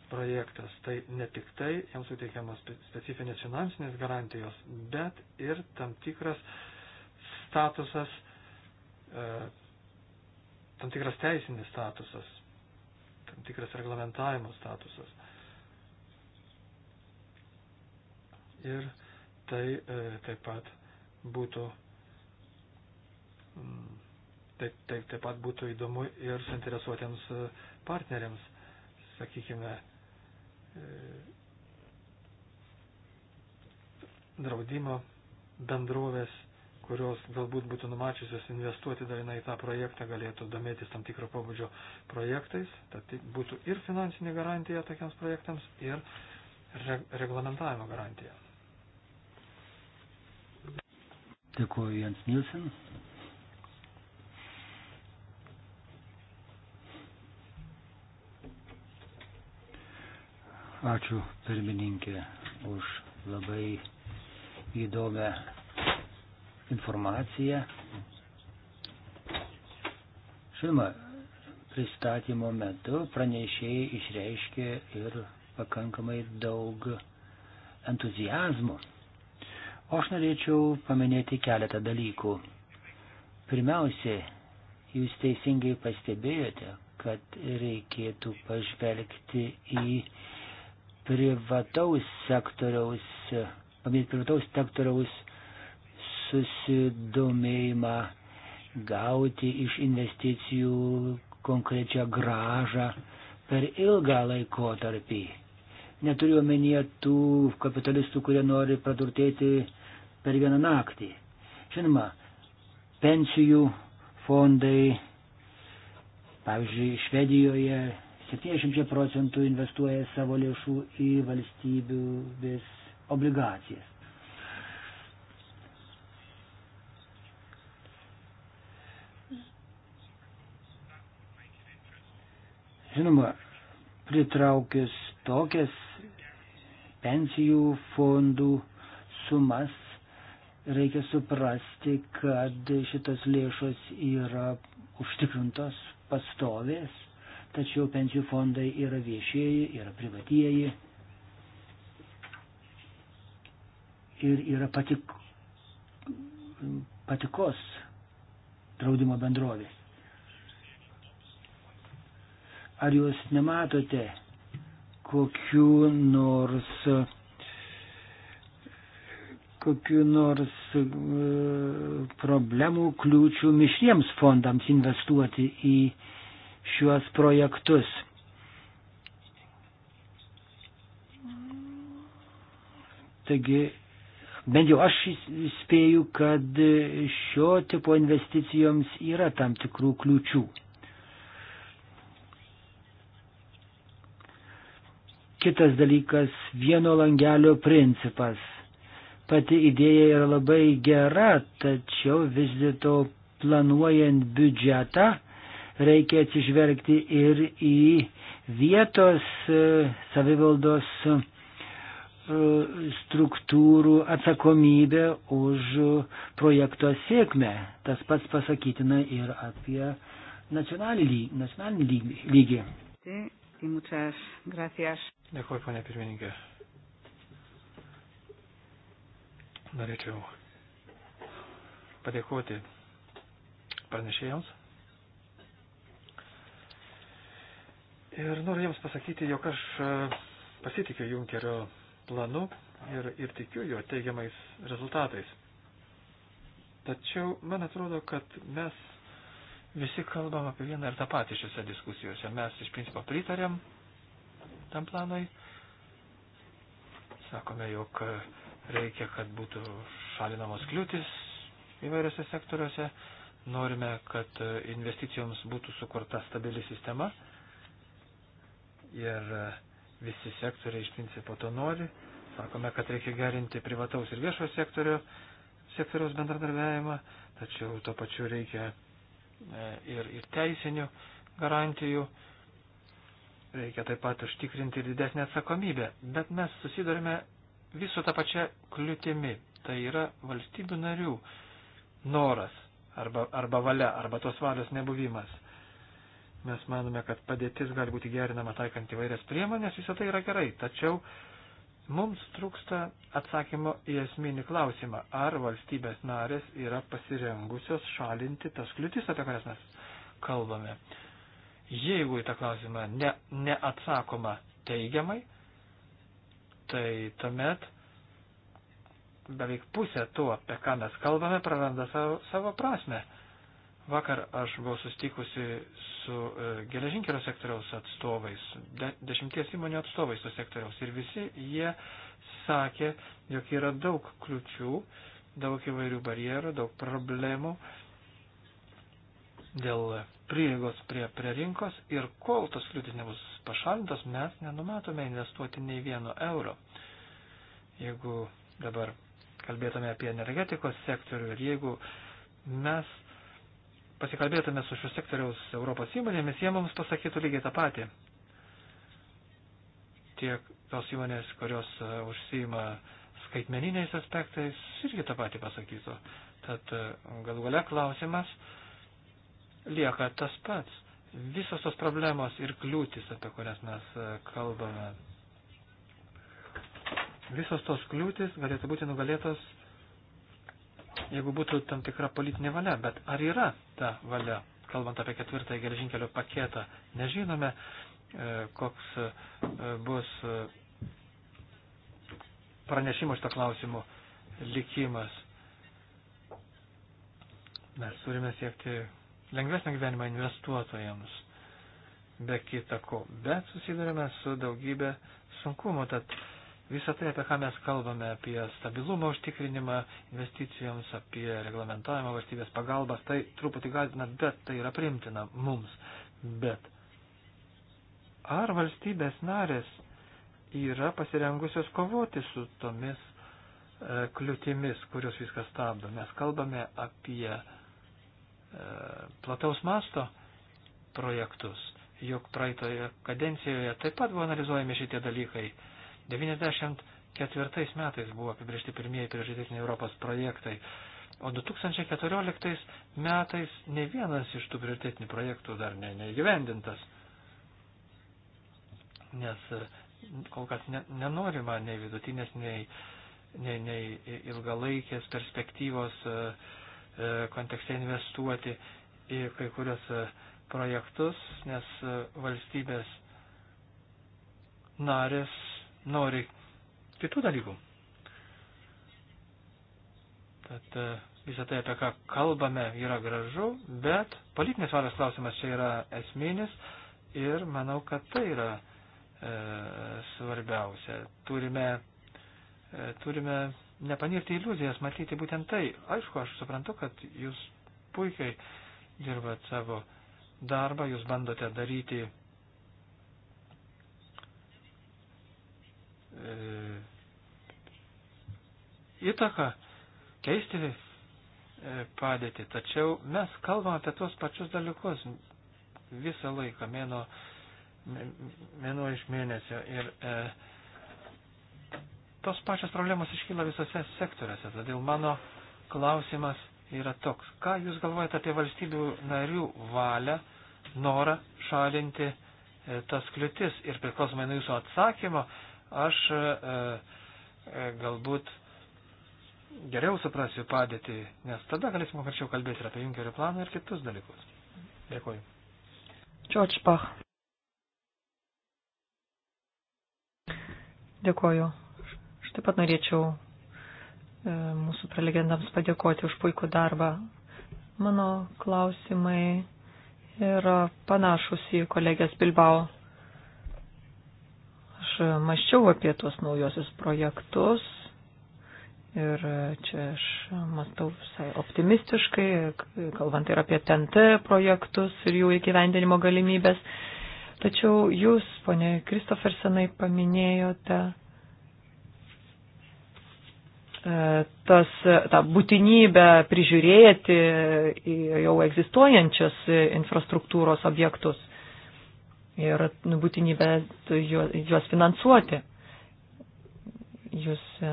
S2: projektas, tai ne tik tai jiems suteikiamas specifinės finansinės garantijos, bet ir tam tikras statusas, e, tam tikras teisinis statusas, tam tikras reglamentavimo statusas. Ir tai e, taip pat būtų mm, taip, taip, taip pat būtų įdomu ir suinteresuotiems e, partneriams, sakykime, e, draudimo bendrovės, kurios galbūt būtų numačiusios investuoti dar į tą projektą, galėtų domėtis tam tikro pobūdžio projektais, tad tai būtų ir finansinė garantija tokiems projektams, ir reglamentavimo garantija.
S3: Dėkuoju Jens Nilsen. Ačiū pirmininkė už labai įdomią informaciją. Žinoma, pristatymo metu pranešėjai išreiškė ir pakankamai daug entuzijazmo. O aš norėčiau paminėti keletą dalykų. Pirmiausia, jūs teisingai pastebėjote, kad reikėtų pažvelgti į privataus sektoriaus, privataus sektoriaus susidomėjimą gauti iš investicijų konkrečią gražą per ilgą laikotarpį. Neturiu omenyje tų kapitalistų, kurie nori praturtėti per vieną naktį. Žinoma, pensijų fondai, pavyzdžiui, Švedijoje, 70 procentų investuoja savo lėšų į valstybių vis obligacijas. Žinoma, pritraukius tokias pensijų fondų sumas, reikia suprasti, kad šitos lėšos yra užtikrintos, pastovės tačiau pensijų fondai yra viešieji, yra privatieji ir yra patik, patikos draudimo bendrovės. Ar jūs nematote kokiu nors kokiu nors e, problemų kliūčių mišriems fondams investuoti į uh, šiuos projektus. Taigi, bent jau aš spėju, kad šio tipo investicijoms yra tam tikrų kliūčių. Kitas dalykas - vieno langelio principas. Pati idėja yra labai gera, tačiau vis dėlto planuojant biudžetą reikia atsižvelgti ir į vietos e, savivaldos e, struktūrų atsakomybę už projekto sėkmę. Tas pats pasakytina ir apie nacionalinį lygį. Dėkuoju,
S2: ponė pirmininkė. Norėčiau padėkoti pranešėjams Ir noriu Jums pasakyti, jog aš e, pasitikiu Junkerio planu ir, ir tikiu jo teigiamais rezultatais. Tačiau man atrodo, kad mes visi kalbam apie vieną ir tą patį šiuose diskusijose. Mes iš principo pritarėm tam planui. Sakome, jog reikia, kad būtų šalinamos kliūtis įvairiose sektoriuose. Norime, kad investicijoms būtų sukurta stabili sistema ir e, visi sektoriai iš principo to nori. Sakome, kad reikia gerinti privataus ir viešojo sektorio, sektoriaus bendradarbiavimą, tačiau to pačiu reikia e, ir, ir teisinių garantijų. Reikia taip pat užtikrinti ir didesnę atsakomybę. Bet mes susidurime visų tą pačią kliūtimi. Tai yra valstybių narių noras arba, arba valia, arba tos valios nebuvimas. Mes manome, kad padėtis gali būti gerinama taikant įvairias priemonės, visą tai yra gerai, tačiau mums trūksta atsakymo į esminį klausimą, ar valstybės narės yra pasirengusios šalinti tas kliūtis, apie kurias mes kalbame. Jeigu į tą klausimą ne, neatsakoma teigiamai, tai tuomet beveik pusė to, apie ką mes kalbame, praranda savo, savo prasme. Vakar aš buvau sustikusi su e, geležinkelio sektoriaus atstovais, de, dešimties įmonių atstovais to sektoriaus ir visi jie sakė, jog yra daug kliučių, daug įvairių barjerų, daug problemų dėl prieigos prie, prie rinkos ir kol tos kliūtis nebus pašalintos, mes nenumatome investuoti nei vieno euro. Jeigu dabar kalbėtume apie energetikos sektorių ir jeigu mes pasikalbėtume su šios sektoriaus Europos įmonėmis, jie mums pasakytų lygiai tą patį. Tiek tos įmonės, kurios e, užsijima skaitmeniniais aspektais, irgi tą patį pasakytų. Tad e, galų gale klausimas lieka tas pats. Visos tos problemos ir kliūtis, apie kurias mes e, kalbame, visos tos kliūtis galėtų būti nugalėtos jeigu būtų tam tikra politinė valia, bet ar yra ta valia, kalbant apie ketvirtąjį geležinkelio paketą, nežinome, e, koks e, bus e, pranešimo šito klausimu likimas. Mes turime siekti lengvesnį gyvenimą investuotojams, be kita ko, bet susidurime su daugybė sunkumo, tad Visą tai, apie ką mes kalbame, apie stabilumo užtikrinimą investicijoms, apie reglamentavimą valstybės pagalbas, tai truputį gazina, bet tai yra primtina mums. Bet ar valstybės narės yra pasirengusios kovoti su tomis e, kliūtimis, kurios viską stabdo? Mes kalbame apie e, plataus masto projektus, juk praeitoje kadencijoje taip pat buvo analizuojami šitie dalykai 94 metais buvo apibriežti pirmieji prioritėtiniai Europos projektai, o 2014 metais ne vienas iš tų prioritėtinių projektų dar ne, neįgyvendintas, nes e, kol kas ne, nenorima nei vidutinės, nei, nei, nei ilgalaikės perspektyvos e, e, kontekste investuoti į kai kurias projektus, nes valstybės narės nori kitų dalykų. Tad e, visą tai, apie ką kalbame, yra gražu, bet politinės valios klausimas čia yra esminis ir manau, kad tai yra e, svarbiausia. Turime, e, turime nepanirti iliuzijas, matyti būtent tai. Aišku, aš suprantu, kad jūs puikiai dirbat savo darbą, jūs bandote daryti įtaką, keisti e, padėtį. Tačiau mes kalbam apie tuos pačius dalykus visą laiką, mėno, mėno iš mėnesio. Ir e, tos pačios problemos iškyla visose sektoriuose. Todėl mano klausimas yra toks. Ką Jūs galvojate apie valstybių narių valią, norą šalinti e, tas kliūtis ir priklausomai nuo Jūsų atsakymo, e, aš e, e, galbūt geriau suprasiu padėtį, nes tada galėsim konkrečiau kalbėti ir apie Junkerio planą ir kitus dalykus. Dėkuoju. George Bach.
S4: Dėkuoju. Aš taip pat norėčiau e, mūsų prelegendams padėkoti už puikų darbą. Mano klausimai yra panašus į kolegės Bilbao maščiau apie tuos naujosius projektus ir čia aš mastau visai optimistiškai, kalbant ir apie TNT projektus ir jų įgyvendinimo galimybės. Tačiau jūs, ponė Kristofersenai, paminėjote e, tas, tą būtinybę prižiūrėti jau egzistuojančias infrastruktūros objektus ir būtinybę juos finansuoti. Jūs e,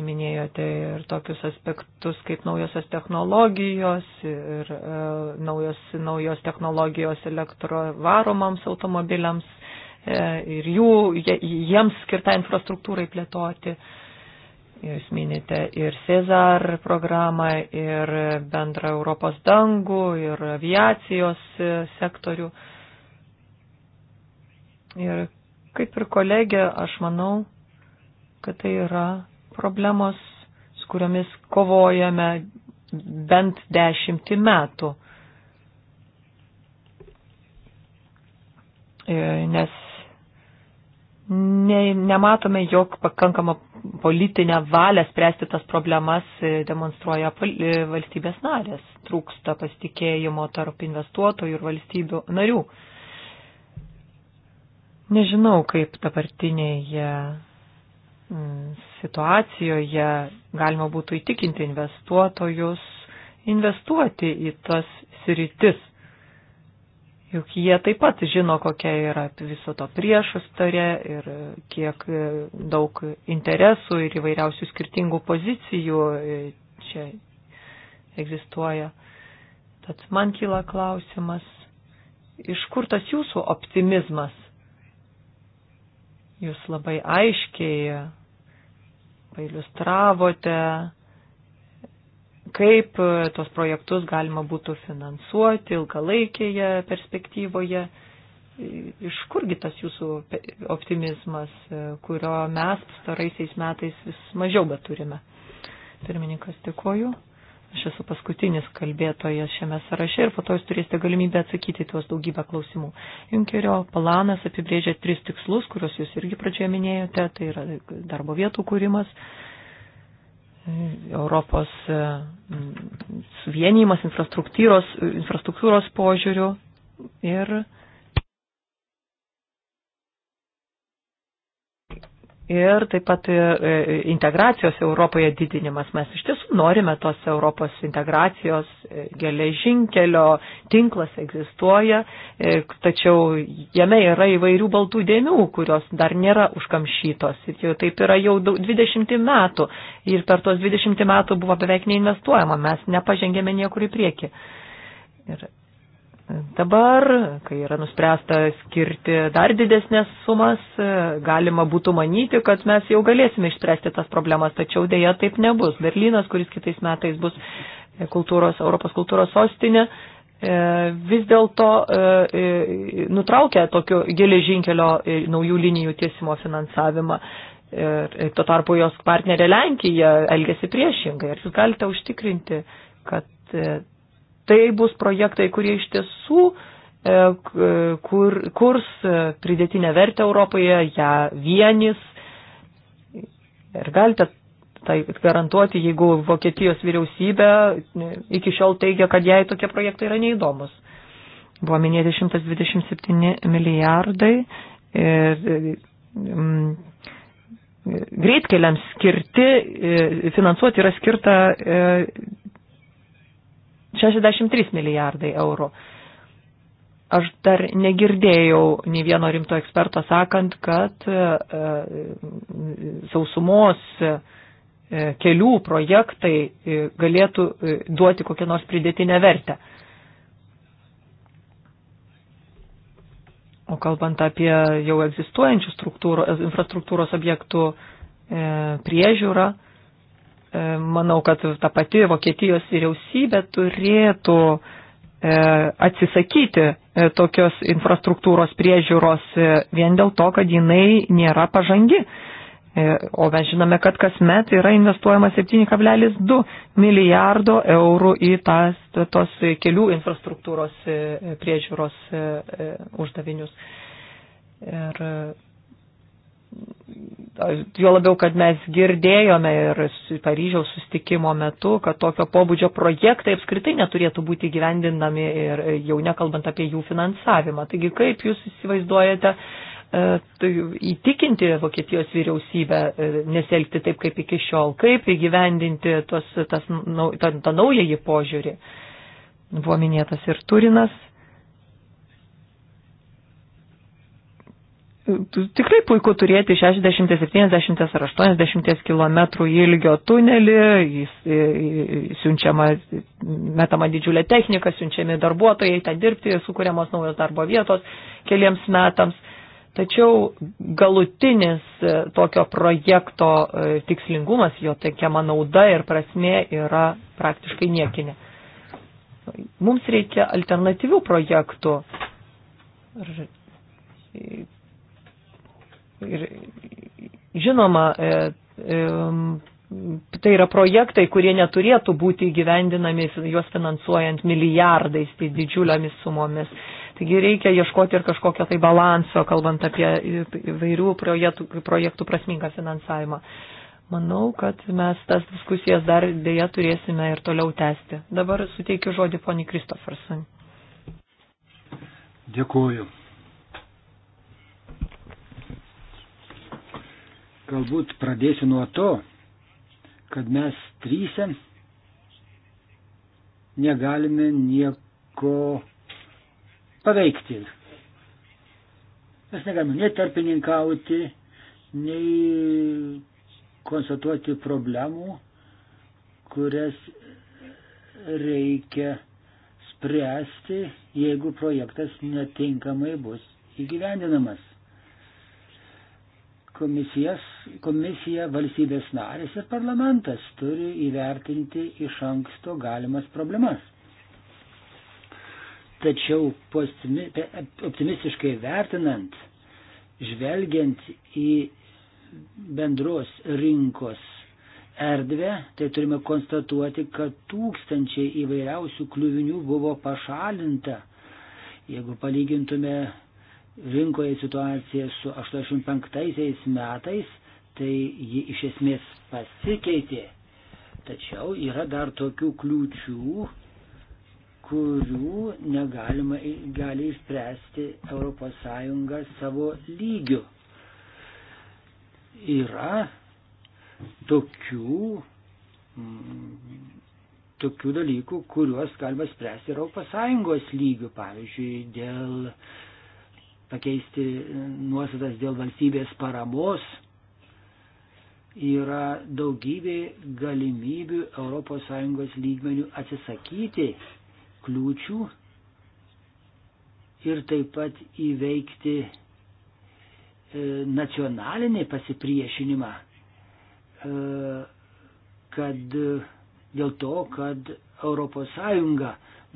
S4: minėjote ir tokius aspektus kaip naujosios technologijos ir e, naujos, naujos technologijos elektrovaromoms automobiliams e, ir jų, jiems skirtą infrastruktūrai plėtoti. Jūs minite ir Cezar programą, ir bendrą Europos dangų, ir aviacijos sektorių. Ir kaip ir kolegė, aš manau, kad tai yra problemos, su kuriomis kovojame bent dešimtį metų. E, nes ne, nematome, jog pakankama politinė valia spręsti tas problemas e, demonstruoja e, valstybės narės. Trūksta pasitikėjimo tarp investuotojų ir valstybių narių. Nežinau, kaip dabartinėje mm, situacijoje galima būtų įtikinti investuotojus investuoti į tas sritis. Juk jie taip pat žino, kokia yra viso to priešustarė ir kiek e, daug interesų ir įvairiausių skirtingų pozicijų e, čia egzistuoja. Tad man kyla klausimas, iš kur tas jūsų optimizmas? Jūs labai aiškiai pailustravote, kaip tos projektus galima būtų finansuoti ilgalaikėje perspektyvoje. Iš kurgi tas jūsų optimizmas, kurio mes staraisiais metais vis mažiau bet turime? Pirmininkas, dėkoju. Aš esu paskutinis kalbėtojas šiame sąraše ir po to jūs turėsite galimybę atsakyti į tuos daugybę klausimų. Junkerio planas apibrėžia tris tikslus, kuriuos jūs irgi pradžioje minėjote, tai yra darbo vietų kūrimas, Europos mm, suvienimas infrastruktūros, infrastruktūros požiūrių ir ir taip pat e, e, integracijos Europoje didinimas. Mes iš tiesų norime tos Europos integracijos, e, geležinkelio tinklas egzistuoja, tačiau jame yra įvairių baltų dėmių, kurios dar nėra užkamšytos. Ir jau taip yra jau 20 metų ir per tuos 20 metų buvo beveik neinvestuojama, mes nepažengėme niekur į priekį. Ir Dabar, kai yra nuspręsta skirti dar didesnės sumas, galima būtų manyti, kad mes jau galėsime išspręsti tas problemas, tačiau dėja taip nebus. Berlynas, kuris kitais metais bus kultūros, Europos kultūros sostinė, e, vis dėlto e, e, nutraukia tokio geležinkelio naujų linijų tiesimo finansavimą. Ir tuo tarpu jos partnerė Lenkija elgesi priešingai. Ar jūs galite užtikrinti, kad tai bus projektai, kurie iš tiesų e, e, kur, kurs e, pridėtinę vertę Europoje, ją vienis. Ir galite tai garantuoti, jeigu Vokietijos vyriausybė iki šiol teigia, kad jai tokie projektai yra neįdomus. Buvo minėti 127 milijardai ir greitkeliams skirti, finansuoti yra skirta 63 milijardai eurų. Aš dar negirdėjau nei vieno rimto eksperto sakant, kad e, sausumos e, kelių projektai e, galėtų duoti kokią nors pridėtinę vertę. O kalbant apie jau egzistuojančių infrastruktūros objektų priežiūrą, E, manau, kad ta pati Vokietijos vyriausybė turėtų e, atsisakyti e, tokios infrastruktūros priežiūros vien dėl to, kad jinai nėra pažangi. O mes žinome, kad kasmet yra investuojama 7,2 milijardo eurų į tas, tos kelių infrastruktūros priežiūros uždavinius. Ir jo labiau, kad mes girdėjome ir Paryžiaus sustikimo metu, kad tokio pobūdžio projektai apskritai neturėtų būti gyvendinami ir jau nekalbant apie jų finansavimą. Taigi kaip jūs įsivaizduojate e, tai įtikinti Vokietijos vyriausybę e, nesielgti taip, kaip iki šiol, kaip įgyvendinti tos, tas, tą, tą naująjį požiūrį. Buvo minėtas ir Turinas, tikrai puiku turėti 60, 70 ar 80 km ilgio tunelį, jis e, e, siunčiama, metama didžiulė technika, siunčiami darbuotojai ten dirbti, sukūriamos naujos darbo vietos keliems metams. Tačiau galutinis e, tokio projekto tikslingumas, jo teikiama nauda ir prasmė yra praktiškai niekinė. Mums reikia alternatyvių projektų Ir žinoma, e, e, tai yra projektai, kurie neturėtų būti gyvendinami, juos finansuojant milijardais, tai didžiuliomis sumomis. Taigi reikia ieškoti ir kažkokio tai balanso, kalbant apie įvairių projektų, projektų prasmingą finansavimą. Manau, kad mes tas diskusijas dar dėja turėsime ir toliau tęsti. Dabar suteikiu žodį poniai Kristofersonui.
S3: Dėkuoju. Galbūt pradėsiu nuo to, kad mes trysia negalime nieko paveikti. Mes negalime nei tarpininkauti, nei konstatuoti problemų, kurias reikia spręsti, jeigu projektas netinkamai bus įgyvendinamas komisijas, komisija, valstybės narės ir parlamentas turi įvertinti iš anksto galimas problemas. Tačiau optimistiškai vertinant, žvelgiant į bendros rinkos erdvę, tai turime konstatuoti, kad tūkstančiai įvairiausių kliuvinių buvo pašalinta. Jeigu palygintume rinkoje situacija su 85 metais, tai ji iš esmės pasikeitė. Tačiau yra dar tokių kliūčių, kurių negalima gali išspręsti ES savo lygiu. Yra tokių, mm, tokių dalykų, kuriuos galima spręsti ES lygiu, pavyzdžiui, dėl uh, pakeisti nuostatas dėl valstybės paramos. Yra daugybė galimybių ES lygmenių atsisakyti kliūčių ir taip pat įveikti e, nacionalinį pasipriešinimą, e, kad dėl to, kad ES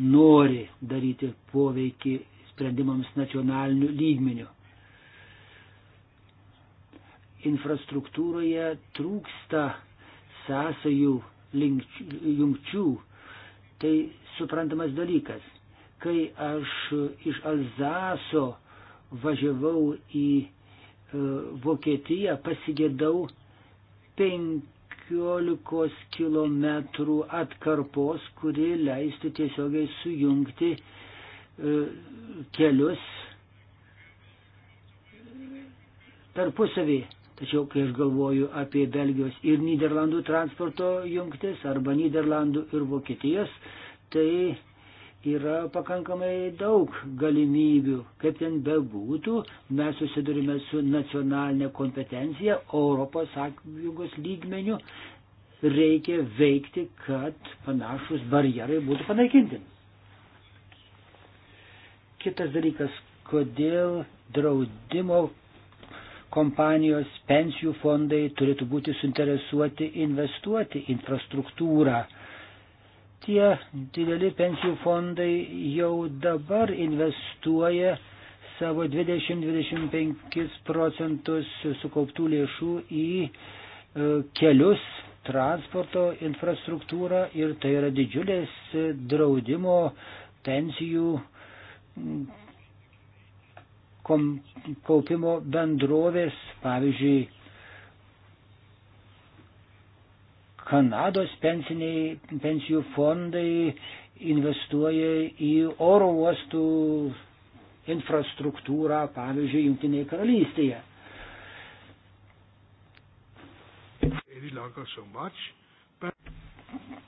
S3: nori daryti poveikį sprendimams nacionaliniu lygmeniu. Infrastruktūroje trūksta sąsajų jungčių. Tai suprantamas dalykas. Kai aš iš Alzaso važiavau į e, Vokietiją, pasigėdau 15 km atkarpos, kuri leistų tiesiogiai sujungti E, kelius tarpusavį. Tačiau, kai aš galvoju apie Belgijos ir Niderlandų transporto jungtis arba Niderlandų ir Vokietijos, tai yra pakankamai daug galimybių. Kaip ten bebūtų, mes susidurime su nacionalinė kompetencija Europos Sąjungos lygmenių. Reikia veikti, kad panašus barjerai būtų panaikinti. Kitas dalykas, kodėl draudimo kompanijos, pensijų fondai turėtų būti suinteresuoti investuoti infrastruktūrą. Tie dideli pensijų fondai jau dabar investuoja savo 20-25 procentus sukauptų lėšų į e, kelius, transporto infrastruktūrą ir tai yra didžiulės draudimo pensijų uh, kom, kaupimo bendrovės, pavyzdžiui, Kanados pensiniai, pensijų fondai investuoja į oro uostų infrastruktūrą, pavyzdžiui, Junktinėje karalystėje.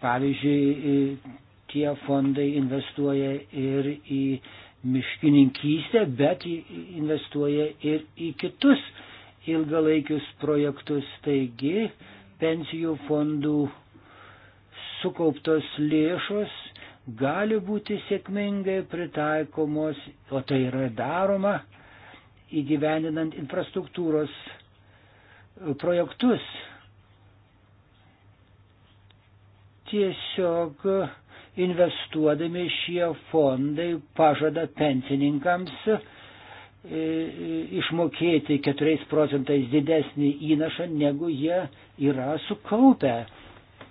S3: Pavyzdžiui, tie fondai investuoja ir į miškininkystę, bet investuoja ir į kitus ilgalaikius projektus. Taigi pensijų fondų sukauptos lėšos gali būti sėkmingai pritaikomos, o tai yra daroma įgyvendinant infrastruktūros e, projektus. Tiesiog investuodami šie fondai pažada pensininkams e, e, išmokėti 4 procentais didesnį įnašą, negu jie yra sukaupę.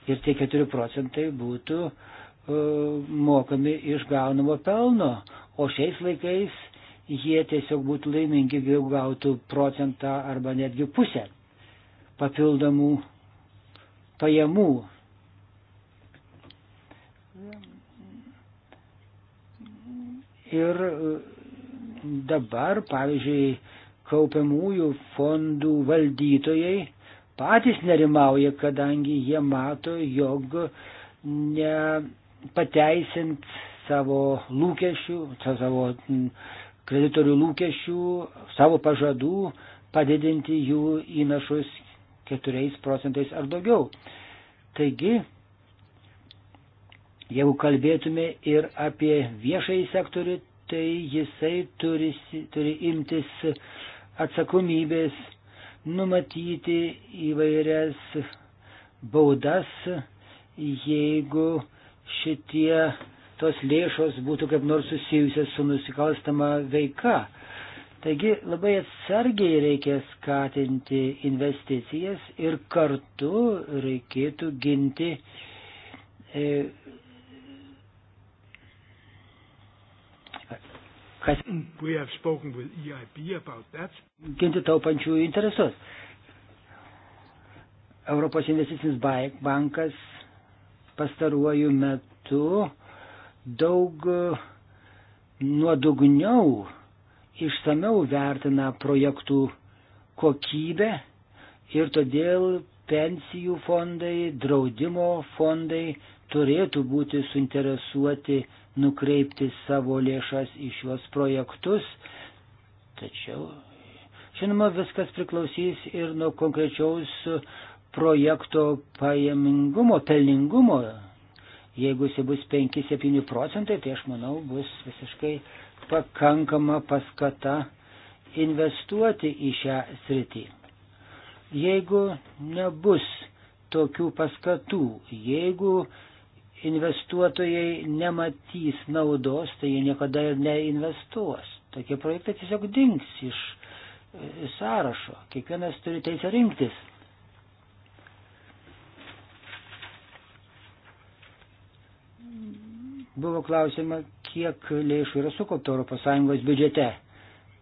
S3: Ir tie 4 procentai būtų e, mokami iš gaunamo pelno. O šiais laikais jie tiesiog būtų laimingi, jeigu gautų procentą arba netgi pusę papildomų pajamų Ir e, dabar, pavyzdžiui, kaupiamųjų fondų valdytojai patys nerimauja, kadangi jie mato, jog nepateisint savo lūkesčių, savo kreditorių lūkesčių, savo pažadų padidinti jų įnašus 4 procentais ar daugiau. Taigi, Jeigu kalbėtume ir apie viešąjį sektorių, tai jisai turi, turi imtis atsakomybės, numatyti įvairias baudas, jeigu šitie tos lėšos būtų kaip nors susijusios su nusikalstama veika. Taigi labai atsargiai reikia skatinti investicijas ir kartu reikėtų ginti e, kas mm,
S2: e
S3: ginti taupančiųjų interesus. Europos investicinis bankas pastaruoju metu daug nuodugniau, išsameu vertina projektų kokybę ir todėl pensijų fondai, draudimo fondai turėtų būti suinteresuoti nukreipti savo lėšas į šiuos projektus, tačiau, žinoma, viskas priklausys ir nuo konkrečiaus projekto pajamingumo, pelningumo. Jeigu jis bus 5-7 procentai, tai aš manau bus visiškai pakankama paskata investuoti į šią sritį. Jeigu nebus tokių paskatų, jeigu investuotojai nematys naudos, tai jie niekada ir neinvestuos. Tokie projektai tiesiog dings iš e, sąrašo. Kiekvienas turi teisę rinktis. Buvo klausima, kiek lėšų yra sukaupta ES biudžete.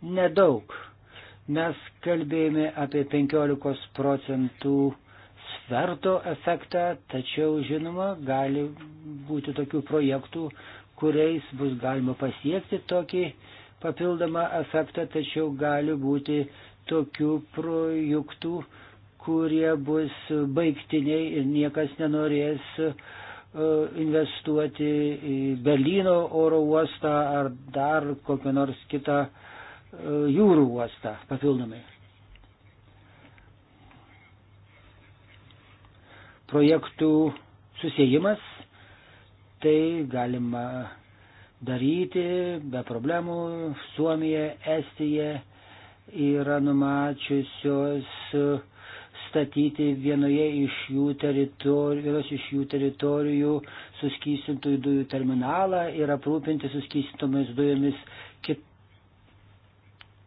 S3: Nedaug. Mes kalbėjome apie 15 procentų sverto efektą, tačiau žinoma, gali būti tokių projektų, kuriais bus galima pasiekti tokį papildomą efektą, tačiau gali būti tokių projektų, kurie bus baigtiniai ir niekas nenorės e, investuoti į Berlyno oro uostą ar dar kokią nors kitą e, jūrų uostą papildomai. projektų susijimas, tai galima daryti be problemų. Suomija, Estija yra numačiusios statyti vienoje iš jų teritorijų, vienos iš jų teritorijų suskysintųjų dujų terminalą ir aprūpinti suskystintomis dujomis kit,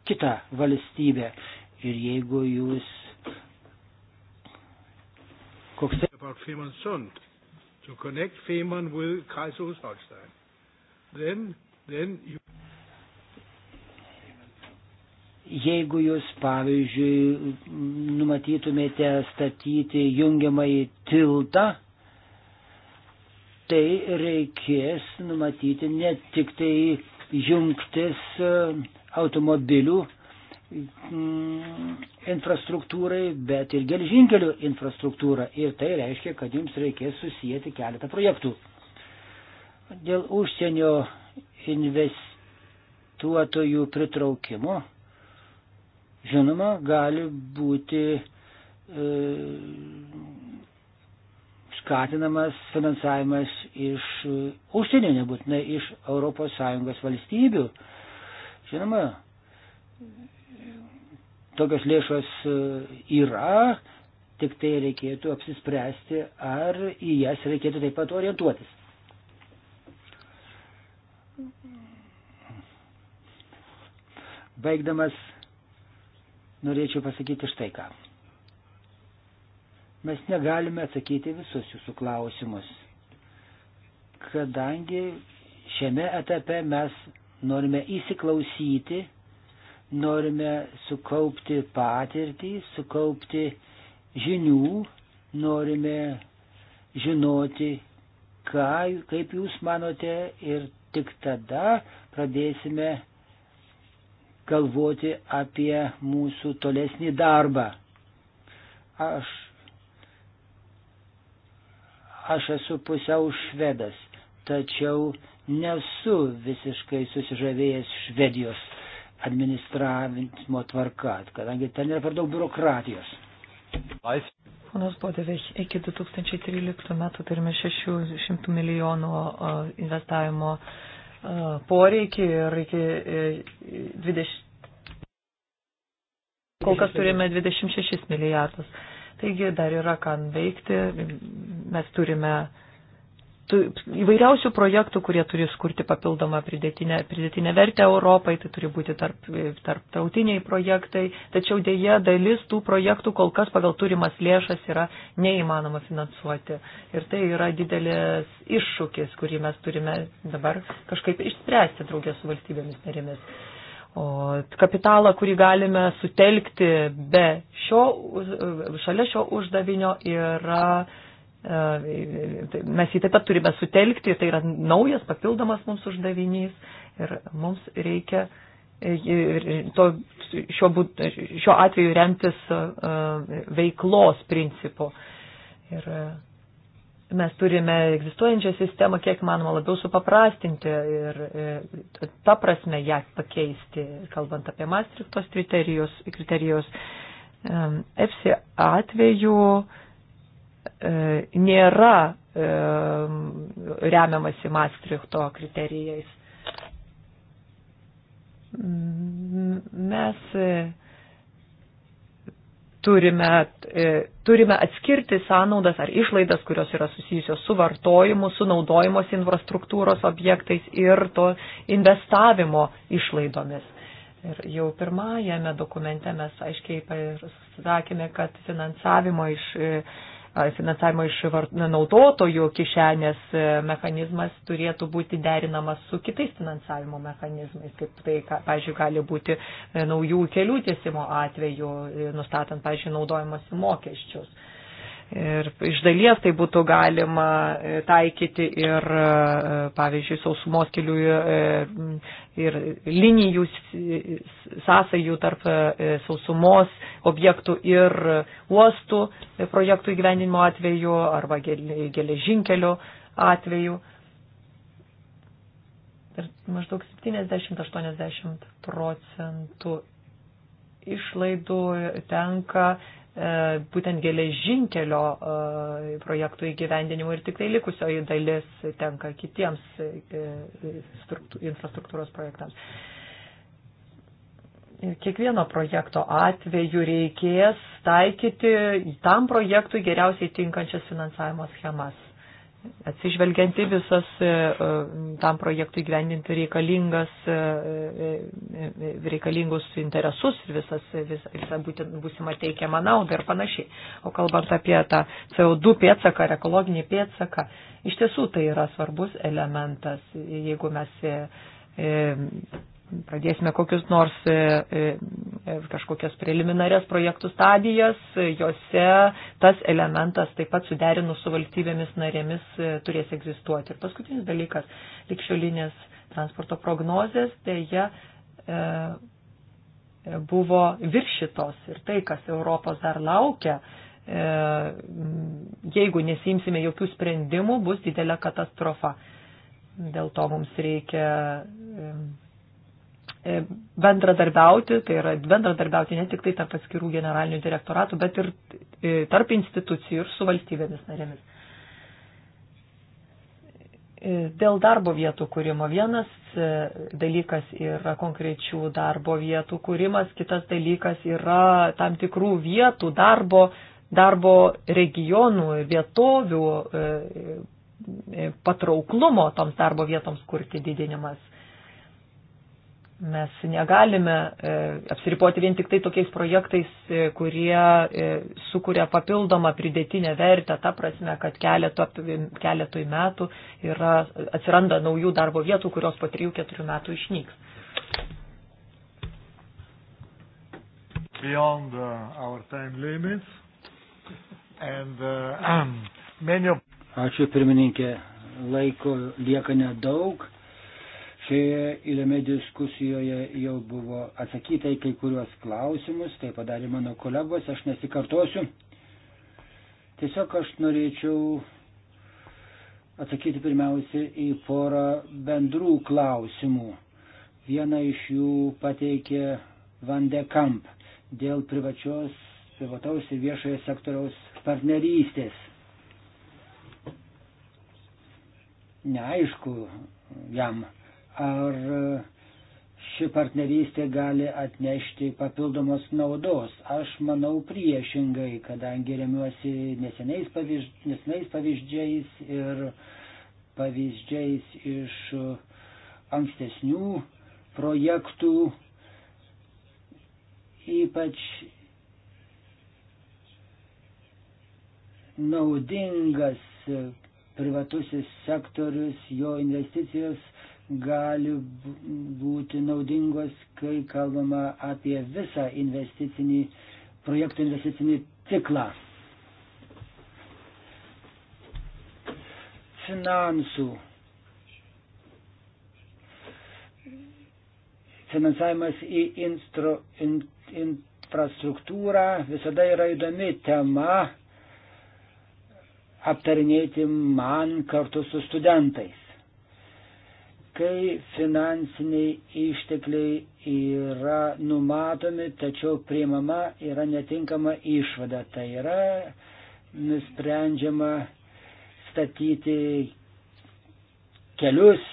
S3: kitą valstybę. Ir jeigu jūs koks tai- about Fehmarnsund to connect Fehmarn with Kaiserslautern. Then, then you Jeigu jūs, pavyzdžiui, numatytumėte statyti jungiamąjį tiltą, tai reikės numatyti ne tik tai jungtis e, automobilių infrastruktūrai, bet ir gelžinkelių infrastruktūrą. Ir tai reiškia, kad jums reikės susijęti keletą projektų. Dėl užsienio investuotojų pritraukimo, žinoma, gali būti e, skatinamas finansavimas iš e, užsienio, nebūtinai iš ES valstybių. Žinoma, tokios lėšos e, yra, tik tai reikėtų apsispręsti, ar į jas reikėtų taip pat orientuotis. Baigdamas, norėčiau pasakyti štai ką. Mes negalime atsakyti visus jūsų klausimus, kadangi šiame etape mes norime įsiklausyti norime sukaupti patirtį, sukaupti žinių, norime žinoti, ką, kaip jūs manote ir tik tada pradėsime galvoti apie mūsų tolesnį darbą. Aš, aš esu pusiau švedas, tačiau nesu visiškai susižavėjęs Švedijos administravimo tvarka, kadangi ten yra per daug biurokratijos.
S4: Ponas Bodevich, iki 2013 metų turime 600 milijonų e, investavimo e, poreikį ir iki 20. E, kol kas turime 26 milijardus. Taigi dar yra ką veikti. Mes turime uh, įvairiausių projektų, kurie turi skurti papildomą pridėtinę, pridėtinę vertę Europai, tai turi būti tarp, tarptautiniai projektai, tačiau dėje dalis tų projektų kol kas pagal turimas lėšas yra neįmanoma finansuoti. Ir tai yra didelis iššūkis, kurį mes turime dabar kažkaip išspręsti draugės su valstybėmis narėmis. O kapitalą, kurį galime sutelkti be šio, šalia šio uždavinio, yra E, tai mes jį taip pat turime sutelkti, tai yra naujas papildomas mums uždavinys ir mums reikia e, e, to, šiuo, būt, šiuo atveju remtis veiklos principu. Ir mes turime egzistuojančią sistemą kiek manoma labiau supaprastinti ir ta prasme ją pakeisti, kalbant apie Maastrichtos kriterijus. kriterijus EFSI atveju E, nėra e, remiamasi Maastrichto kriterijais. Mes e, turime, turime atskirti sąnaudas ar išlaidas, kurios yra susijusios su vartojimu, su naudojimos infrastruktūros objektais ir to investavimo išlaidomis. Ir jau pirmajame dokumente mes aiškiai sakėme, kad finansavimo iš finansavimo iš naudotojų kišenės e, mechanizmas turėtų būti derinamas su kitais finansavimo mechanizmais, kaip tai, pažiūrėjau, gali būti e, naujų kelių tiesimo atveju, e, nustatant, pažiūrėjau, naudojimasi mokesčius. Ir iš dalies tai būtų galima e, taikyti ir, e, pavyzdžiui, sausumos kelių e, ir linijų sąsajų tarp sausumos objektų ir uostų projektų įgyvendinimo atveju arba geležinkelio atveju. Ir maždaug 70-80 procentų išlaidų tenka E, būtent geležinkelio e, projektų įgyvendinimu ir tik tai likusioji dalis tenka kitiems e, infrastruktūros projektams. Ir kiekvieno projekto atveju reikės taikyti tam projektui geriausiai tinkančias finansavimo schemas atsižvelgianti visas e, e, tam projektui gyvendinti reikalingas, e, reikalingus interesus ir visas, vis, visą būsimą teikiamą naudą ir panašiai. O kalbant apie tą CO2 pėtsaką ir ekologinį pėtsaką, iš tiesų tai yra svarbus elementas, jeigu mes pradėsime kokius nors e, e, e, kažkokias preliminarias projektų stadijas, jose tas elementas taip pat suderinus su valstybėmis narėmis turės egzistuoti. Ir paskutinis dalykas - likščiolinės transporto prognozės, dėja buvo viršytos ir tai, kas Europos dar laukia, jeigu nesimsime jokių sprendimų, bus didelė katastrofa. Dėl to mums reikia E, bendradarbiauti, tai yra bendradarbiauti ne tik tai tarp atskirų generalinių direktoratų, bet ir e, tarp institucijų ir su valstybėmis narėmis. E, dėl darbo vietų kūrimo vienas dalykas yra konkrečių darbo vietų kūrimas, kitas dalykas yra tam tikrų vietų darbo, darbo regionų ir vietovių patrauklumo toms darbo vietoms kurti didinimas Mes negalime e, apsiripoti vien tik tai tokiais projektais, e, kurie e, sukuria papildomą pridėtinę vertę, ta prasme, kad keletui metų yra, atsiranda naujų darbo vietų, kurios po 3-4 metų išnyks.
S1: beyond uh, our
S2: time limits. And, uh,
S3: many of... Ačiū pirmininkė, laiko lieka nedaug Šioje įdomioje diskusijoje jau buvo atsakyta į kai kuriuos klausimus, tai padarė mano kolegos, aš nesikartosiu. Tiesiog aš norėčiau atsakyti pirmiausia į porą bendrų klausimų. Vieną iš jų pateikė Van de Kamp dėl privačios, privataus ir viešojo sektoriaus partnerystės. Neaišku jam, ar e, ši partnerystė gali atnešti papildomos naudos. Aš manau priešingai, kadangi remiuosi neseniais, pavyzdž... neseniais pavyzdžiais ir pavyzdžiais iš ankstesnių projektų, ypač naudingas privatusis sektorius, jo investicijos gali būti naudingos, kai kalbama apie visą investicinį, projektų investicinį ciklą. Finansų. Finansavimas į instru, in, infrastruktūrą visada yra įdomi tema aptarinėti man kartu su studentais kai finansiniai ištekliai yra numatomi, tačiau priimama yra netinkama išvada. Tai yra nusprendžiama statyti kelius,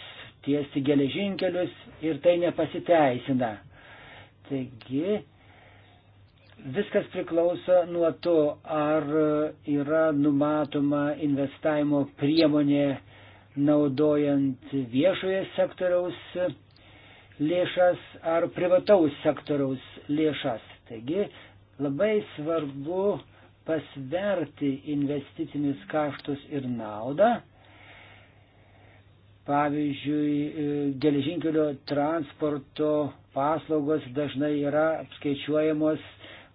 S3: tiesti geležinkelius ir tai nepasiteisina. Taigi, viskas priklauso nuo to, ar yra numatoma investavimo priemonė naudojant viešoje sektoriaus lėšas ar privataus sektoriaus lėšas. Taigi labai svarbu pasverti investicinius kaštus ir naudą. Pavyzdžiui, e, geležinkelio transporto paslaugos dažnai yra apskaičiuojamos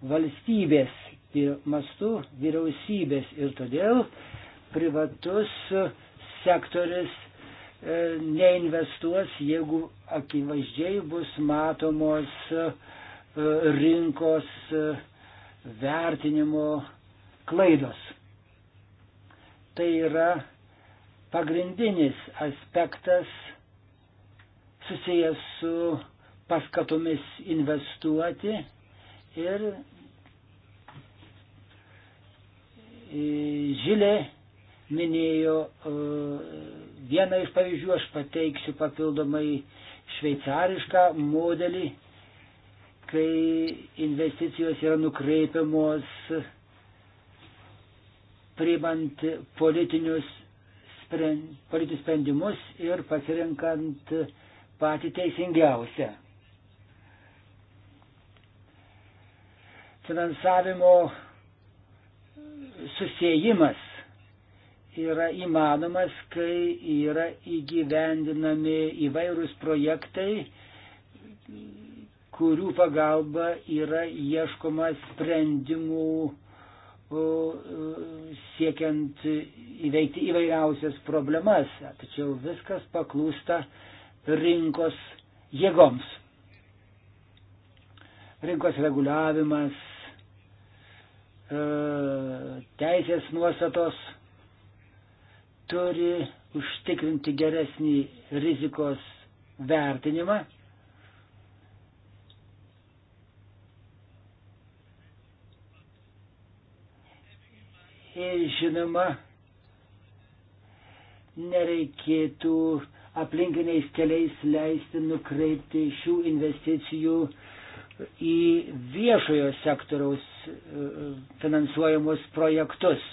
S3: valstybės mastu vyriausybės ir todėl privatus sektorius e, neinvestuos, jeigu akivaizdžiai bus matomos e, rinkos e, vertinimo klaidos. Tai yra pagrindinis aspektas susijęs su paskatomis investuoti ir žilė minėjo e, vieną iš pavyzdžių, aš pateiksiu papildomai šveicarišką modelį, kai investicijos yra nukreipiamos priimant politinius politinius sprendimus ir pasirinkant patį teisingiausią. Finansavimo susijimas yra įmanomas, kai yra įgyvendinami įvairūs projektai, kurių pagalba yra ieškoma sprendimų siekiant įveikti įvairiausias problemas. Tačiau viskas paklūsta rinkos jėgoms. Rinkos reguliavimas, e, teisės nuostatos turi užtikrinti geresnį rizikos vertinimą. Ir žinoma, nereikėtų aplinkiniais keliais leisti nukreipti šių investicijų į viešojo sektoriaus e, e, finansuojamus projektus.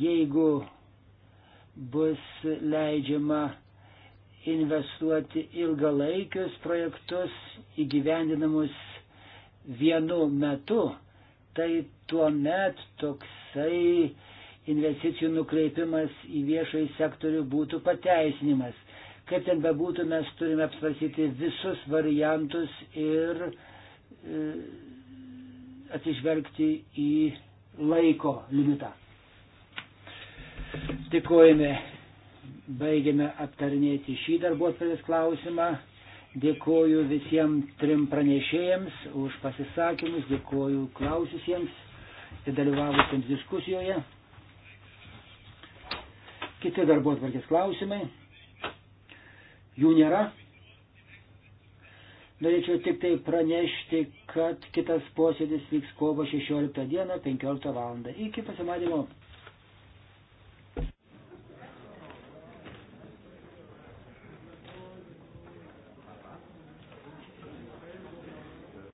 S3: Jeigu bus leidžiama investuoti ilgalaikius projektus įgyvendinamus vienu metu, tai tuo met toksai investicijų nukreipimas į viešai sektorių būtų pateisinimas. Kaip ten bebūtų, mes turime apsvarsyti visus variantus ir e, atsižvelgti į laiko limitą. Dėkojame, baigiame aptarinėti šį darbuotojas klausimą. Dėkoju visiems trim pranešėjams už pasisakymus, dėkoju klaususiems ir dalyvavusiems diskusijoje. Kiti darbuotvarkės klausimai. Jų nėra. Norėčiau tik tai pranešti, kad kitas posėdis vyks kovo 16 dieną 15 val. Iki pasimatymo.